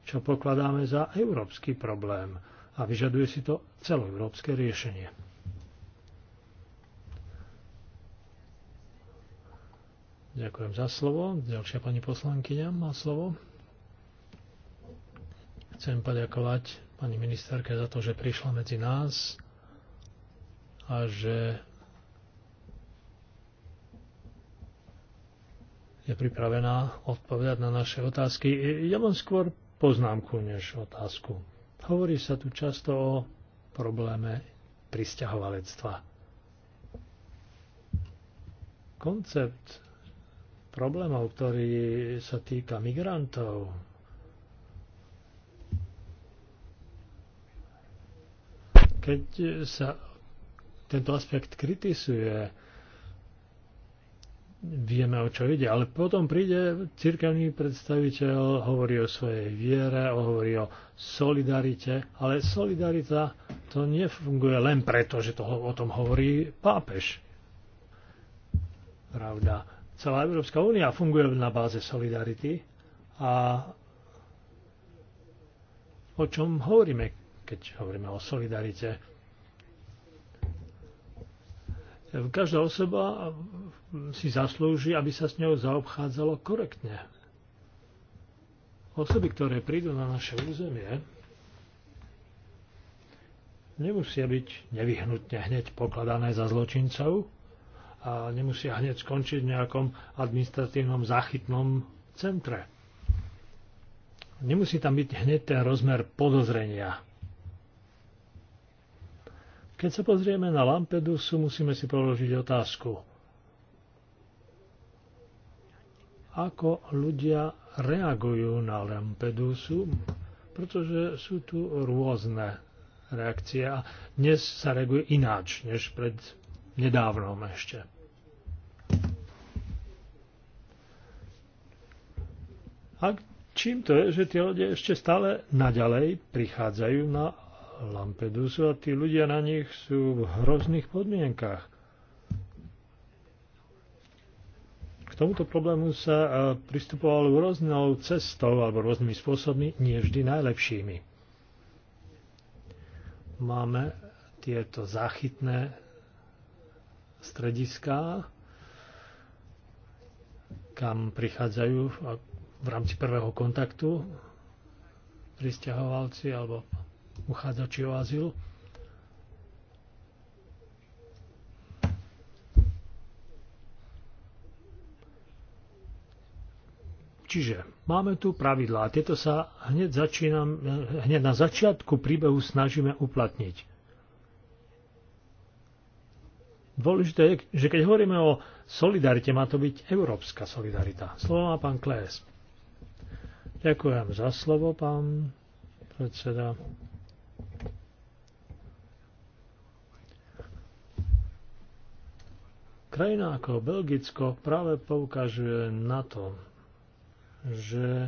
Speaker 1: čo pokladáme za európsky problém a vyžaduje si to celoeurópske riešenie. Ďakujem za slovo. Ďalšia pani poslankyňa má slovo. Chcem poďakovať pani ministerke za to, že prišla medzi nás a že je pripravená odpovedať na naše otázky. Ja mám skôr poznámku než otázku. Hovorí sa tu často o probléme pristahovalectva. Koncept problémov, ktorý sa týka migrantov, Keď sa tento aspekt kritizuje, vieme, o čo ide. Ale potom príde církevný predstaviteľ, hovorí o svojej viere, hovorí o solidarite, ale solidarita to nefunguje len preto, že to, o tom hovorí pápež. Pravda. Celá Európska únia funguje na báze solidarity a o čom hovoríme, keď hovoríme o solidarite. Každá osoba si zaslúži, aby sa s ňou zaobchádzalo korektne. Osoby, ktoré prídu na naše územie, nemusia byť nevyhnutne hneď pokladané za zločincov a nemusia hneď skončiť v nejakom administratívnom záchytnom centre. Nemusí tam byť hneď ten rozmer podozrenia, keď sa pozrieme na Lampedusu, musíme si položiť otázku. Ako ľudia reagujú na Lampedusu? Pretože sú tu rôzne reakcie a dnes sa reaguje ináč, než pred nedávnom ešte. A čím to je, že tie ľudia ešte stále naďalej prichádzajú na Lampedusu a tí ľudia na nich sú v hrozných podmienkách. K tomuto problému sa pristupovalo rôznou cestou alebo rôznymi spôsobmi, nie vždy najlepšími. Máme tieto záchytné strediská, kam prichádzajú v rámci prvého kontaktu pristahovalci alebo uchádzači o azyl. Čiže máme tu pravidlá a tieto sa hneď, začínam, hneď na začiatku príbehu snažíme uplatniť. Dôležité je, že keď hovoríme o solidarite, má to byť európska solidarita. Slovo má pán Klés. Ďakujem za slovo, pán predseda. Krajina ako Belgicko práve poukazuje na to, že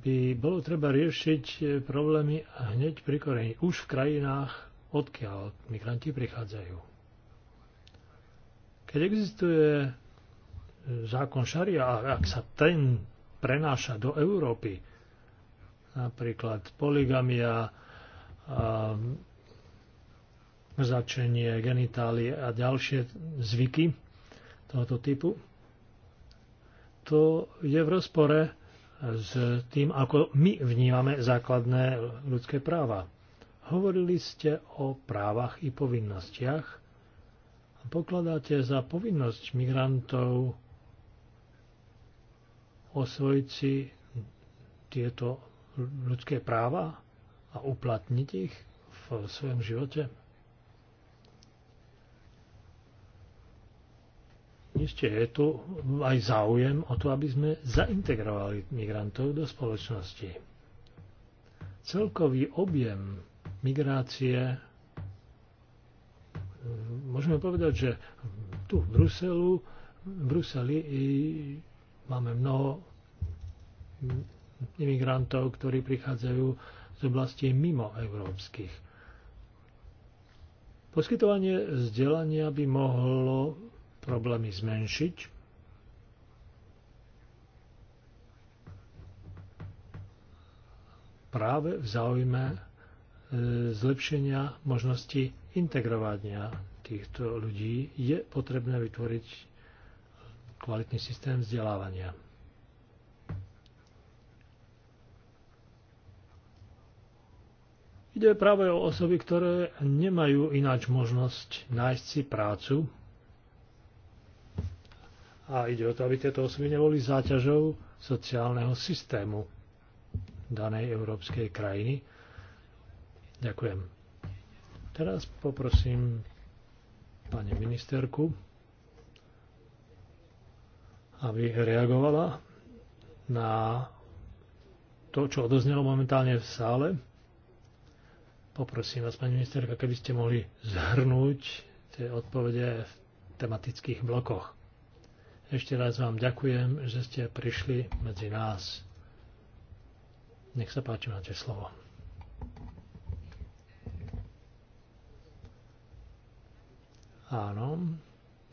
Speaker 1: by bolo treba riešiť problémy hneď pri koreni, už v krajinách, odkiaľ migranti prichádzajú. Keď existuje zákon šaria, a ak sa ten prenáša do Európy, napríklad poligamia, mrzačenie ehm, genitálie a ďalšie zvyky tohoto typu. To je v rozpore s tým, ako my vnímame základné ľudské práva. Hovorili ste o právach i povinnostiach a pokladáte za povinnosť migrantov osvojiť si tieto ľudské práva a uplatniť ich v svojom živote? Isté je tu aj záujem o to, aby sme zaintegrovali migrantov do spoločnosti. Celkový objem migrácie môžeme povedať, že tu v Bruselu, v Bruseli máme mnoho imigrantov, ktorí prichádzajú z oblastí mimo európskych. Poskytovanie vzdelania by mohlo problémy zmenšiť, práve v záujme e, zlepšenia možnosti integrovania týchto ľudí je potrebné vytvoriť kvalitný systém vzdelávania. Ide práve o osoby, ktoré nemajú ináč možnosť nájsť si prácu. A ide o to, aby tieto osoby neboli záťažou sociálneho systému danej európskej krajiny. Ďakujem. Teraz poprosím pani ministerku, aby reagovala na to, čo odoznelo momentálne v sále. Poprosím vás, pani ministerka, keby ste mohli zhrnúť tie odpovede v tematických blokoch. Ešte raz vám ďakujem, že ste prišli medzi nás. Nech sa páči, máte slovo. Áno,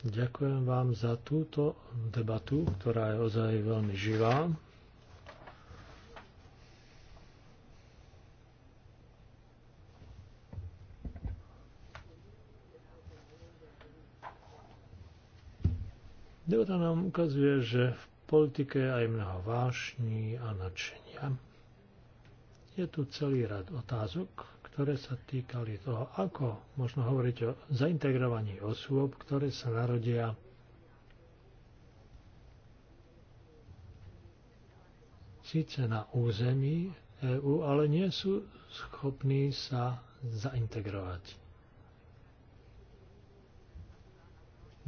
Speaker 1: ďakujem vám za túto debatu, ktorá je ozaj veľmi živá. Deuta nám ukazuje, že v politike aj mnoho vášní a nadšenia. Je tu celý rad otázok, ktoré sa týkali toho, ako možno hovoriť o zaintegrovaní osôb, ktoré sa narodia síce na území EÚ, ale nie sú schopní sa zaintegrovať.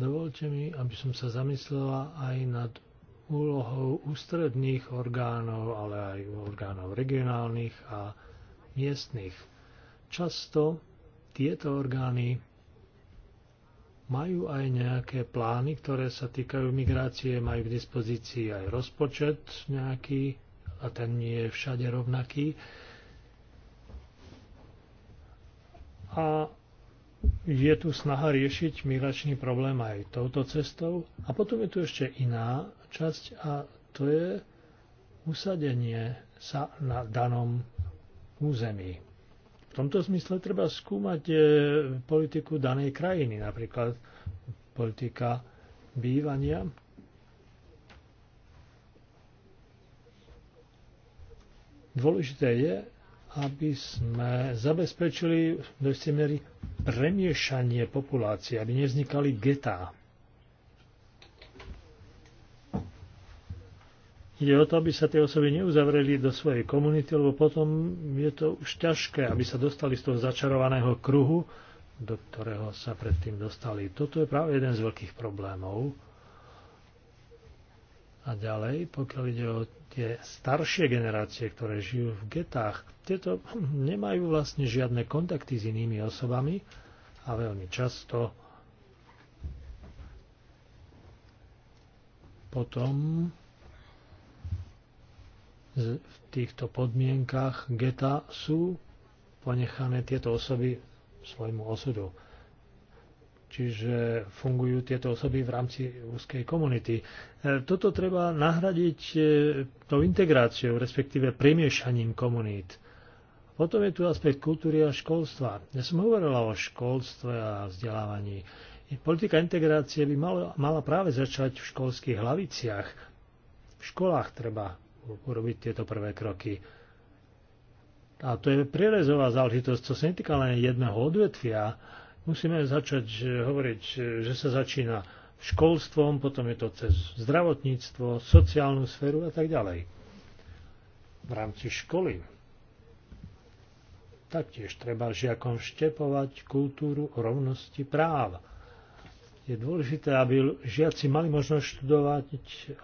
Speaker 1: Dovolte mi, aby som sa zamyslela aj nad úlohou ústredných orgánov, ale aj orgánov regionálnych a miestnych. Často tieto orgány majú aj nejaké plány, ktoré sa týkajú migrácie, majú k dispozícii aj rozpočet nejaký a ten nie je všade rovnaký. A je tu snaha riešiť migračný problém aj touto cestou. A potom je tu ešte iná časť a to je usadenie sa na danom území. V tomto zmysle treba skúmať e, politiku danej krajiny, napríklad politika bývania. Dôležité je, aby sme zabezpečili do istej miery premiešanie populácie, aby nevznikali getá. Ide o to, aby sa tie osoby neuzavreli do svojej komunity, lebo potom je to už ťažké, aby sa dostali z toho začarovaného kruhu, do ktorého sa predtým dostali. Toto je práve jeden z veľkých problémov, a ďalej, pokiaľ ide o tie staršie generácie, ktoré žijú v getách, tieto nemajú vlastne žiadne kontakty s inými osobami a veľmi často potom v týchto podmienkach geta sú ponechané tieto osoby svojmu osudu čiže fungujú tieto osoby v rámci úzkej komunity. E, toto treba nahradiť e, tou integráciou, respektíve premiešaním komunít. Potom je tu aspekt kultúry a školstva. Ja som hovorila o školstve a vzdelávaní. Politika integrácie by mala, práve začať v školských hlaviciach. V školách treba urobiť tieto prvé kroky. A to je prierezová záležitosť, čo sa netýka len jedného odvetvia, Musíme začať eh, hovoriť, eh, že sa začína školstvom, potom je to cez zdravotníctvo, sociálnu sféru a tak ďalej. V rámci školy taktiež treba žiakom vštepovať kultúru rovnosti práv. Je dôležité, aby žiaci mali možnosť študovať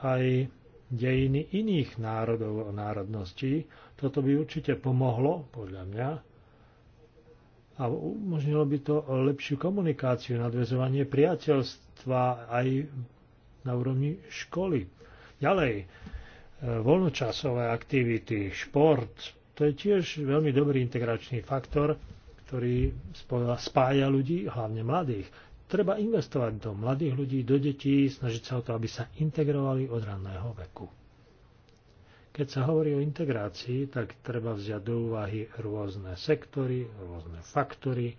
Speaker 1: aj dejiny iných národov a národností. Toto by určite pomohlo, podľa mňa, a umožnilo by to lepšiu komunikáciu, nadvezovanie priateľstva aj na úrovni školy. Ďalej, e, voľnočasové aktivity, šport, to je tiež veľmi dobrý integračný faktor, ktorý spája ľudí, hlavne mladých. Treba investovať do mladých ľudí, do detí, snažiť sa o to, aby sa integrovali od ranného veku. Keď sa hovorí o integrácii, tak treba vziať do úvahy rôzne sektory, rôzne faktory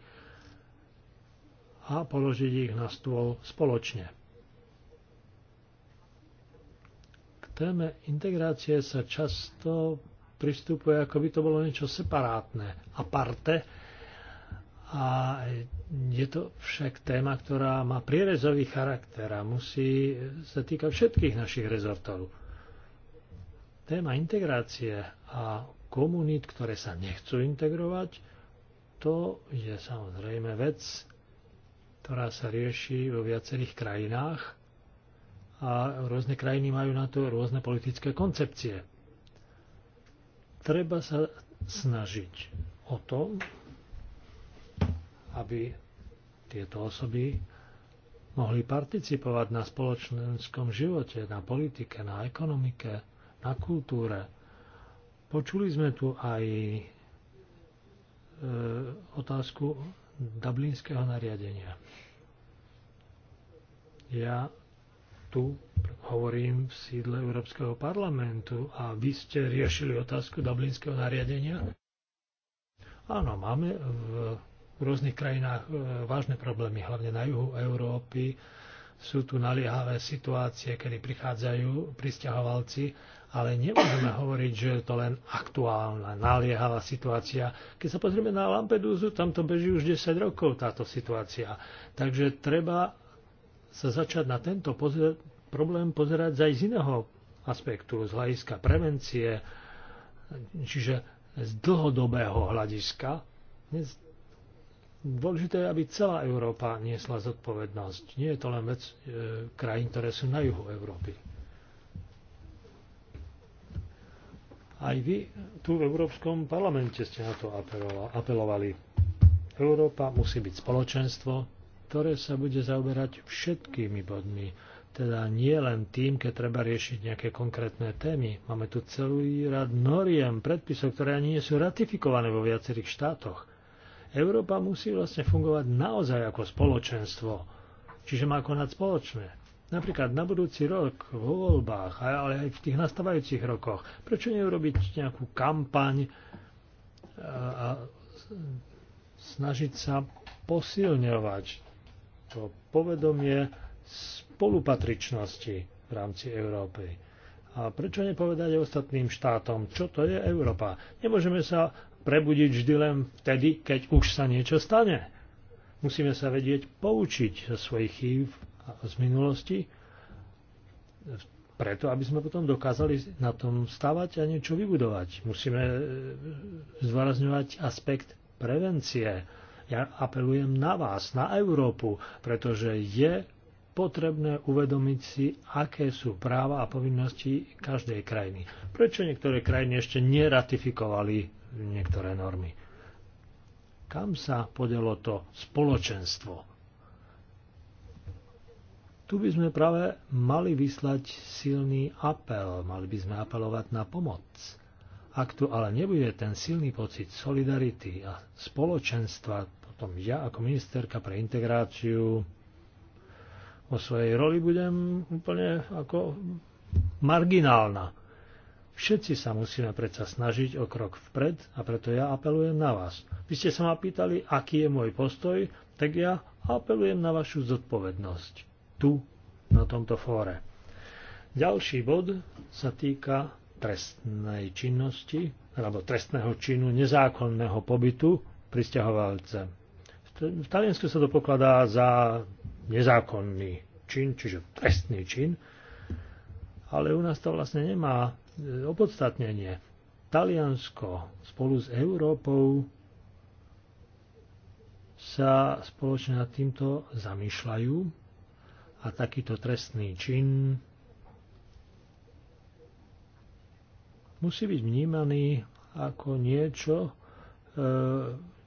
Speaker 1: a položiť ich na stôl spoločne. K téme integrácie sa často pristupuje, ako by to bolo niečo separátne, aparte. A je to však téma, ktorá má prierezový charakter a musí sa týkať všetkých našich rezortov. Téma integrácie a komunít, ktoré sa nechcú integrovať, to je samozrejme vec, ktorá sa rieši vo viacerých krajinách a rôzne krajiny majú na to rôzne politické koncepcie. Treba sa snažiť o to, aby tieto osoby mohli participovať na spoločenskom živote, na politike, na ekonomike, a kultúre. Počuli sme tu aj e, otázku dublinského nariadenia. Ja tu hovorím v sídle Európskeho parlamentu a vy ste riešili otázku dublinského nariadenia? Áno, máme v rôznych krajinách e, vážne problémy, hlavne na juhu Európy. Sú tu naliehavé situácie, kedy prichádzajú pristahovalci ale nemôžeme hovoriť, že je to len aktuálna, naliehavá situácia. Keď sa pozrieme na Lampedúzu, tam to beží už 10 rokov táto situácia. Takže treba sa začať na tento pozre- problém pozerať aj z iného aspektu, z hľadiska prevencie, čiže z dlhodobého hľadiska. Dôležité je, aby celá Európa niesla zodpovednosť. Nie je to len vec e, krajín, ktoré sú na juhu Európy. Aj vy tu v Európskom parlamente ste na to apelovali. Európa musí byť spoločenstvo, ktoré sa bude zaoberať všetkými bodmi, teda nie len tým, keď treba riešiť nejaké konkrétne témy. Máme tu celý rad noriem, predpisov, ktoré ani nie sú ratifikované vo viacerých štátoch. Európa musí vlastne fungovať naozaj ako spoločenstvo, čiže má konať spoločné. Napríklad na budúci rok vo voľbách, ale aj v tých nastávajúcich rokoch. Prečo neurobiť nejakú kampaň a snažiť sa posilňovať to povedomie spolupatričnosti v rámci Európy. A prečo nepovedať ostatným štátom, čo to je Európa? Nemôžeme sa prebudiť vždy len vtedy, keď už sa niečo stane. Musíme sa vedieť poučiť zo svojich chýb z minulosti, preto, aby sme potom dokázali na tom stavať a niečo vybudovať. Musíme e, zdôrazňovať aspekt prevencie. Ja apelujem na vás, na Európu, pretože je potrebné uvedomiť si, aké sú práva a povinnosti každej krajiny. Prečo niektoré krajiny ešte neratifikovali niektoré normy? Kam sa podelo to spoločenstvo? Tu by sme práve mali vyslať silný apel, mali by sme apelovať na pomoc. Ak tu ale nebude ten silný pocit solidarity a spoločenstva, potom ja ako ministerka pre integráciu o svojej roli budem úplne ako marginálna. Všetci sa musíme predsa snažiť o krok vpred a preto ja apelujem na vás. Vy ste sa ma pýtali, aký je môj postoj, tak ja apelujem na vašu zodpovednosť tu na tomto fóre. Ďalší bod sa týka trestnej činnosti alebo trestného činu nezákonného pobytu pristahovalce. V Taliansku sa to pokladá za nezákonný čin, čiže trestný čin, ale u nás to vlastne nemá e, opodstatnenie. Taliansko spolu s Európou sa spoločne nad týmto zamýšľajú a takýto trestný čin musí byť vnímaný ako niečo, e,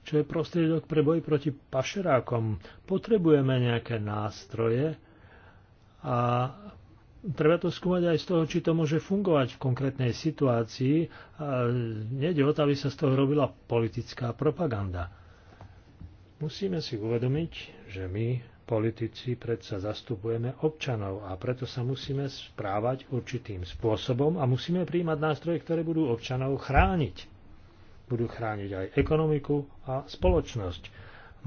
Speaker 1: čo je prostriedok pre boj proti pašerákom. Potrebujeme nejaké nástroje a treba to skúmať aj z toho, či to môže fungovať v konkrétnej situácii. Nede o to, aby sa z toho robila politická propaganda. Musíme si uvedomiť, že my politici predsa zastupujeme občanov a preto sa musíme správať určitým spôsobom a musíme príjmať nástroje, ktoré budú občanov chrániť. Budú chrániť aj ekonomiku a spoločnosť.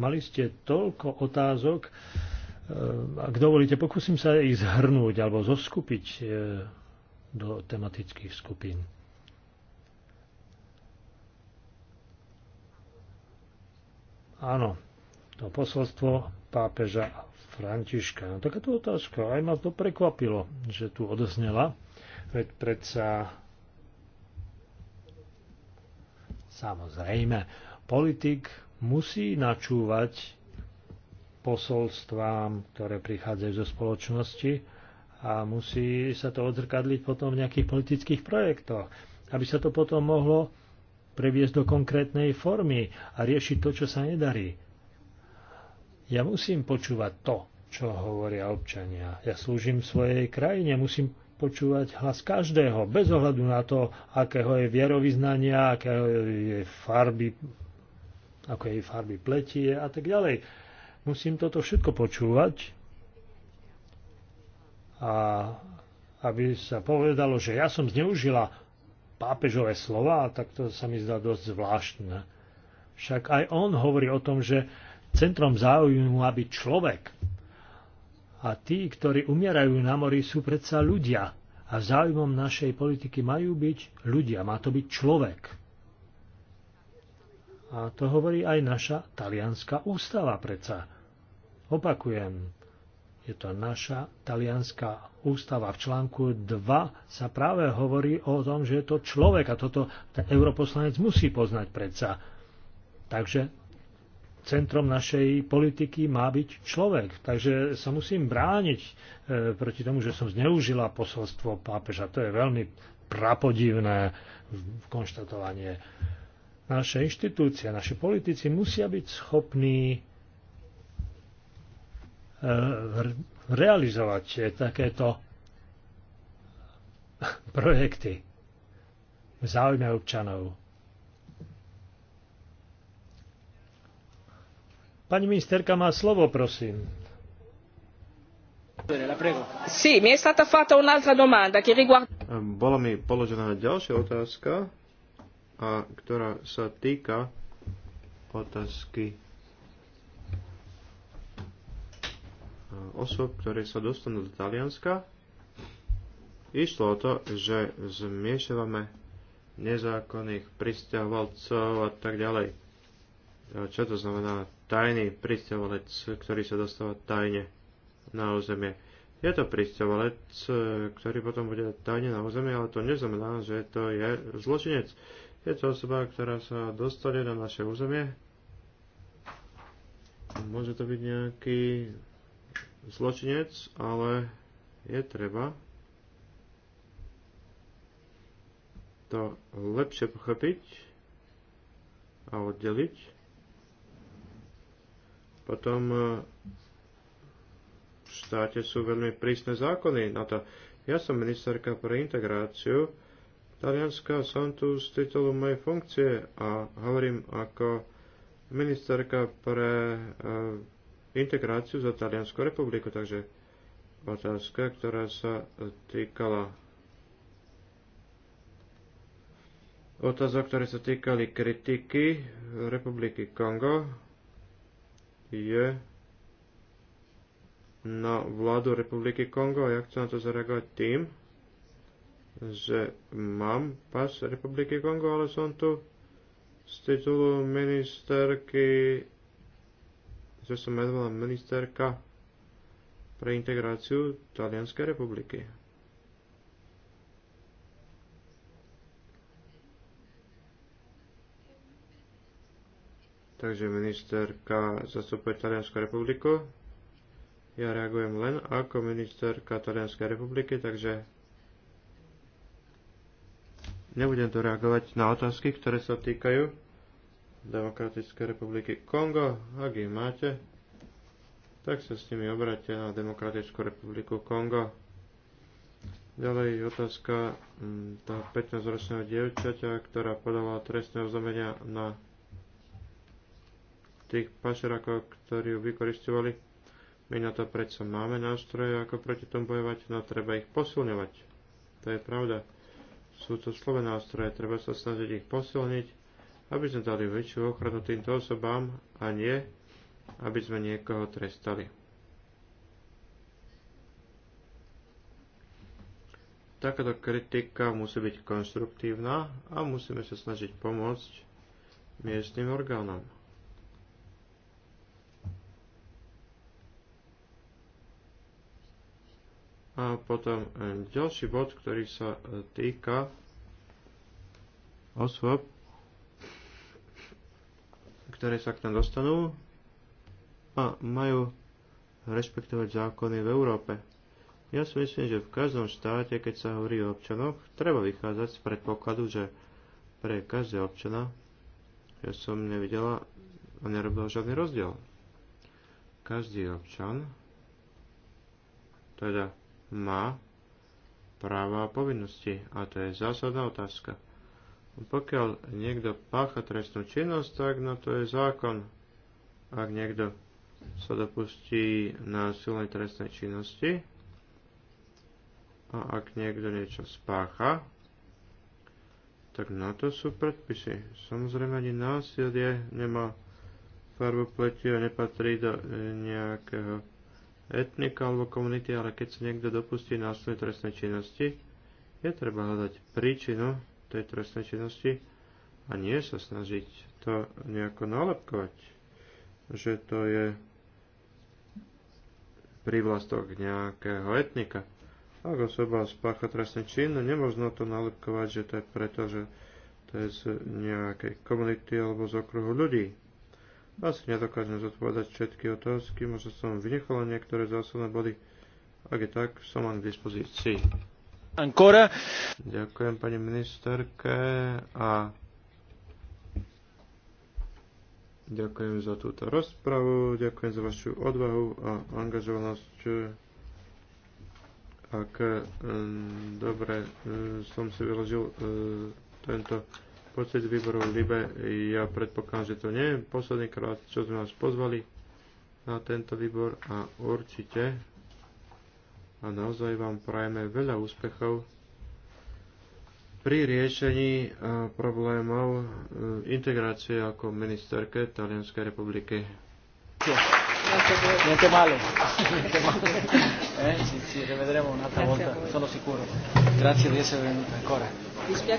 Speaker 1: Mali ste toľko otázok, e, ak dovolíte, pokúsim sa ich zhrnúť alebo zoskupiť e, do tematických skupín. Áno, to posolstvo pápeža Františka. No takáto otázka, aj ma to prekvapilo, že tu odznela, veď predsa samozrejme politik musí načúvať posolstvám, ktoré prichádzajú zo spoločnosti a musí sa to odzrkadliť potom v nejakých politických projektoch, aby sa to potom mohlo previesť do konkrétnej formy a riešiť to, čo sa nedarí. Ja musím počúvať to, čo hovoria občania. Ja slúžim svojej krajine, musím počúvať hlas každého, bez ohľadu na to, akého je vierovýznania, akého je farby, ako jej farby pletie a tak ďalej. Musím toto všetko počúvať a aby sa povedalo, že ja som zneužila pápežové slova, tak to sa mi zdá dosť zvláštne. Však aj on hovorí o tom, že centrom záujmu má byť človek. A tí, ktorí umierajú na mori, sú predsa ľudia. A záujmom našej politiky majú byť ľudia, má to byť človek. A to hovorí aj naša talianská ústava predsa. Opakujem, je to naša talianská ústava. V článku 2 sa práve hovorí o tom, že je to človek a toto ten europoslanec musí poznať predsa. Takže centrom našej politiky má byť človek. Takže sa musím brániť e, proti tomu, že som zneužila posolstvo pápeža. To je veľmi prapodivné konštatovanie. Naše inštitúcie, naši politici musia byť schopní e, realizovať takéto <laughs> projekty v záujme občanov. Pani ministerka má slovo, prosím.
Speaker 2: Bola mi položená ďalšia otázka, a ktorá sa týka otázky e, osob, ktoré sa dostanú do Talianska. Išlo o to, že zmiešavame nezákonných pristahovalcov a tak ďalej. E, čo to znamená? tajný pristahovalec, ktorý sa dostáva tajne na územie. Je to pristahovalec, ktorý potom bude tajne na územie, ale to neznamená, že to je zločinec. Je to osoba, ktorá sa dostane na naše územie. Môže to byť nejaký zločinec, ale je treba to lepšie pochopiť a oddeliť potom e, v štáte sú veľmi prísne zákony na to. Ja som ministerka pre integráciu Talianska, som tu z titulu mojej funkcie a hovorím ako ministerka pre e, integráciu za Taliansku republiku, takže otázka, ktorá sa týkala otázok, ktoré sa týkali kritiky Republiky Kongo je na vládu Republiky Kongo a ja chcem na to zareagovať tým, že mám pas Republiky Kongo, ale som tu z titulu ministerky, že som medvala ministerka pre integráciu Talianskej republiky. Takže ministerka zastupuje Taliansku republiku. Ja reagujem len ako ministerka Talianskej republiky, takže nebudem tu reagovať na otázky, ktoré sa týkajú Demokratickej republiky Kongo. Ak ich máte, tak sa s nimi obráte na Demokratickú republiku Kongo. Ďalej otázka mm, toho 15-ročného dievčaťa, ktorá podala trestné oznámenia na tých pašerákov, ktorí ju vykoristovali. My na to predsa máme nástroje, ako proti tomu bojovať, no treba ich posilňovať. To je pravda. Sú to slové nástroje, treba sa snažiť ich posilniť, aby sme dali väčšiu ochranu týmto osobám a nie, aby sme niekoho trestali. Takáto kritika musí byť konstruktívna a musíme sa snažiť pomôcť miestnym orgánom. A potom e, ďalší bod, ktorý sa e, týka osôb, ktoré sa k nám dostanú a majú rešpektovať zákony v Európe. Ja si myslím, že v každom štáte, keď sa hovorí o občanoch, treba vychádzať z predpokladu, že pre každého občana ja som nevidela a nerobila žiadny rozdiel. Každý občan, teda má práva a povinnosti. A to je zásadná otázka. Pokiaľ niekto pácha trestnú činnosť, tak na to je zákon. Ak niekto sa dopustí na silnej trestnej činnosti a ak niekto niečo spácha, tak na to sú predpisy. Samozrejme ani násilie nemá farbu pleti a nepatrí do nejakého etnika alebo komunity, ale keď sa niekto dopustí násilnej trestnej činnosti, je treba hľadať príčinu tej trestnej činnosti a nie sa snažiť to nejako nalepkovať, že to je privlastok nejakého etnika. Ak osoba spácha trestný čin, no nemôžno to nalepkovať, že to je preto, že to je z nejakej komunity alebo z okruhu ľudí. Asi nedokážem zodpovedať všetky otázky, možno som vynechal niektoré zásadné body. Ak je tak, som vám k dispozícii. Ancora. Ďakujem pani ministerke a ďakujem za túto rozpravu, ďakujem za vašu odvahu a angažovanosť. Ak um, dobre um, som si vyložil um, tento pocit výboru Libe. Ja predpokladám, že to nie je posledný krát, čo sme vás pozvali na tento výbor a určite a naozaj vám prajeme veľa úspechov pri riešení e, problémov e, integrácie ako ministerke Talianskej republiky.
Speaker 1: Niente male, niente male. <laughs> Eh, rivedremo un'altra volta, sono sicuro. Grazie di essere venuta ancora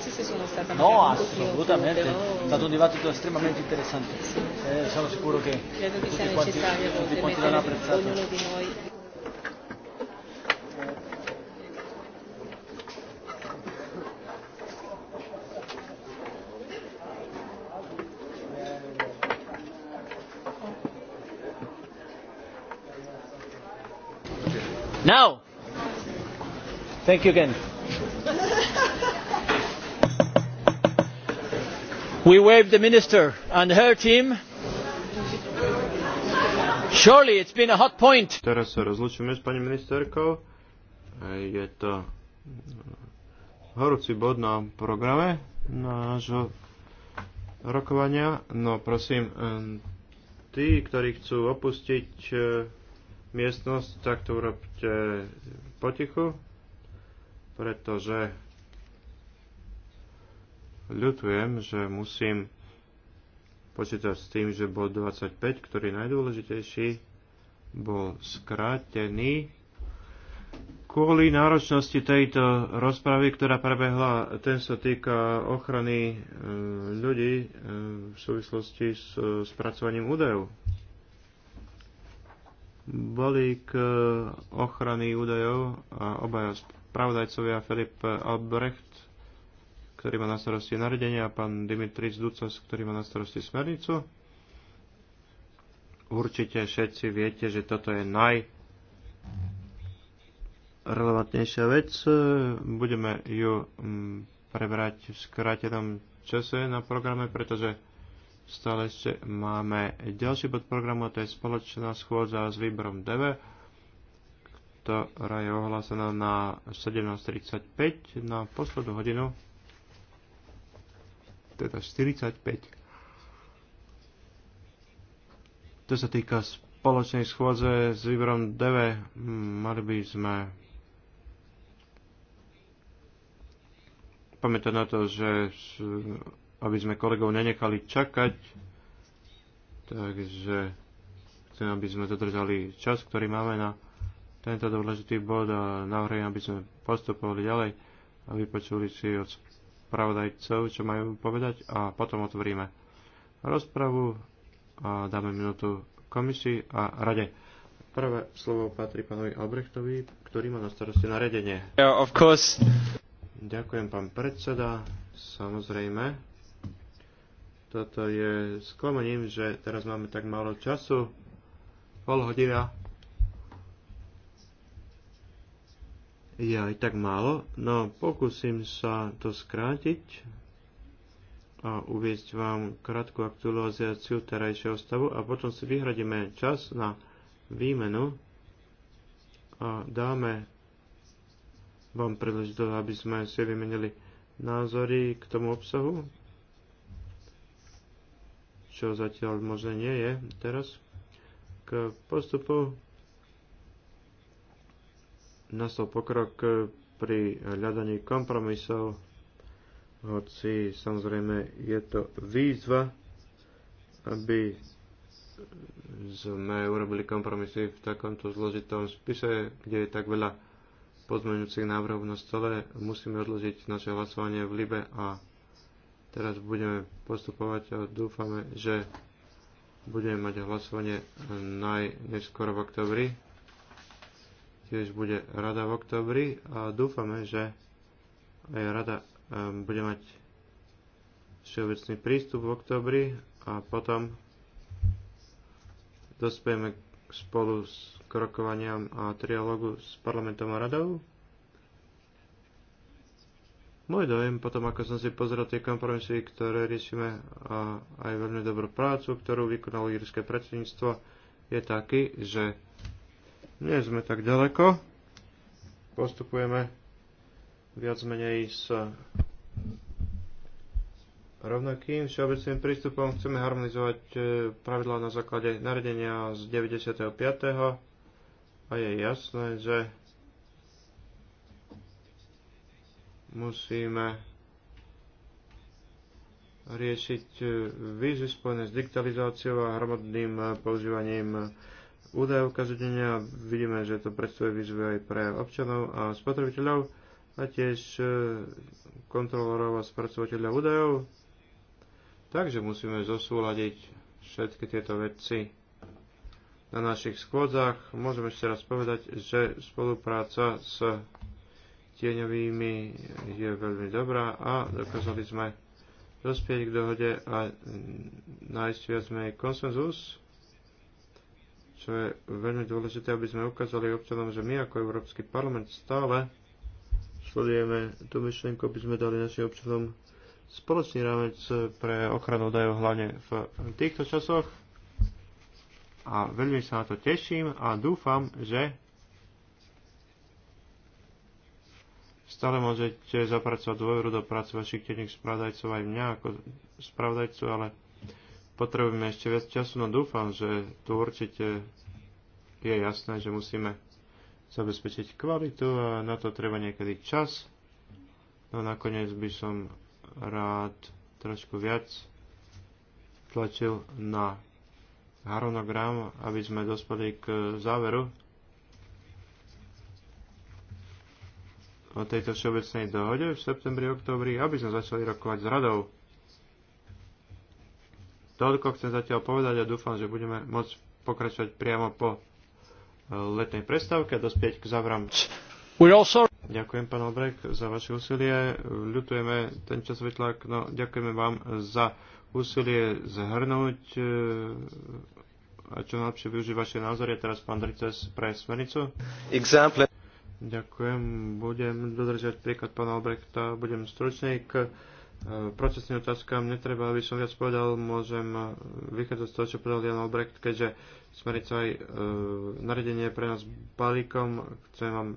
Speaker 3: se sono stata No, assolutamente. È
Speaker 1: stato un dibattito estremamente interessante. Eh, sono sicuro che Credo che sia quanti, tutti quanti l'hanno apprezzato.
Speaker 3: di noi.
Speaker 1: Now, thank you again. we waived the minister and her team.
Speaker 2: Surely it's been a hot point. Teraz sa rozlučíme s pani ministerkou. Je to mm, horúci bod na programe nášho rokovania. No prosím, tí, ktorí chcú opustiť e, miestnosť, tak to urobte potichu, pretože ľutujem, že musím počítať s tým, že bod 25, ktorý je najdôležitejší, bol skrátený kvôli náročnosti tejto rozpravy, ktorá prebehla, ten sa týka ochrany e, ľudí e, v súvislosti s e, spracovaním údajov. Boli k ochrany údajov a obaja spravodajcovia Filip Albrecht ktorý má na starosti nariadenie a pán Dimitris Ducas, ktorý má na starosti smernicu. Určite všetci viete, že toto je naj relevantnejšia vec. Budeme ju mm, prebrať v skrátenom čase na programe, pretože stále ešte máme ďalší bod programu, to je spoločná schôdza s výborom DV, ktorá je ohlásená na 17.35 na poslednú hodinu teda 45. To sa týka spoločnej schôdze s výborom DV. Mali by sme pamätať na to, že aby sme kolegov nenechali čakať, takže chcem, aby sme dodržali čas, ktorý máme na tento dôležitý bod a navrhujem, aby sme postupovali ďalej a vypočuli si od spravodajcov, čo majú povedať a potom otvoríme rozpravu a dáme minútu komisii a rade. Prvé slovo patrí pánovi Albrechtovi, ktorý má na starosti naredenie. Yeah, of course. Ďakujem, pán predseda. Samozrejme. Toto je sklamaním, že teraz máme tak málo času. Pol hodina je aj tak málo, no pokúsim sa to skrátiť a uviezť vám krátku aktualizáciu terajšieho stavu a potom si vyhradíme čas na výmenu a dáme vám príležitosť, aby sme si vymenili názory k tomu obsahu, čo zatiaľ možné nie je teraz, k postupu nastal pokrok e, pri hľadaní kompromisov, hoci samozrejme je to výzva, aby sme urobili kompromisy v takomto zložitom spise, kde je tak veľa pozmeňujúcich návrhov na stole. Musíme odložiť naše hlasovanie v Libe a teraz budeme postupovať a dúfame, že budeme mať hlasovanie najneskôr v oktobri tiež bude rada v oktobri a dúfame, že aj rada ehm, bude mať všeobecný prístup v oktobri a potom dospejeme spolu s krokovaniam a trialogu s parlamentom a radou. Môj dojem, potom ako som si pozrel tie kompromisy, ktoré riešime a aj veľmi dobrú prácu, ktorú vykonalo írske predsedníctvo, je taký, že nie sme tak ďaleko. Postupujeme viac menej s rovnakým všeobecným prístupom. Chceme harmonizovať e, pravidlá na základe naredenia z 95. A je jasné, že musíme riešiť e, výzvy spojené s digitalizáciou a hromadným e, používaním údajov každodenne a vidíme, že to predstavuje výzvy aj pre občanov a spotrebiteľov a tiež e, kontrolorov a spracovateľov údajov. Takže musíme zosúľadiť všetky tieto veci na našich skôdzach. Môžem ešte raz povedať, že spolupráca s tieňovými je veľmi dobrá a dokázali sme dospieť k dohode a nájsť viac menej konsenzus čo je veľmi dôležité, aby sme ukázali občanom, že my ako Európsky parlament stále sledujeme tú myšlienku, aby sme dali našim občanom spoločný rámec pre ochranu údajov hlavne v týchto časoch. A veľmi sa na to teším a dúfam, že stále môžete zapracovať dôveru do práce vašich tenných spravodajcov aj mňa ako spravodajcu, ale potrebujeme ešte viac času, no dúfam, že tu určite je jasné, že musíme zabezpečiť kvalitu a na to treba niekedy čas. No nakoniec by som rád trošku viac tlačil na harmonogram, aby sme dospeli k záveru o tejto všeobecnej dohode v septembri, oktobri, aby sme začali rokovať s radou. Toľko chcem zatiaľ povedať a dúfam, že budeme môcť pokračovať priamo po e, letnej prestávke a dospieť k zavram. Also... Ďakujem, pán Obrek, za vaše úsilie. Ľutujeme ten časový tlak, no ďakujeme vám za úsilie zhrnúť e, a čo najlepšie využiť vaše názory. A teraz pán Drices pre smernicu. Example. Ďakujem, budem dodržať príklad pána Obrekta, budem stručný k otázka. otázkam netreba, aby som viac povedal, môžem eh, vychádzať z toho, čo povedal Jan Albrecht, keďže smerica aj e, eh, naredenie pre nás balíkom. Chcem vám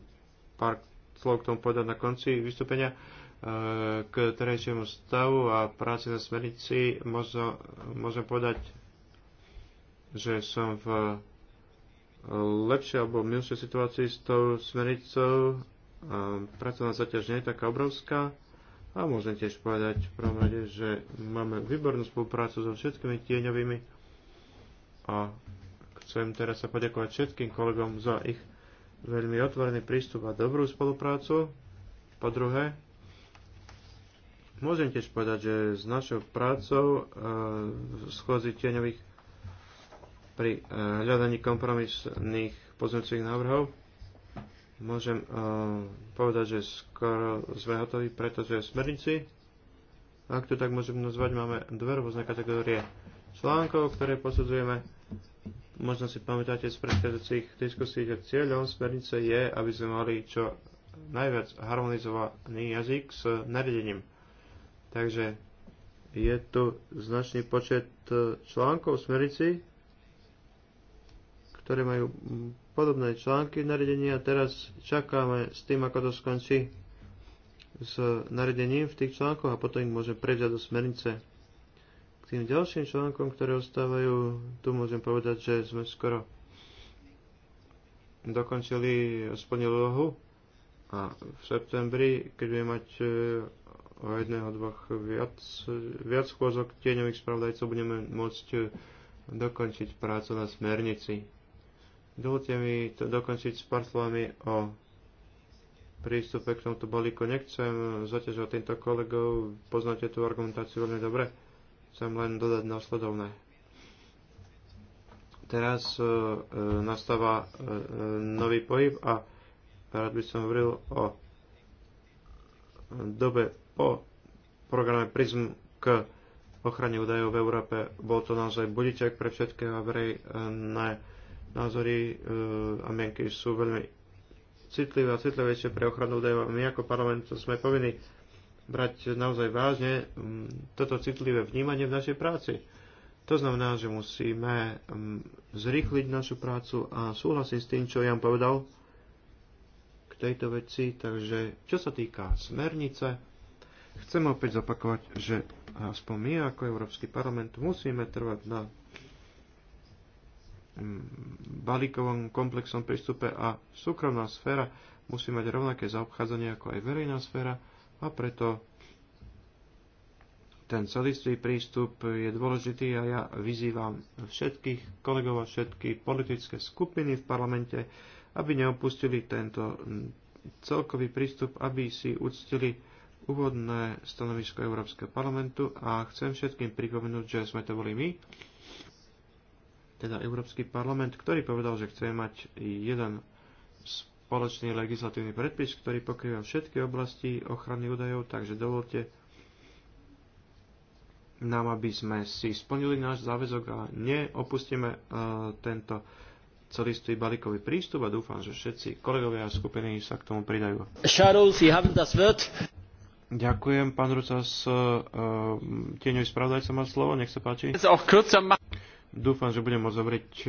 Speaker 2: pár slov k tomu povedať na konci vystúpenia eh, k terajšiemu stavu a práci na smerici Možno, môžem povedať, že som v lepšej alebo milšej situácii s tou smericou, E, Pracovná zaťaž nie je taká obrovská a môžem tiež povedať v prvom rade, že máme výbornú spoluprácu so všetkými tieňovými a chcem teraz sa poďakovať všetkým kolegom za ich veľmi otvorený prístup a dobrú spoluprácu. Po druhé, môžem tiež povedať, že s našou prácou e, schôdzi tieňových pri e, hľadaní kompromisných pozmeňujúcich návrhov môžem eh, povedať, že skoro sme hotoví, pretože v smernici, ak to tak môžem nazvať, máme dve rôzne kategórie článkov, ktoré posudzujeme. Možno si pamätáte z predchádzajúcich diskusí, že cieľom smernice je, aby sme mali čo najviac harmonizovaný jazyk s nariadením. Takže je tu značný počet eh, článkov smernici, ktoré majú podobné články naredenia. Teraz čakáme s tým, ako to skončí s nariadením v tých článkoch a potom ich môžem prevziať do smernice. K tým ďalším článkom, ktoré ostávajú, tu môžem povedať, že sme skoro dokončili aspoň úlohu a v septembri, keď budeme mať e, o jedného, dvoch viac, viac chôzok tieňových spravodajcov, budeme môcť e, dokončiť prácu na smernici. Dovolte mi to dokončiť s pár slovami o prístupe k tomuto balíku. Nechcem zaťažovať týmto kolegov, poznáte tú argumentáciu veľmi dobre. Chcem len dodať následovné. Teraz e, e nastáva e, e, nový pohyb a rád by som hovoril o dobe po programe PRISM k ochrane údajov v Európe. Bol to naozaj budiček pre všetkého verejné názory e, a mienky sú veľmi citlivé a citlivejšie pre ochranu údajov. My ako parlament sme povinni brať naozaj vážne toto citlivé vnímanie v našej práci. To znamená, že musíme zrýchliť našu prácu a súhlasím s tým, čo Jan povedal k tejto veci. Takže čo sa týka smernice, chcem opäť zopakovať, že aspoň my ako Európsky parlament musíme trvať na balíkovom komplexnom prístupe a súkromná sféra musí mať rovnaké zaobchádzanie ako aj verejná sféra a preto ten celistvý prístup je dôležitý a ja vyzývam všetkých kolegov a všetky politické skupiny v parlamente, aby neopustili tento celkový prístup, aby si uctili úvodné stanovisko Európskeho parlamentu a chcem všetkým pripomenúť, že sme to boli my, teda Európsky parlament, ktorý povedal, že chce mať jeden spoločný legislatívny predpis, ktorý pokrýva všetky oblasti ochrany údajov, takže dovolte nám, aby sme si splnili náš záväzok a neopustíme uh, tento celistý balíkový prístup a dúfam, že všetci kolegovia a skupiny sa k tomu pridajú. Charles, you haben das Ďakujem, pán Rucas, uh, tieňový spravodajca má slovo, nech sa páči. Dúfam, že budem môcť zobriť e, e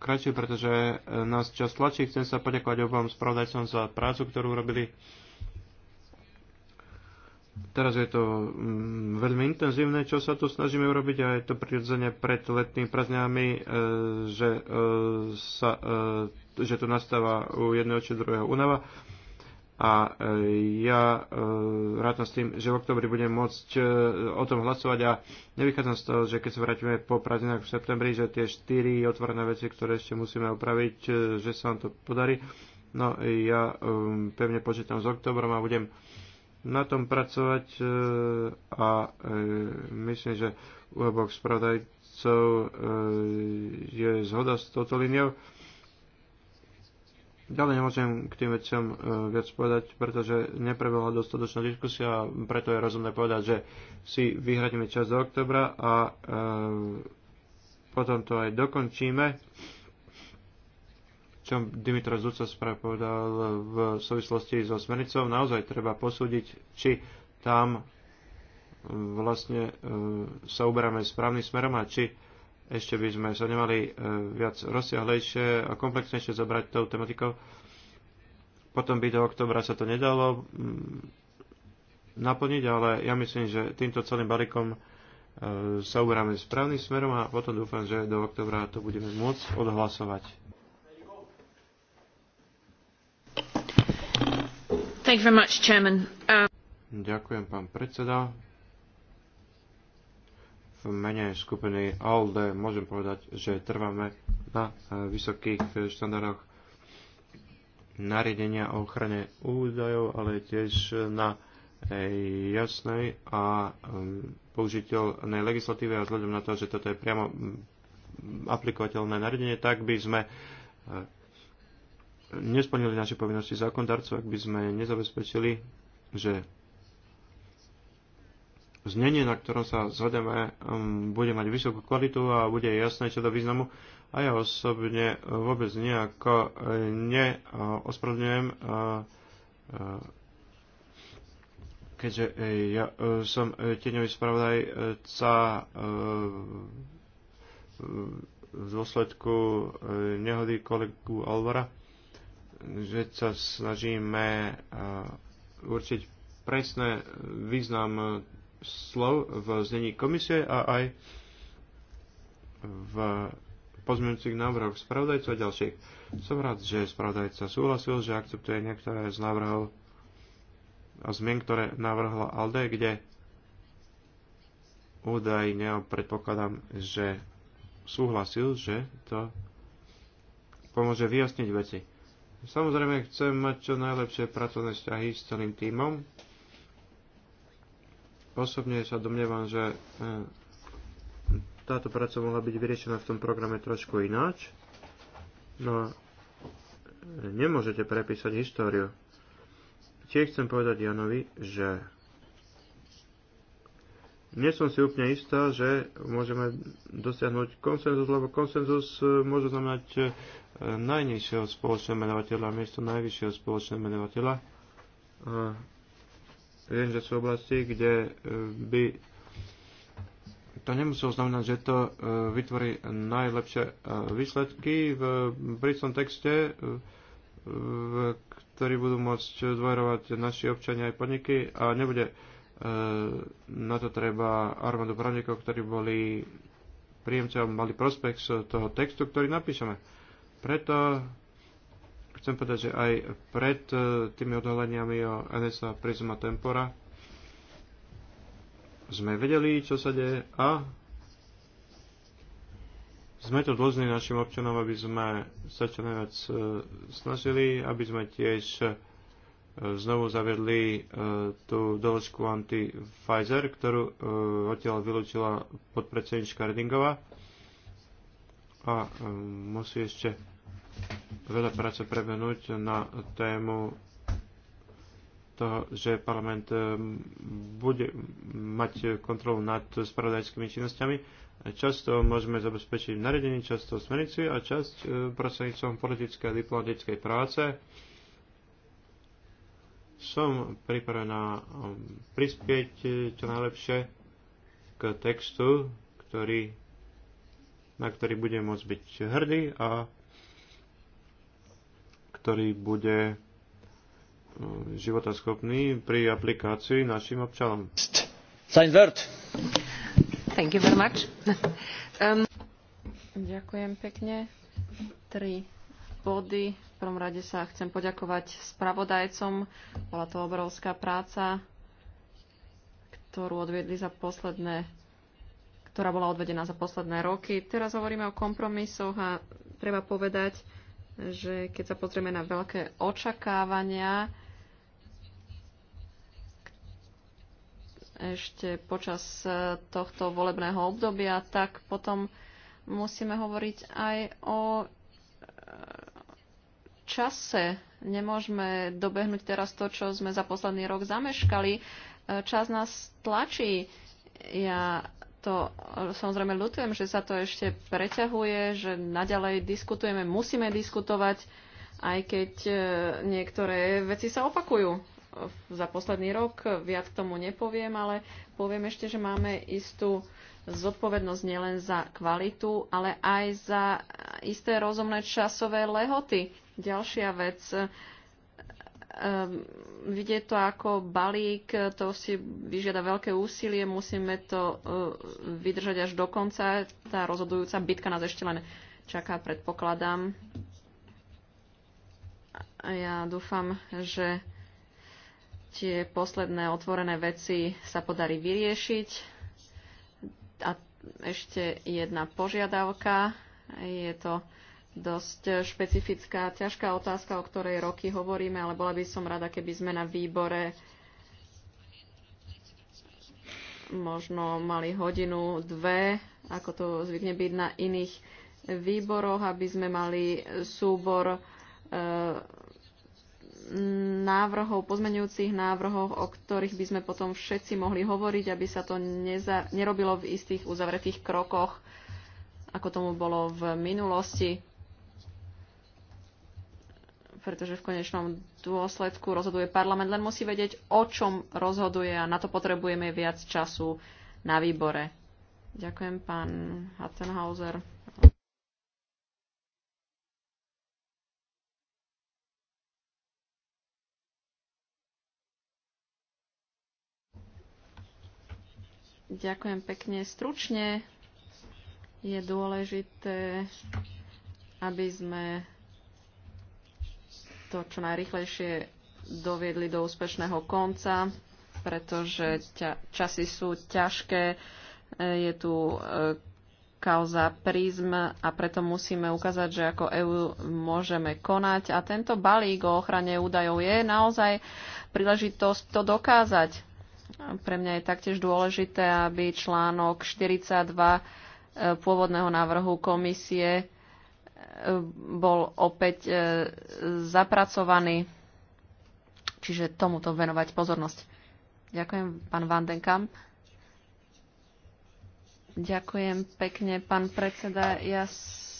Speaker 2: kratšie, pretože e, nás čas tlačí. Chcem sa poďakovať obom spravodajcom za prácu, ktorú robili. Teraz je to mm, veľmi intenzívne, čo sa tu snažíme urobiť a je to prirodzene pred letnými prázdňami, e, že, e, sa, e, že tu nastáva u jedného či druhého únava. A e, ja e, rátam s tým, že v oktobri budem môcť e, o tom hlasovať a nevychádzam z toho, že keď sa vrátime po prázdninách v septembri, že tie štyri otvorené veci, ktoré ešte musíme opraviť, že sa vám to podarí. No ja um, pevne počítam s oktobrom a budem na tom pracovať a myslím, že u obok spravodajcov je zhoda s touto líniou Ďalej nemôžem k tým veciam e, viac povedať, pretože neprebehla dostatočná diskusia a preto je rozumné povedať, že si vyhradíme čas do oktobra a uh, potom to aj dokončíme. Čo Dimitra Zuca správ povedal v súvislosti so smernicou, naozaj treba posúdiť, či tam vlastne uh, sa uberáme správnym smerom a či uh, ešte by sme sa nemali e, viac rozsiahlejšie a komplexnejšie zabrať tou tematikou. Potom by do oktobra sa to nedalo naplniť, ale ja myslím, že týmto celým balíkom e, sa uberáme správnym smerom a potom dúfam, že do oktobra to budeme môcť odhlasovať.
Speaker 1: Thank you very much, Chairman. Uh,
Speaker 2: Ďakujem, pán predseda v mene skupiny ALD môžem povedať, že trváme na e, vysokých e, štandardoch nariadenia o ochrane údajov, ale tiež na e, jasnej a použiteľnej legislatíve a vzhľadom na to, že toto je priamo aplikovateľné nariadenie, tak by sme nesplnili naše povinnosti zákondarcov, ak by sme nezabezpečili, že znenie, na ktorom sa zhodeme, um, bude mať vysokú kvalitu a bude jasné čo do významu. A ja osobne vôbec nejako e, neospravedlňujem, e, keďže e, ja som tieňový spravodajca v dôsledku nehody kolegu Alvara, že sa snažíme určiť presné význam slov v znení komisie a aj v pozmeňujúcich návrhoch spravodajcov a ďalších. Som rád, že spravodajca súhlasil, že akceptuje niektoré z návrhov a zmien, ktoré navrhla ALDE, kde údajne predpokladám, že súhlasil, že to pomôže vyjasniť veci. Samozrejme chcem mať čo najlepšie pracovné vzťahy s celým týmom. Osobne sa domnievam, že eh, táto práca mohla byť vyriešená v tom programe trošku ináč. No, eh, nemôžete prepísať históriu. Tiež chcem povedať Janovi, že nie som si úplne istá, že môžeme dosiahnuť konsenzus, lebo konsenzus eh, môže znamenať najnižšieho spoločného menovateľa miesto najvyššieho spoločného menovateľa. A Viem, že sú oblasti, kde e, by to nemuselo znamenať, že to e, vytvorí najlepšie e, výsledky v britskom texte, v ktorý budú môcť dôverovať naši občania aj podniky a nebude na to treba armádu právnikov, ktorí boli príjemcom, mali prospekt z toho textu, ktorý napíšeme. Preto Chcem povedať, že aj pred e, tými odhaleniami o NSA Prisma Tempora sme vedeli, čo sa deje a sme to dôzni našim občanom, aby sme sa čo najviac e, snažili, aby sme tiež e, znovu zavedli tú doložku anti-Pfizer, ktorú odtiaľ vylúčila podpredsednička Redingova A musí ešte veľa práce prebehnúť na tému toho, že parlament eh, bude mať kontrolu nad spravodajskými činnosťami. Často môžeme zabezpečiť naredenie, často smernici a časť eh, prostredníctvom politickej a diplomatickej práce. Som pripravená eh, prispieť čo najlepšie k textu, ktorý, na ktorý budem môcť byť hrdý a ktorý bude e, životaschopný pri aplikácii našim občanom. Thank
Speaker 3: you very much. <laughs> Um... Ďakujem pekne. Tri body. V prvom rade sa chcem poďakovať spravodajcom. Bola to obrovská práca, ktorú odviedli za posledné ktorá bola odvedená za posledné roky. Teraz hovoríme o kompromisoch a treba povedať, že keď sa pozrieme na veľké očakávania, ešte počas e, tohto volebného obdobia, tak potom musíme hovoriť aj o e, čase. Nemôžeme dobehnúť teraz to, čo sme za posledný rok zameškali. E, čas nás tlačí. Ja to samozrejme ľutujem, že sa to ešte preťahuje, že naďalej diskutujeme, musíme diskutovať, aj keď e, niektoré veci sa opakujú. Za posledný rok viac k tomu nepoviem, ale poviem ešte, že máme istú zodpovednosť nielen za kvalitu, ale aj za isté rozumné časové lehoty. Ďalšia vec, Ehm, vidieť to ako balík, to si vyžiada veľké úsilie, musíme to e, vydržať až do konca. Tá rozhodujúca bitka nás ešte len čaká, predpokladám. A ja dúfam, že tie posledné otvorené veci sa podarí vyriešiť. A ešte jedna požiadavka. Je to dosť špecifická, ťažká otázka, o ktorej roky hovoríme, ale bola by som rada, keby sme na výbore možno mali hodinu, dve, ako to zvykne byť na iných výboroch, aby sme mali súbor e, návrhov, pozmeňujúcich návrhov, o ktorých by sme potom všetci mohli hovoriť, aby sa to neza, nerobilo v istých uzavretých krokoch, ako tomu bolo v minulosti pretože v konečnom dôsledku rozhoduje parlament, len musí vedieť, o čom rozhoduje a na to potrebujeme viac času na výbore. Ďakujem, pán Hattenhauser. Ďakujem pekne. Stručne je dôležité, aby sme to čo najrychlejšie doviedli do úspešného konca, pretože ťa, časy sú ťažké, e, je tu e, kauza prízm a preto musíme ukázať, že ako EÚ môžeme konať. A tento balík o ochrane údajov je naozaj príležitosť to dokázať. Pre mňa je taktiež dôležité, aby článok 42 e, pôvodného návrhu komisie bol opäť e, zapracovaný. Čiže tomuto venovať pozornosť. Ďakujem, pán Vandenkamp. Ďakujem pekne, pán predseda. Ja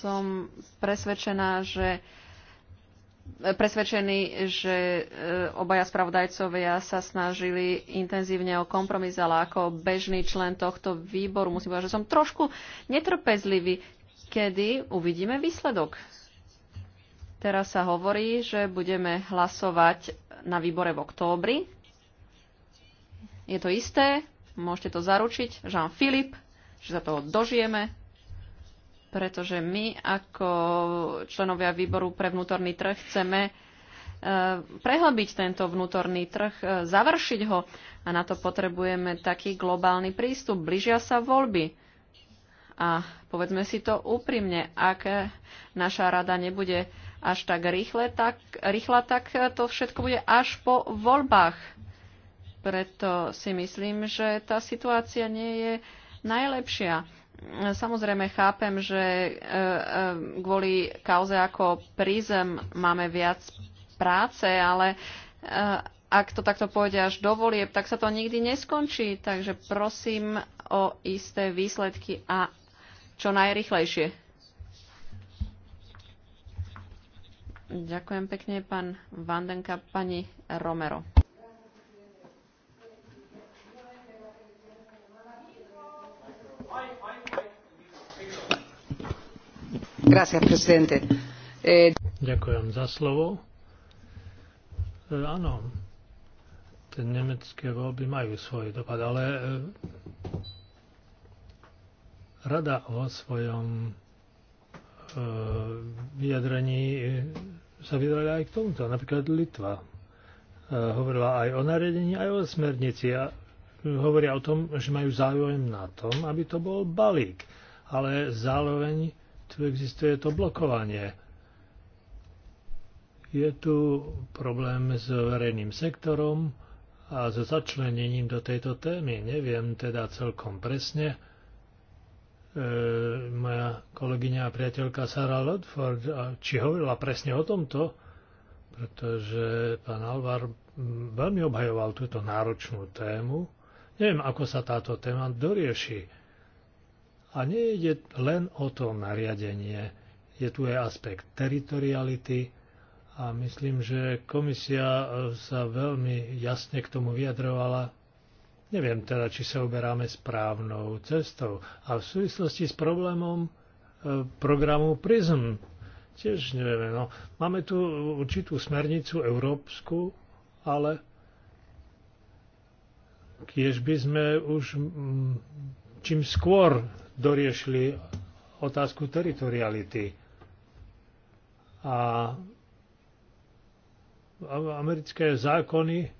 Speaker 3: som presvedčená, že presvedčený, že e, obaja spravodajcovia sa snažili intenzívne o kompromis, ale ako bežný člen tohto výboru musím povedať, že som trošku netrpezlivý kedy uvidíme výsledok. Teraz sa hovorí, že budeme hlasovať na výbore v októbri. Je to isté, môžete to zaručiť, Jean-Philippe, že sa toho dožijeme, pretože my ako členovia výboru pre vnútorný trh chceme e, prehlbiť tento vnútorný trh, e, završiť ho a na to potrebujeme taký globálny prístup. Blížia sa voľby a povedzme si to úprimne, ak naša rada nebude až tak, rýchle, tak rýchla, tak to všetko bude až po voľbách. Preto si myslím, že tá situácia nie je najlepšia. Samozrejme chápem, že e, e, kvôli kauze ako prízem máme viac práce, ale e, ak to takto pôjde až do volieb, tak sa to nikdy neskončí. Takže prosím o isté výsledky a čo najrychlejšie. Ďakujem pekne, pán Vandenka, pani Romero. Eh,
Speaker 1: Ďakujem za slovo. E, áno, tie nemecké voľby majú svoj dopad, ale e, Rada vo svojom e, vyjadrení e, sa vydrala aj k tomuto. Napríklad Litva e, hovorila aj o naredení, aj o smernici a hovoria o tom, že majú záujem na tom, aby to bol balík. Ale zároveň tu existuje to blokovanie. Je tu problém s verejným sektorom a so začlenením do tejto témy. Neviem teda celkom presne, E, moja kolegyňa a priateľka Sara Ludford, či hovorila presne o tomto, pretože pán Alvar veľmi obhajoval túto náročnú tému. Neviem, ako sa táto téma dorieši. A nie ide len o to nariadenie, je tu aj aspekt teritoriality a myslím, že komisia e, sa veľmi jasne k tomu vyjadrovala Neviem teda, či sa uberáme správnou cestou. A v súvislosti s problémom e, programu PRISM, tiež nevieme. No, máme tu určitú smernicu európsku, ale kiež by sme už čím skôr doriešili otázku teritoriality. A americké zákony e,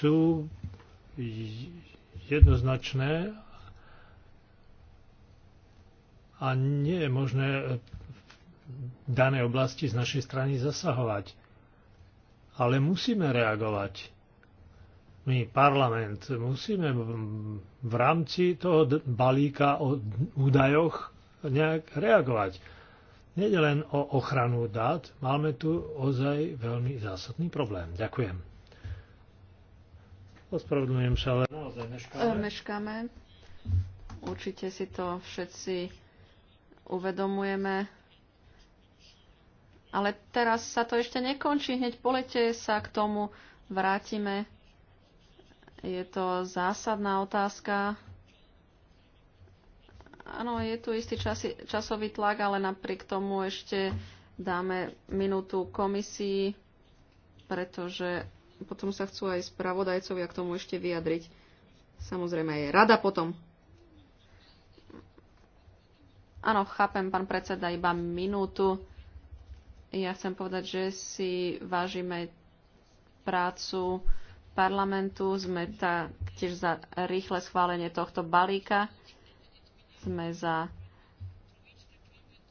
Speaker 1: sú jednoznačné a nie je možné v danej oblasti z našej strany zasahovať. Ale musíme reagovať. My, parlament, musíme v rámci toho balíka o údajoch nejak reagovať. Nede len o ochranu dát, máme tu ozaj veľmi zásadný problém. Ďakujem. Ospravedlňujem sa, ale naozaj meškáme. Eh,
Speaker 3: meškáme. Určite si to všetci uvedomujeme. Ale teraz sa to ešte nekončí. Hneď po lete sa k tomu vrátime. Je to zásadná otázka. Áno, je tu istý časi, časový tlak, ale napriek tomu ešte dáme minútu komisii, pretože potom sa chcú aj spravodajcovia k tomu ešte vyjadriť. Samozrejme aj rada potom. Áno, chápem, pán predseda, iba minútu. Ja chcem povedať, že si vážime prácu parlamentu. Sme taktiež za rýchle schválenie tohto balíka. Sme za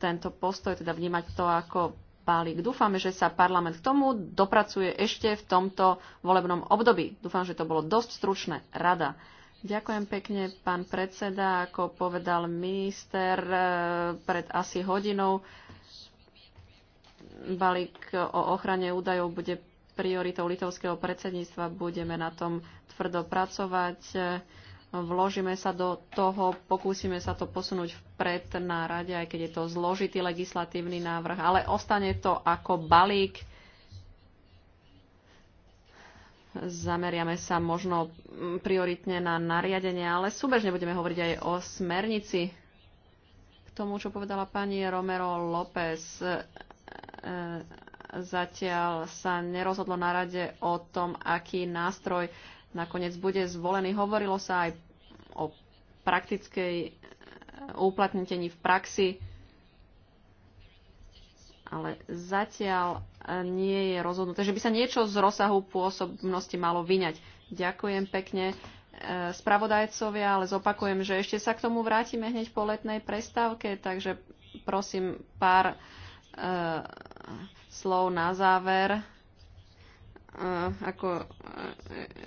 Speaker 3: tento postoj, teda vnímať to ako Pálik. Dúfame, že sa parlament k tomu dopracuje ešte v tomto volebnom období. Dúfam, že to bolo dosť stručné. Rada. Ďakujem pekne, pán predseda. Ako povedal minister e, pred asi hodinou, balík o ochrane údajov bude prioritou litovského predsedníctva. Budeme na tom tvrdo pracovať vložíme sa do toho, pokúsime sa to posunúť vpred na rade, aj keď je to zložitý legislatívny návrh, ale ostane to ako balík. Zameriame sa možno mm, prioritne na nariadenie, ale súbežne budeme hovoriť aj o smernici. K tomu, čo povedala pani Romero López, e, e, zatiaľ sa nerozhodlo na rade o tom, aký nástroj nakoniec bude zvolený. Hovorilo sa aj o praktickej e, uplatnitení v praxi, ale zatiaľ e, nie je rozhodnuté, že by sa niečo z rozsahu pôsobnosti malo vyňať. Ďakujem pekne e, spravodajcovia, ale zopakujem, že ešte sa k tomu vrátime hneď po letnej prestávke, takže prosím pár slov na záver ako e,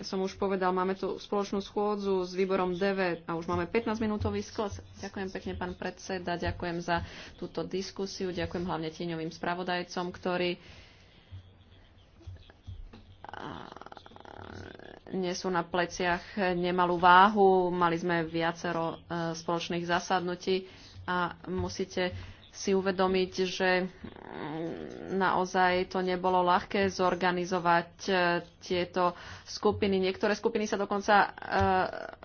Speaker 3: som už povedal, máme tu spoločnú schôdzu s výborom DV a už máme 15-minútový sklos. Ďakujem pekne, pán predseda, ďakujem za túto diskusiu, ďakujem hlavne tieňovým spravodajcom, ktorí nesú na pleciach nemalú váhu. Mali sme viacero e, spoločných zasadnutí a musíte si uvedomiť, že mm, naozaj to nebolo ľahké zorganizovať e, tieto skupiny. Niektoré skupiny sa dokonca e,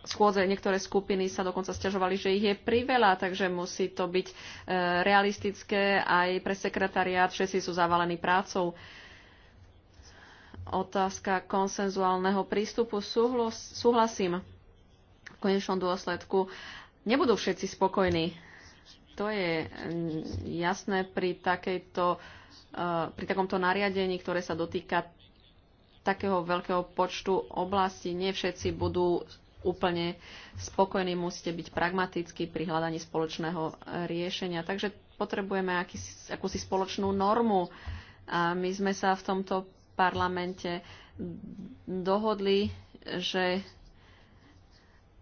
Speaker 3: schôdze, niektoré skupiny sa dokonca stiažovali, že ich je priveľa, takže musí to byť e, realistické aj pre sekretariát, všetci sú zavalení prácou otázka konsenzuálneho prístupu súhlas, súhlasím. V konečnom dôsledku nebudú všetci spokojní to je mm, jasné pri, takejto, eh, pri takomto nariadení, ktoré sa dotýka takého veľkého počtu oblastí. Nie všetci budú úplne spokojní, musíte byť pragmatickí pri hľadaní spoločného eh, riešenia. Takže potrebujeme akýsi, akúsi spoločnú normu. A my sme sa v tomto parlamente dohodli, že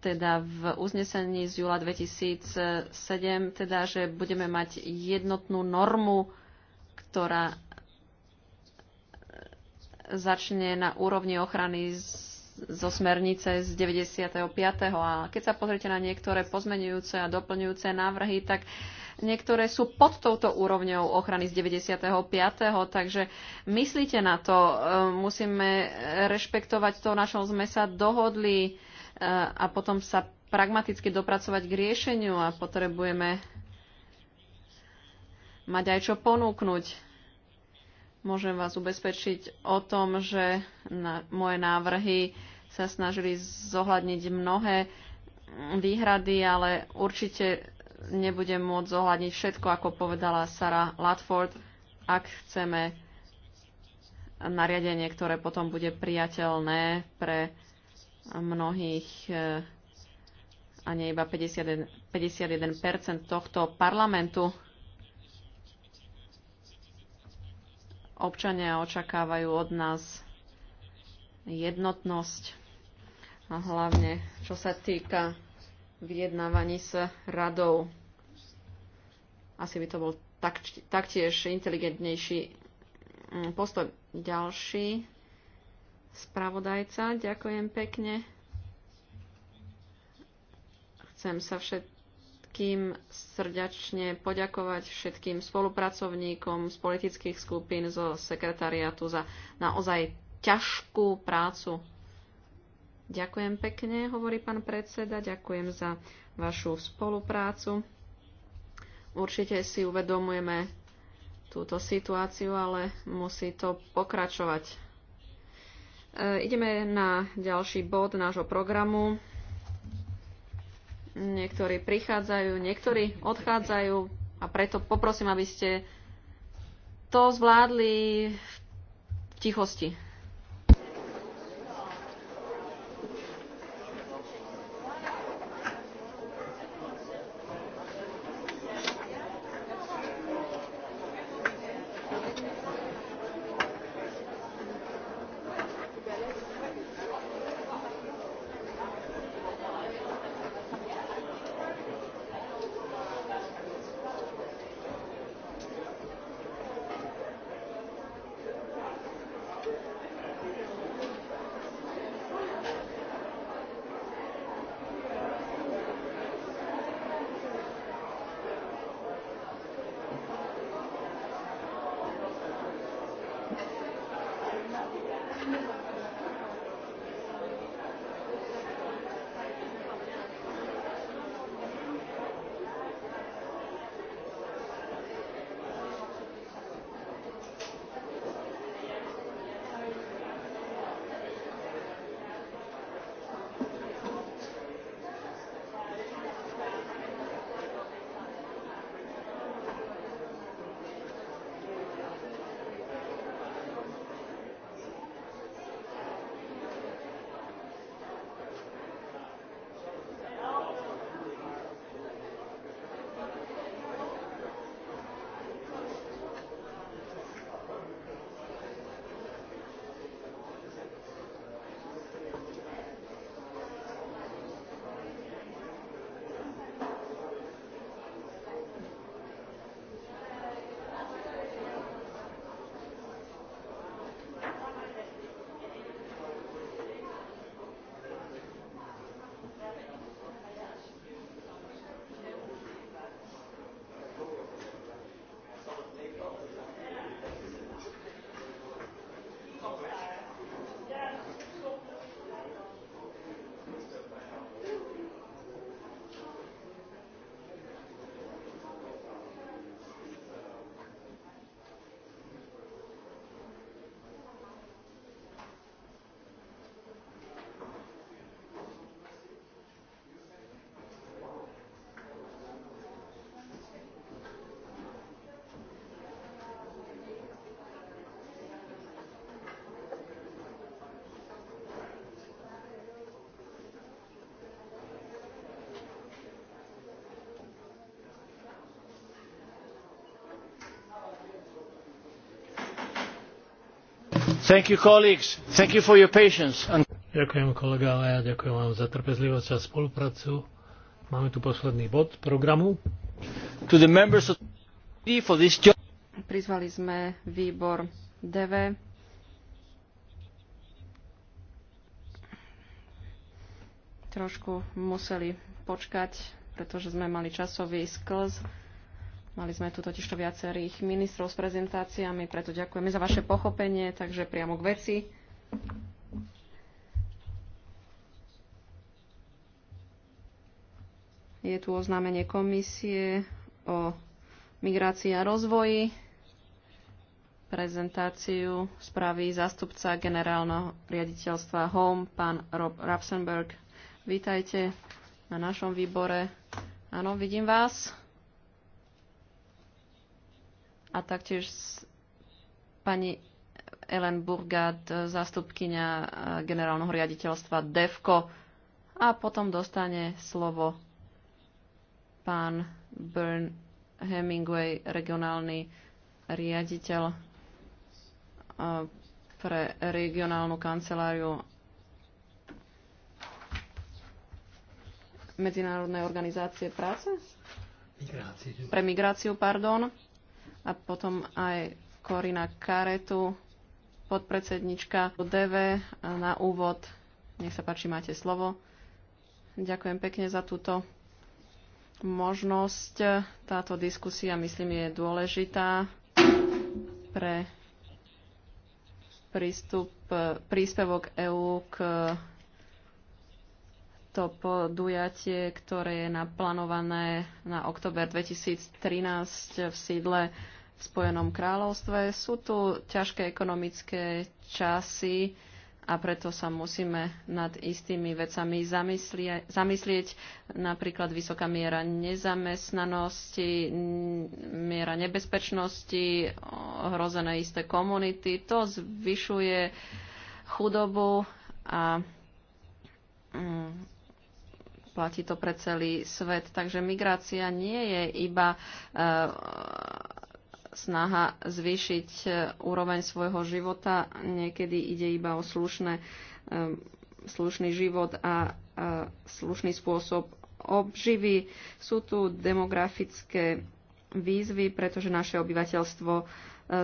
Speaker 3: teda v uznesení z júla 2007, teda, že budeme mať jednotnú normu, ktorá e, začne na úrovni ochrany zo smernice z 95. A keď sa pozrite na niektoré pozmenujúce a doplňujúce návrhy, tak niektoré sú pod touto úrovňou ochrany z 95. Takže myslíte na to, e, musíme rešpektovať to, na čom sme sa dohodli a potom sa pragmaticky dopracovať k riešeniu a potrebujeme mať aj čo ponúknuť. Môžem vás ubezpečiť o tom, že na moje návrhy sa snažili zohľadniť mnohé výhrady, ale určite nebudem môcť zohľadniť všetko, ako povedala Sara Latford, ak chceme nariadenie, ktoré potom bude priateľné pre mnohých e, a nie iba 51, 51% tohto parlamentu. Občania očakávajú od nás jednotnosť a hlavne čo sa týka vyjednávaní s radou. Asi by to bol taktiež inteligentnejší mm, postoj. Ďalší spravodajca. Ďakujem pekne. Chcem sa všetkým srdačne poďakovať všetkým spolupracovníkom z politických skupín zo sekretariatu za naozaj ťažkú prácu. Ďakujem pekne, hovorí pán predseda, ďakujem za vašu spoluprácu. Určite si uvedomujeme túto situáciu, ale musí to pokračovať E, ideme na ďalší bod nášho programu. Niektorí prichádzajú, niektorí odchádzajú a preto poprosím, aby ste to zvládli v tichosti.
Speaker 1: You, you And... Ďakujem kolega ale ja ďakujem vám za trpezlivosť a spoluprácu. Máme tu posledný bod programu. Of...
Speaker 3: Prizvali sme výbor DV. Trošku museli počkať, pretože sme mali časový sklz. Mali sme tu totižto viacerých ministrov s prezentáciami, preto ďakujeme za vaše pochopenie, takže priamo k veci. Je tu oznámenie komisie o migrácii a rozvoji. Prezentáciu spraví zástupca generálneho riaditeľstva HOME, pán Rob Rapsenberg. Vítajte na našom výbore. Áno, vidím vás a taktiež pani Ellen Burgat, zástupkynia e, generálneho riaditeľstva DEFCO. A potom dostane slovo pán Bern Hemingway, regionálny riaditeľ e, pre regionálnu kanceláriu Medzinárodnej organizácie práce? Migráciu. Pre migráciu, pardon a potom aj Korina Karetu, podpredsednička DV na úvod. Nech sa páči, máte slovo. Ďakujem pekne za túto možnosť. Táto diskusia, myslím, je dôležitá pre prístup, príspevok EÚ k to podujatie, ktoré je naplánované na október 2013 v sídle v Spojenom kráľovstve. Sú tu ťažké ekonomické časy a preto sa musíme nad istými vecami zamyslie, zamyslieť, napríklad vysoká miera nezamestnanosti, miera nebezpečnosti, hrozené isté komunity. To zvyšuje chudobu a mm, platí to pre celý svet. Takže migrácia nie je iba e, snaha zvýšiť e, úroveň svojho života. Niekedy ide iba o slušné, e, slušný život a e, slušný spôsob obživy. Sú tu demografické výzvy, pretože naše obyvateľstvo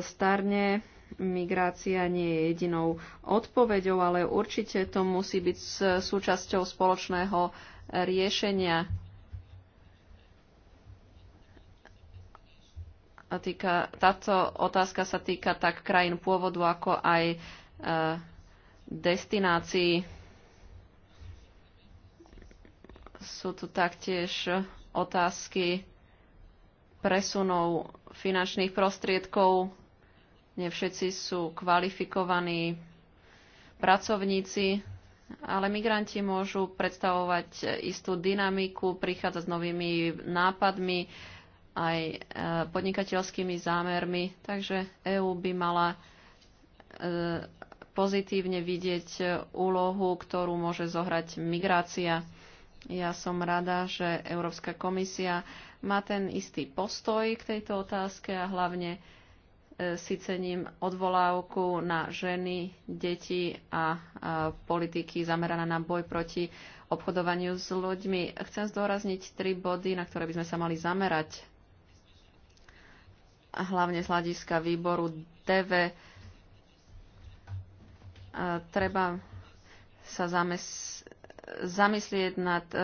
Speaker 3: starne. Migrácia nie je jedinou odpoveďou, ale určite to musí byť súčasťou spoločného riešenia týka, táto otázka sa týka tak krajín pôvodu, ako aj e, destinácií. Sú tu taktiež otázky presunov finančných prostriedkov. ne všetci sú kvalifikovaní pracovníci, ale migranti môžu predstavovať istú dynamiku, prichádzať s novými nápadmi, aj e, podnikateľskými zámermi, takže EÚ by mala e, pozitívne vidieť úlohu, ktorú môže zohrať migrácia. Ja som rada, že Európska komisia má ten istý postoj k tejto otázke a hlavne e, si cením odvolávku na ženy, deti a, politiky zameraná na boj proti obchodovaniu s ľuďmi. Chcem zdôrazniť tri body, na ktoré by sme sa mali zamerať hlavne z hľadiska výboru DV. E, treba sa zamyslieť nad e,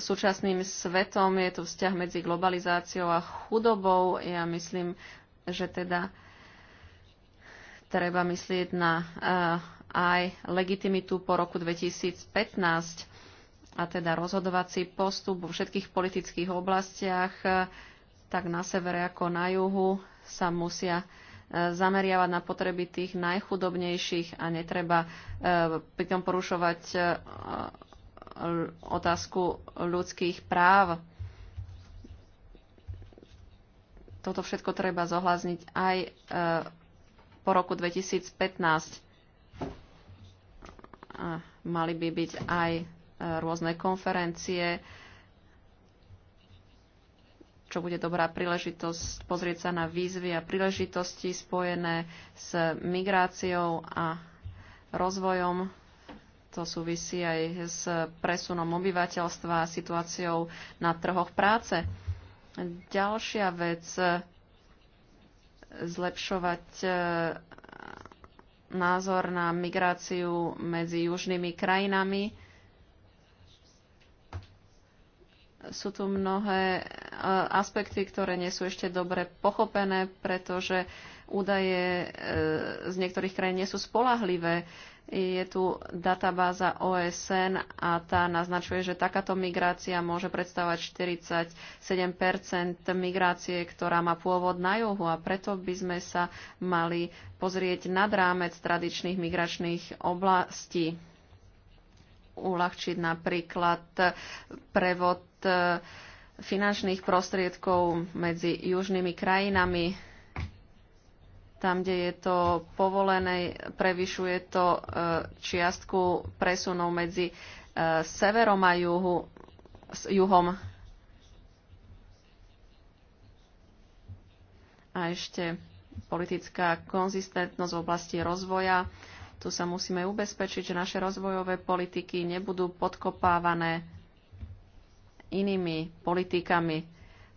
Speaker 3: súčasným svetom. Je tu vzťah medzi globalizáciou a chudobou. Ja myslím, že teda treba myslieť na e, aj legitimitu po roku 2015 a teda rozhodovací postup vo všetkých politických oblastiach tak na severe ako na juhu sa musia e, zameriavať na potreby tých najchudobnejších a netreba e, pritom porušovať e, otázku ľudských práv. Toto všetko treba zohľazniť aj po roku 2015. mali by byť aj rôzne konferencie, čo bude dobrá príležitosť pozrieť sa na výzvy a príležitosti spojené s migráciou a rozvojom. To súvisí aj s presunom obyvateľstva a situáciou na trhoch práce. Ďalšia vec, zlepšovať e, názor na migráciu medzi južnými krajinami sú tu mnohé e, aspekty, ktoré nie sú ešte dobre pochopené, pretože údaje e, z niektorých krajín nie sú spolahlivé. Je tu databáza OSN a tá naznačuje, že takáto migrácia môže predstavovať 47 migrácie, ktorá má pôvod na juhu a preto by sme sa mali pozrieť nad rámec tradičných migračných oblastí uľahčiť napríklad prevod E, finančných prostriedkov medzi južnými krajinami. Tam, kde je to povolené, prevyšuje to e, čiastku presunov medzi e, severom a juhu, s juhom. A ešte politická konzistentnosť v oblasti rozvoja. Tu sa musíme ubezpečiť, že naše rozvojové politiky nebudú podkopávané inými politikami.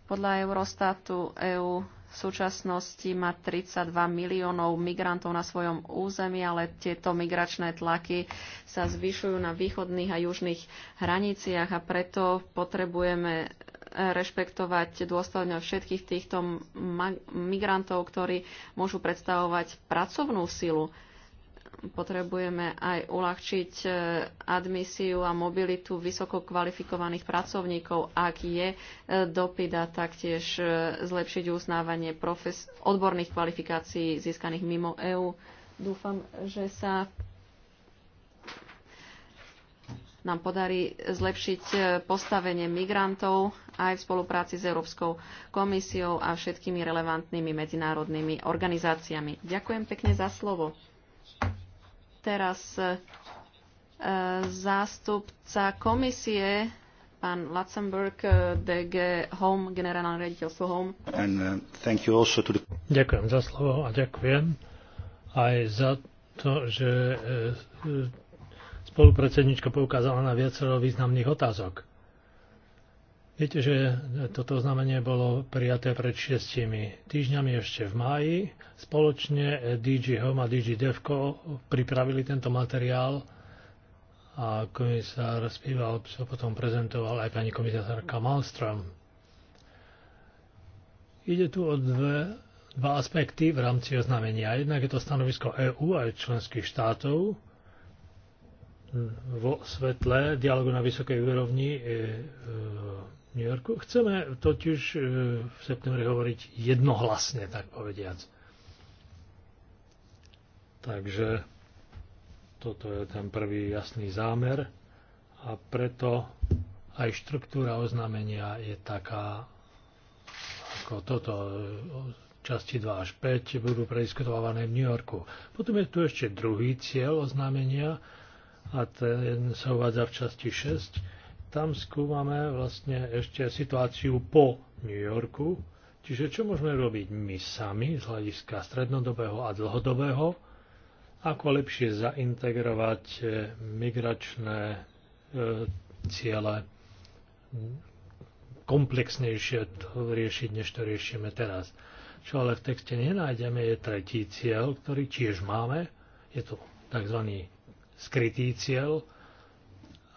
Speaker 3: Podľa Eurostatu EÚ EU v súčasnosti má 32 miliónov migrantov na svojom území, ale tieto migračné tlaky sa zvyšujú na východných a južných hraniciach a preto potrebujeme rešpektovať dôstojne všetkých týchto migrantov, ktorí môžu predstavovať pracovnú silu potrebujeme aj uľahčiť e, admisiu a mobilitu vysoko kvalifikovaných pracovníkov, ak je e, dopyt a taktiež e, zlepšiť uznávanie profes- odborných kvalifikácií získaných mimo EÚ. Dúfam, že sa nám podarí zlepšiť postavenie migrantov aj v spolupráci s Európskou komisiou a všetkými relevantnými medzinárodnými organizáciami. Ďakujem pekne za slovo. Teraz e, zástupca komisie, pán Latzenberg, e, DG Home, generálne riaditeľstvo Home. And,
Speaker 1: uh, to... Ďakujem za slovo a ďakujem aj za to, že e, spolupredsednička poukázala na viacero významných otázok. Viete, že toto znamenie bolo prijaté pred šiestimi týždňami ešte v máji. Spoločne DG Home a DG Devco pripravili tento materiál a komisár Spíval sa potom prezentoval aj pani komisárka Malmström. Ide tu o dve, dva aspekty v rámci oznámenia. Jednak je to stanovisko EÚ aj členských štátov vo svetle dialogu na vysokej úrovni e, e, New Yorku. Chceme totiž e, v septembri hovoriť jednohlasne, tak povediac. Takže toto je ten prvý jasný zámer a preto aj štruktúra oznámenia je taká ako toto e, časti 2 až 5 budú prediskutované v New Yorku. Potom je tu ešte druhý cieľ oznámenia a ten sa uvádza v časti 6 tam skúmame vlastne ešte situáciu po New Yorku, čiže čo môžeme robiť my sami z hľadiska strednodobého a dlhodobého, ako lepšie zaintegrovať eh, migračné e, ciele komplexnejšie to riešiť, než to riešime teraz. Čo ale v texte nenájdeme, je tretí cieľ, ktorý tiež máme. Je to tzv. skrytý cieľ,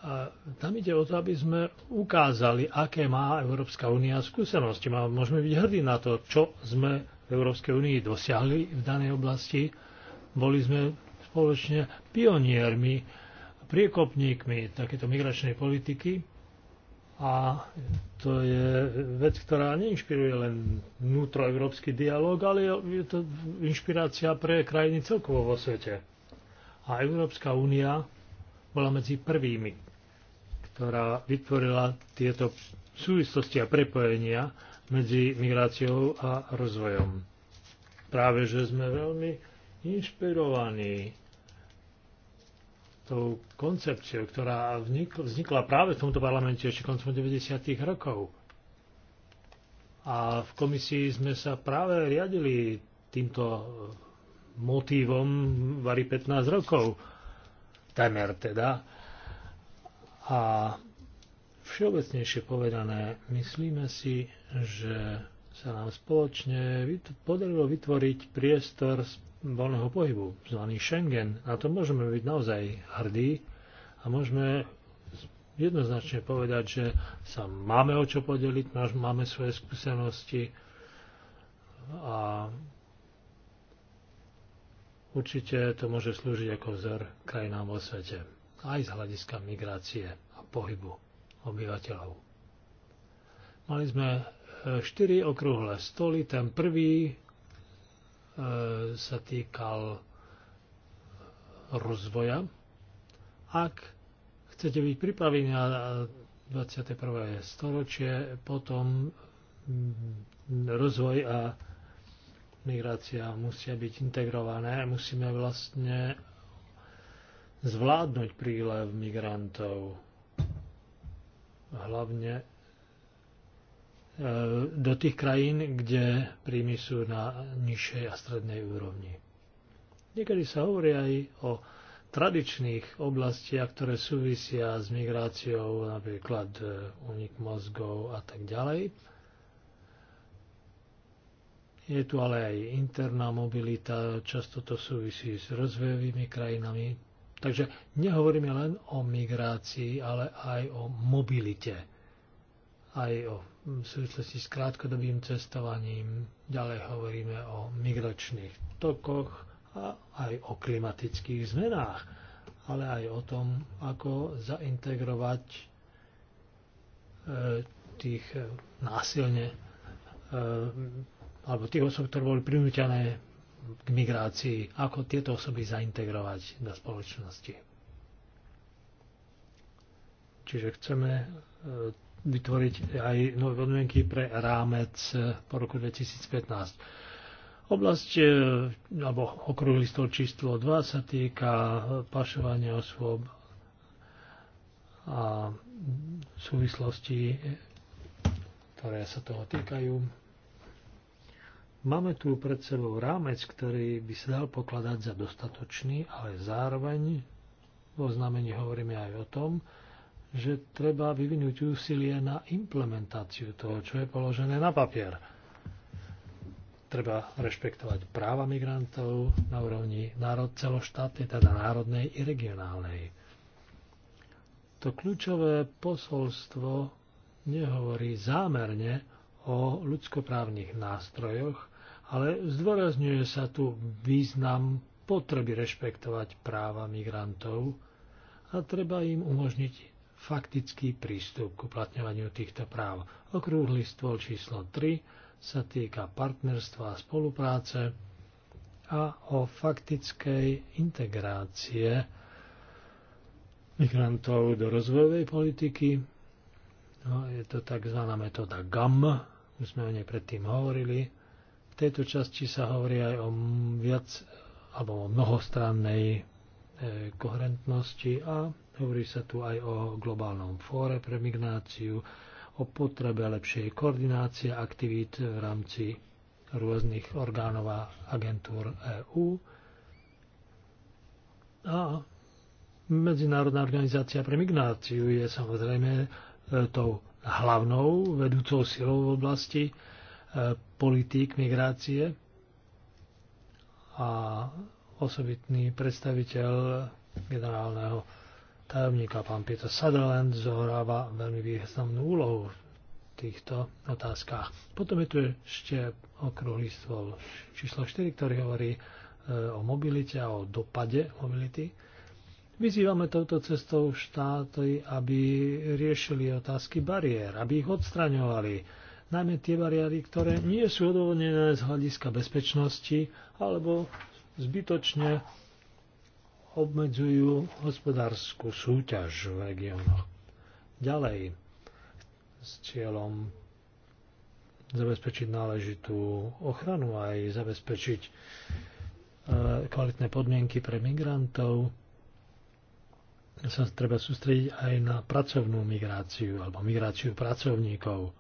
Speaker 1: a tam ide o to, aby sme ukázali, aké má Európska únia skúsenosti. A môžeme byť hrdí na to, čo sme v Európskej únii dosiahli v danej oblasti. Boli sme spoločne pioniermi, priekopníkmi takéto migračnej politiky. A to je vec, ktorá neinšpiruje len vnútroevropský dialog, ale je to inšpirácia pre krajiny celkovo vo svete. A Európska únia bola medzi prvými, ktorá vytvorila tieto súvislosti a prepojenia medzi migráciou a rozvojom. Práve, že sme veľmi inšpirovaní tou koncepciou, ktorá vznikla práve v tomto parlamente ešte koncom 90. rokov. A v komisii sme sa práve riadili týmto motívom vari 15 rokov. Temer teda a všeobecnejšie povedané, myslíme si, že sa nám spoločne podarilo vytvoriť priestor voľného pohybu, zvaný Schengen. Na to môžeme byť naozaj hrdí a môžeme jednoznačne povedať, že sa máme o čo podeliť, máme svoje skúsenosti a určite to môže slúžiť ako vzor krajinám vo svete aj z hľadiska migrácie a pohybu obyvateľov. Mali sme e, štyri okrúhle stoly. Ten prvý e, sa týkal rozvoja. Ak chcete byť pripravení na 21. storočie, potom mm, rozvoj a migrácia musia byť integrované. Musíme vlastne zvládnuť prílev migrantov. Hlavne e, do tých krajín, kde príjmy sú na nižšej a strednej úrovni. Niekedy sa hovorí aj o tradičných oblastiach, ktoré súvisia s migráciou, napríklad unik e, mozgov a tak ďalej. Je tu ale aj interná mobilita, často to súvisí s rozvojovými krajinami, Takže nehovoríme len o migrácii, ale aj o mobilite, aj o mm, v súvislosti s krátkodobým cestovaním. Ďalej hovoríme o migračných tokoch a aj o klimatických zmenách, ale aj o tom, ako zaintegrovať e, tých e, násilne e, alebo tých osob, ktoré boli prinútené k migrácii, ako tieto osoby zaintegrovať do spoločnosti. Čiže chceme e, vytvoriť aj nové podmienky pre rámec e, po roku 2015. Oblasť e, alebo okruh listov číslo 2 sa týka pašovania osôb a súvislosti, ktoré sa toho týkajú. Máme tu pred sebou rámec, ktorý by sa dal pokladať za dostatočný, ale zároveň vo znamení hovoríme aj o tom, že treba vyvinúť úsilie na implementáciu toho, čo je položené na papier. Treba rešpektovať práva migrantov na úrovni národ celoštátnej, teda národnej i regionálnej. To kľúčové posolstvo nehovorí zámerne o ľudskoprávnych nástrojoch, ale zdôrazňuje sa tu význam potreby rešpektovať práva migrantov a treba im umožniť faktický prístup k uplatňovaniu týchto práv. Okrúhly stôl číslo 3 sa týka partnerstva a spolupráce a o faktickej integrácie migrantov do rozvojovej politiky. No, je to tzv. metóda GAM, už sme o nej predtým hovorili, tejto časti sa hovorí aj o viac alebo o mnohostrannej e, koherentnosti a hovorí sa tu aj o globálnom fóre pre migráciu, o potrebe lepšej koordinácie aktivít v rámci rôznych orgánov a agentúr EÚ a Medzinárodná organizácia pre migráciu je samozrejme e, tou hlavnou vedúcou silou v oblasti e, politík migrácie a osobitný predstaviteľ generálneho tajomníka pán Peter Sutherland zohráva veľmi významnú úlohu v týchto otázkach. Potom je tu ešte okrúhly stôl číslo 4, ktorý hovorí e, o mobilite a o dopade mobility. Vyzývame touto cestou štáty, aby riešili otázky bariér, aby ich odstraňovali, najmä tie bariéry, ktoré nie sú odôvodnené z hľadiska bezpečnosti alebo zbytočne obmedzujú hospodárskú súťaž v regiónoch. Ďalej, s cieľom zabezpečiť náležitú ochranu a aj zabezpečiť e, kvalitné podmienky pre migrantov, sa treba sústrediť aj na pracovnú migráciu alebo migráciu pracovníkov.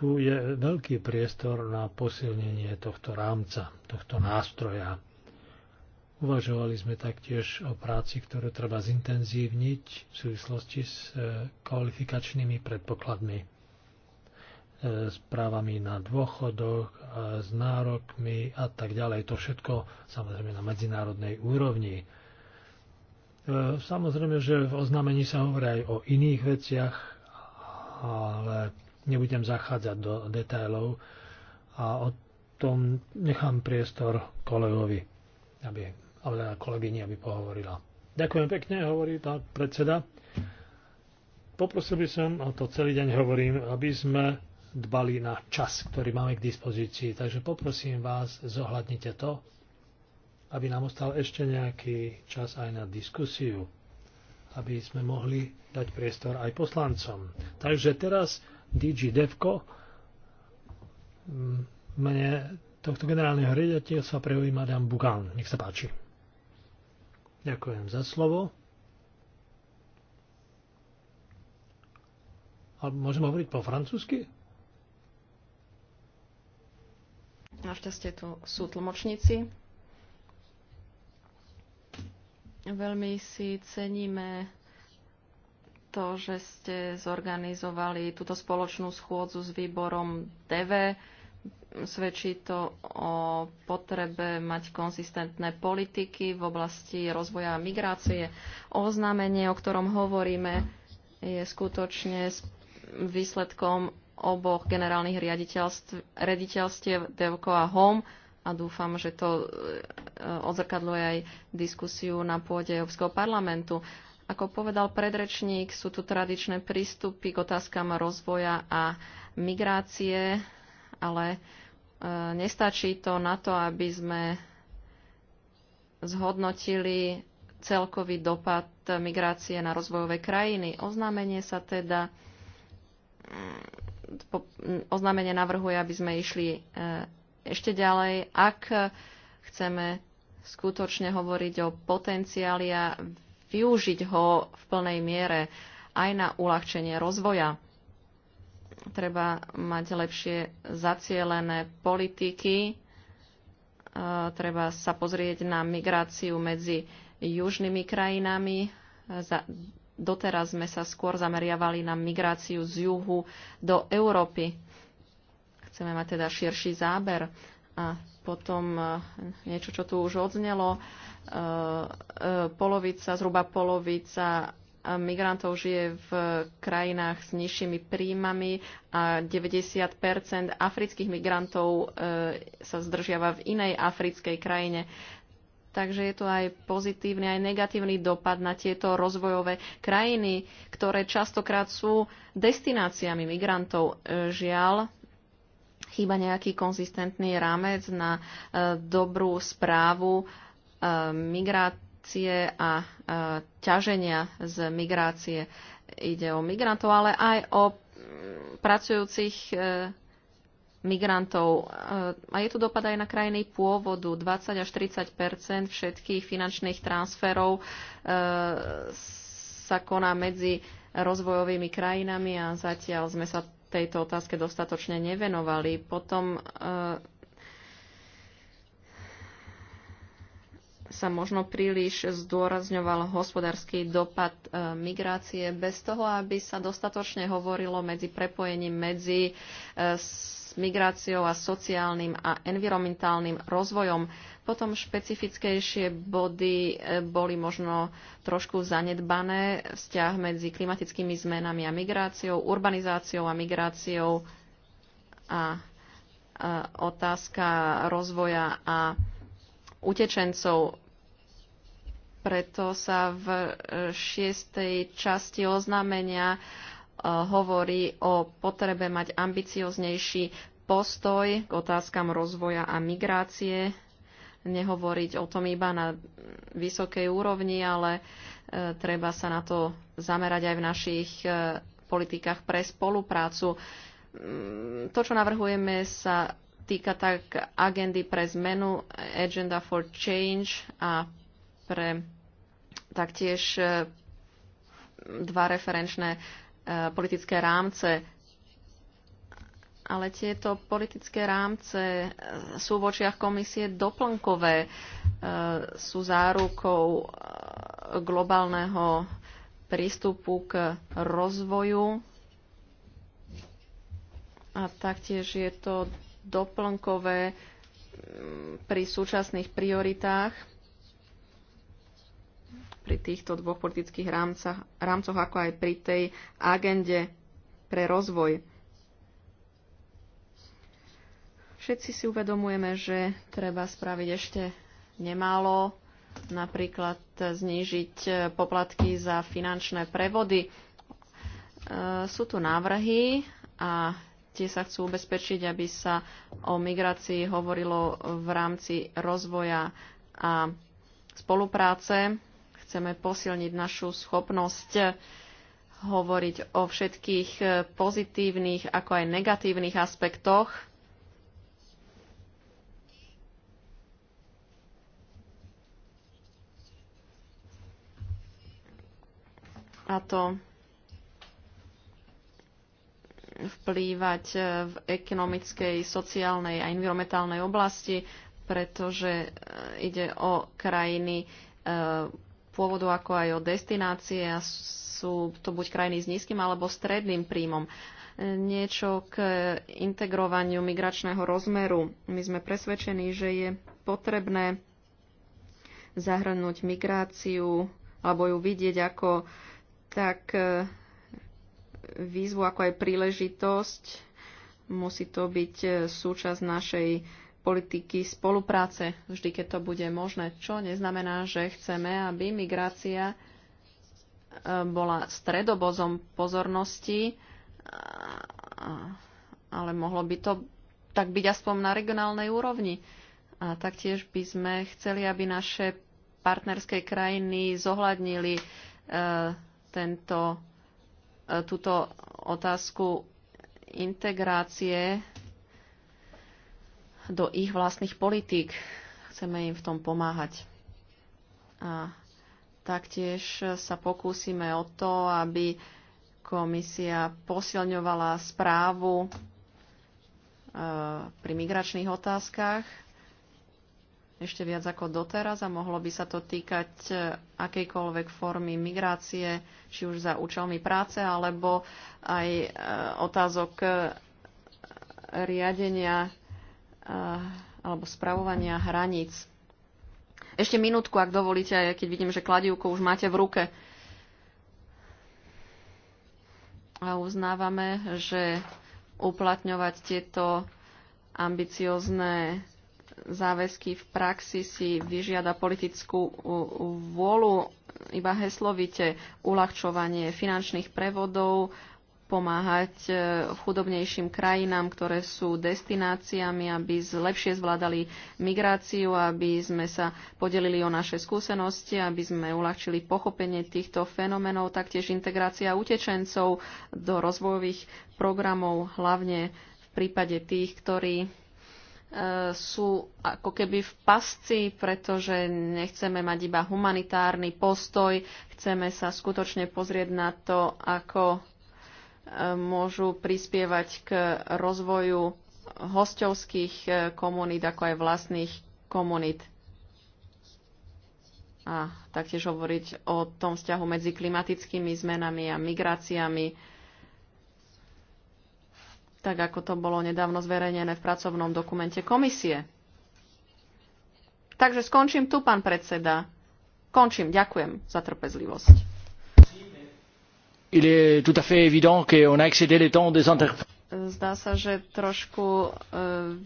Speaker 1: tu je veľký priestor na posilnenie tohto rámca, tohto nástroja. Uvažovali sme taktiež o práci, ktorú treba zintenzívniť v súvislosti s e, kvalifikačnými predpokladmi, e, s právami na dôchodoch, e, s nárokmi a tak ďalej. To všetko samozrejme na medzinárodnej úrovni. Samozrejme, že v oznámení sa hovorí aj o iných veciach, ale Nebudem zachádzať do detailov a o tom nechám priestor kolegovi, aby, ale teda kolegyni, aby pohovorila. Ďakujem pekne, hovorí tá predseda. Poprosil by som, a to celý deň hovorím, aby sme dbali na čas, ktorý máme k dispozícii. Takže poprosím vás, zohľadnite to, aby nám ostal ešte nejaký čas aj na diskusiu, aby sme mohli dať priestor aj poslancom. Takže teraz DG Devco. Mm, mene tohto generálneho riaditeľstva prehoví Madame Bugan. Nech sa páči. Ďakujem za slovo. Ale môžem hovoriť po francúzsky?
Speaker 3: Našťastie tu sú tlmočníci. Veľmi si ceníme to, že ste zorganizovali túto spoločnú schôdzu s výborom DV. Svedčí to o potrebe mať konzistentné politiky v oblasti rozvoja a migrácie. Oznámenie, o ktorom hovoríme, je skutočne výsledkom oboch generálnych riaditeľstiev DEVCO a HOME a dúfam, že to e, e, odzrkadluje aj diskusiu na pôde Európskeho parlamentu. Ako povedal predrečník, sú tu tradičné prístupy k otázkam rozvoja a migrácie, ale e, nestačí to na to, aby sme zhodnotili celkový dopad migrácie na rozvojové krajiny. Oznámenie sa teda mm, mm, oznámenie navrhuje, aby sme išli e, ešte ďalej, ak chceme skutočne hovoriť o potenciáli a využiť ho v plnej miere aj na uľahčenie rozvoja. Treba mať lepšie zacielené politiky, e, treba sa pozrieť na migráciu medzi južnými krajinami. Doteraz sme sa skôr zameriavali na migráciu z juhu do Európy. Chceme mať teda širší záber a potom e, niečo, čo tu už odznelo, e, e, polovica, zhruba polovica migrantov žije v krajinách s nižšími príjmami a 90 afrických migrantov sa zdržiava v inej africkej krajine. Takže je to aj pozitívny, aj negatívny dopad na tieto rozvojové krajiny, ktoré častokrát sú destináciami migrantov. Žiaľ, chýba nejaký konzistentný rámec na e, dobrú správu e, migrácie a e, ťaženia z migrácie. Ide o migrantov, ale aj o mm, pracujúcich migrantov. A je tu dopad aj na krajiny pôvodu. 20 až 30 všetkých finančných transferov sa koná medzi rozvojovými krajinami a zatiaľ sme sa tejto otázke dostatočne nevenovali. Potom eh, sa možno príliš zdôrazňoval hospodársky dopad eh, migrácie bez toho, aby sa dostatočne hovorilo medzi prepojením medzi eh, s migráciou a sociálnym a environmentálnym rozvojom potom špecifickejšie body e, boli možno trošku zanedbané. Vzťah medzi klimatickými zmenami a migráciou, urbanizáciou a migráciou a e, otázka rozvoja a utečencov. Preto sa v e, šiestej časti oznámenia hovorí o potrebe mať ambicioznejší postoj k otázkam rozvoja a migrácie nehovoriť o tom iba na vysokej úrovni, ale e, treba sa na to zamerať aj v našich e, politikách pre spoluprácu. Mm, to, čo navrhujeme, sa týka tak agendy pre zmenu, Agenda for Change a pre taktiež e, dva referenčné politické rámce ale tieto politické rámce e, sú v očiach komisie doplnkové, e, sú zárukou e, globálneho prístupu k rozvoju a taktiež je to doplnkové pri súčasných prioritách pri týchto dvoch politických rámcoch, ako aj pri tej agende pre rozvoj. Všetci si uvedomujeme, že treba spraviť ešte nemálo, napríklad znížiť e, poplatky za finančné prevody. E, sú tu návrhy a tie sa chcú ubezpečiť, aby sa o migrácii hovorilo v rámci rozvoja a spolupráce. Chceme posilniť našu schopnosť hovoriť o všetkých e, pozitívnych ako aj negatívnych aspektoch a to vplývať e, v ekonomickej, sociálnej a environmentálnej oblasti, pretože e, ide o krajiny e, pôvodu ako aj o destinácie a sú to buď krajiny s nízkym alebo stredným príjmom. Niečo k integrovaniu migračného rozmeru. My sme presvedčení, že je potrebné zahrnúť migráciu alebo ju vidieť ako tak e, výzvu ako aj príležitosť musí to byť e, súčasť našej politiky spolupráce, vždy keď to bude možné, čo neznamená, že chceme, aby migrácia e, bola stredobozom pozornosti, ale mohlo by to tak byť aspoň na regionálnej úrovni. A taktiež by sme chceli, aby naše partnerské krajiny zohľadnili tento, e, túto otázku integrácie do ich vlastných politík. Chceme im v tom pomáhať. A taktiež sa pokúsime o to, aby komisia posilňovala správu e, pri migračných otázkach ešte viac ako doteraz a mohlo by sa to týkať e, akejkoľvek formy migrácie, či už za účelmi práce, alebo aj e, otázok e, riadenia alebo spravovania hraníc. Ešte minútku, ak dovolíte, aj keď vidím, že kladivku už máte v ruke. A uznávame, že uplatňovať tieto ambiciozne záväzky v praxi si vyžiada politickú vôľu, iba heslovite uľahčovanie finančných prevodov, pomáhať e, chudobnejším krajinám, ktoré sú destináciami, aby lepšie zvládali migráciu, aby sme sa podelili o naše skúsenosti, aby sme uľahčili pochopenie týchto fenomenov, taktiež integrácia utečencov do rozvojových programov, hlavne v prípade tých, ktorí sú ako keby v pasci, pretože nechceme mať iba humanitárny postoj, chceme sa skutočne pozrieť na to, ako e, môžu prispievať k rozvoju hostovských e, komunít, ako aj vlastných komunít. A taktiež hovoriť o tom vzťahu medzi klimatickými zmenami a migráciami tak ako to bolo nedávno zverejnené v pracovnom dokumente komisie. Takže skončím tu, pán predseda. Končím. Ďakujem za trpezlivosť. Zdá sa, že trošku e,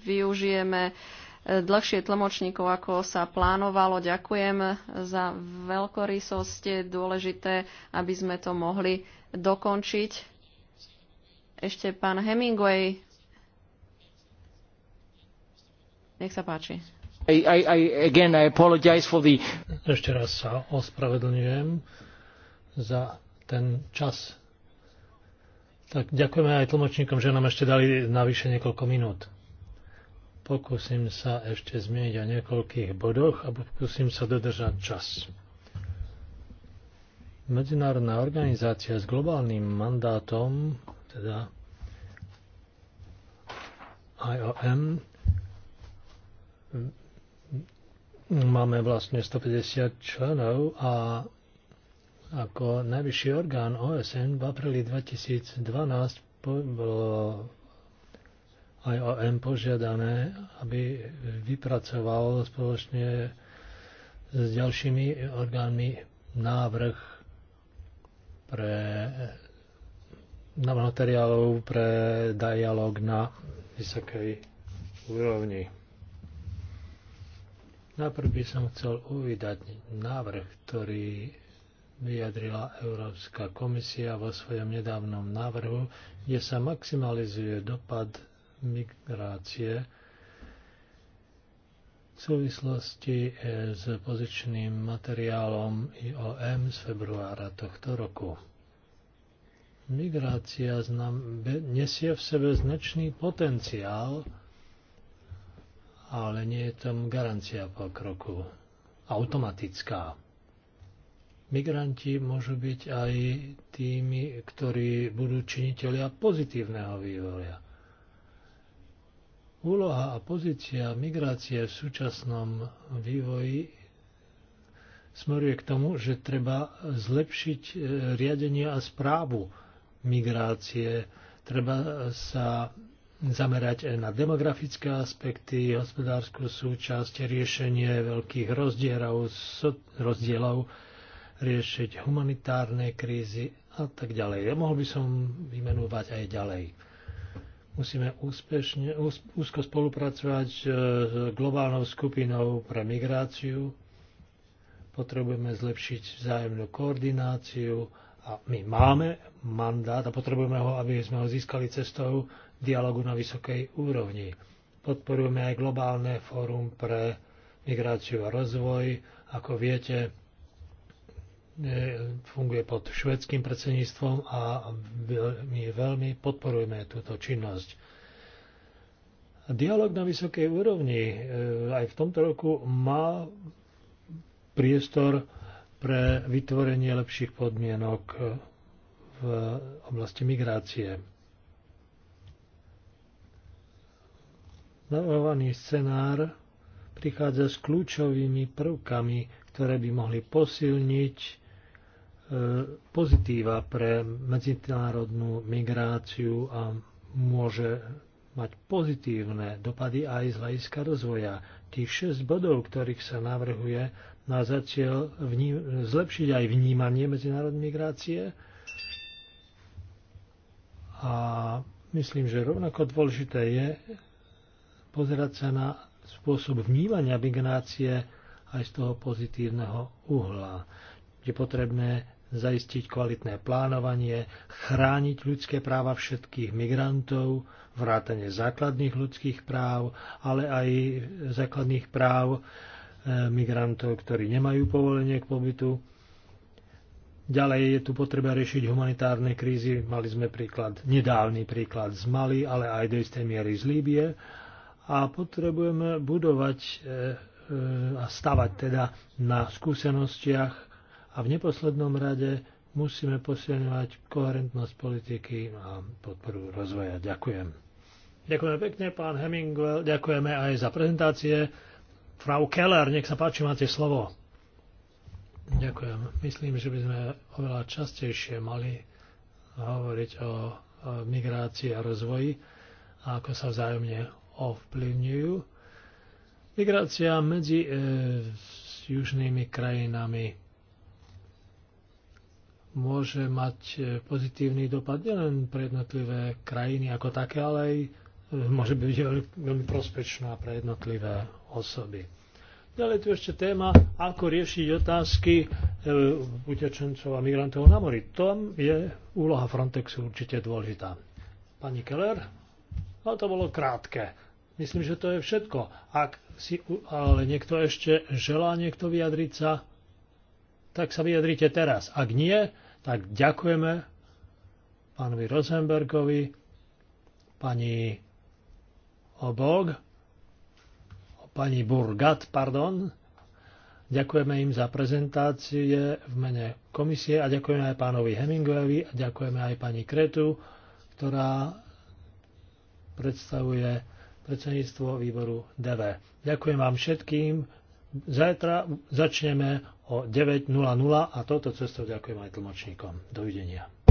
Speaker 3: využijeme e, dlhšie tlmočníkov, ako sa plánovalo. Ďakujem za veľkorysosť. Je dôležité, aby sme to mohli dokončiť ešte pán Hemingway. Nech sa páči.
Speaker 1: I, I, I, again, I for the... Ešte raz sa ospravedlňujem za ten čas. Tak ďakujeme aj tlmočníkom, že nám ešte dali navyše niekoľko minút. Pokúsim sa ešte zmieniť o niekoľkých bodoch a pokúsim sa dodržať čas. Medzinárodná organizácia s globálnym mandátom, teda IOM. Máme vlastne 150 členov a ako najvyšší orgán OSN v apríli 2012 bolo IOM požiadané, aby vypracoval spoločne s ďalšími orgánmi návrh pre na materiálov pre dialog na vysokej úrovni. Najprv by som chcel uvídať návrh, ktorý vyjadrila Európska komisia vo svojom nedávnom návrhu, kde sa maximalizuje dopad migrácie v súvislosti eh, s pozičným materiálom IOM z februára tohto roku. Migrácia znam, nesie v sebe značný potenciál, ale nie je tam garancia pokroku. Automatická. Migranti môžu byť aj tými, ktorí budú činiteľia pozitívneho vývoja. Úloha a pozícia migrácie v súčasnom vývoji smeruje k tomu, že treba zlepšiť e, riadenie a správu migrácie. Treba sa zamerať aj na demografické aspekty, hospodárskú súčasť, riešenie veľkých rozdielov, rozdielov riešiť humanitárne krízy a tak ďalej. Ja mohol by som vymenovať aj ďalej. Musíme úspešne, úzko spolupracovať e, s globálnou skupinou pre migráciu. Potrebujeme zlepšiť vzájomnú koordináciu a my máme mandát a potrebujeme ho, aby sme ho získali cestou dialogu na vysokej úrovni. Podporujeme aj globálne fórum pre migráciu a rozvoj. Ako viete, e, funguje pod švedským predsedníctvom a my veľmi podporujeme túto činnosť. Dialóg na vysokej úrovni e, aj v tomto roku má priestor pre vytvorenie lepších podmienok e, v oblasti migrácie. Navrhovaný scenár prichádza s kľúčovými prvkami, ktoré by mohli posilniť e, pozitíva pre medzinárodnú migráciu a môže mať pozitívne dopady aj z hľadiska rozvoja Tých 6 bodov, ktorých sa navrhuje, má na za cieľ zlepšiť aj vnímanie medzinárodnej migrácie a myslím, že rovnako dôležité je pozerať sa na spôsob vnímania migrácie aj z toho pozitívneho uhla. Je potrebné zaistiť kvalitné plánovanie, chrániť ľudské práva všetkých migrantov, vrátanie základných ľudských práv, ale aj základných práv e, migrantov, ktorí nemajú povolenie k pobytu. Ďalej je tu potreba riešiť humanitárne krízy. Mali sme príklad, nedávny príklad z Mali, ale aj do istej miery z Líbie. A potrebujeme budovať e, e, a stavať teda na skúsenostiach a v neposlednom rade musíme posilňovať koherentnosť politiky a podporu rozvoja. Ďakujem. Ďakujeme pekne, pán Hemingwell. Ďakujeme aj za prezentácie. Frau Keller, nech sa páči, máte slovo. Ďakujem. Myslím, že by sme oveľa častejšie mali hovoriť o migrácii a rozvoji a ako sa vzájomne ovplyvňujú. Migrácia medzi e, s južnými krajinami môže mať e, pozitívny dopad nielen pre jednotlivé krajiny ako také, ale aj e, môže byť veľmi, veľmi prospečná pre jednotlivé osoby. Ďalej tu ešte téma, ako riešiť otázky e, utečencov a migrantov na mori. Tam je úloha Frontexu určite dôležitá. Pani Keller, no to bolo krátke. Myslím, že to je všetko. Ak si ale niekto ešte želá niekto vyjadriť sa, tak sa vyjadrite teraz. Ak nie, tak ďakujeme pánovi Rosenbergovi, pani Obog, pani Burgat, pardon. Ďakujeme im za prezentácie v mene komisie a ďakujeme aj pánovi Hemingwayovi a ďakujeme aj pani Kretu, ktorá predstavuje predsedníctvo výboru DV. Ďakujem vám všetkým. Zajtra začneme o 9.00 a touto cestou ďakujem aj tlmočníkom. Dovidenia.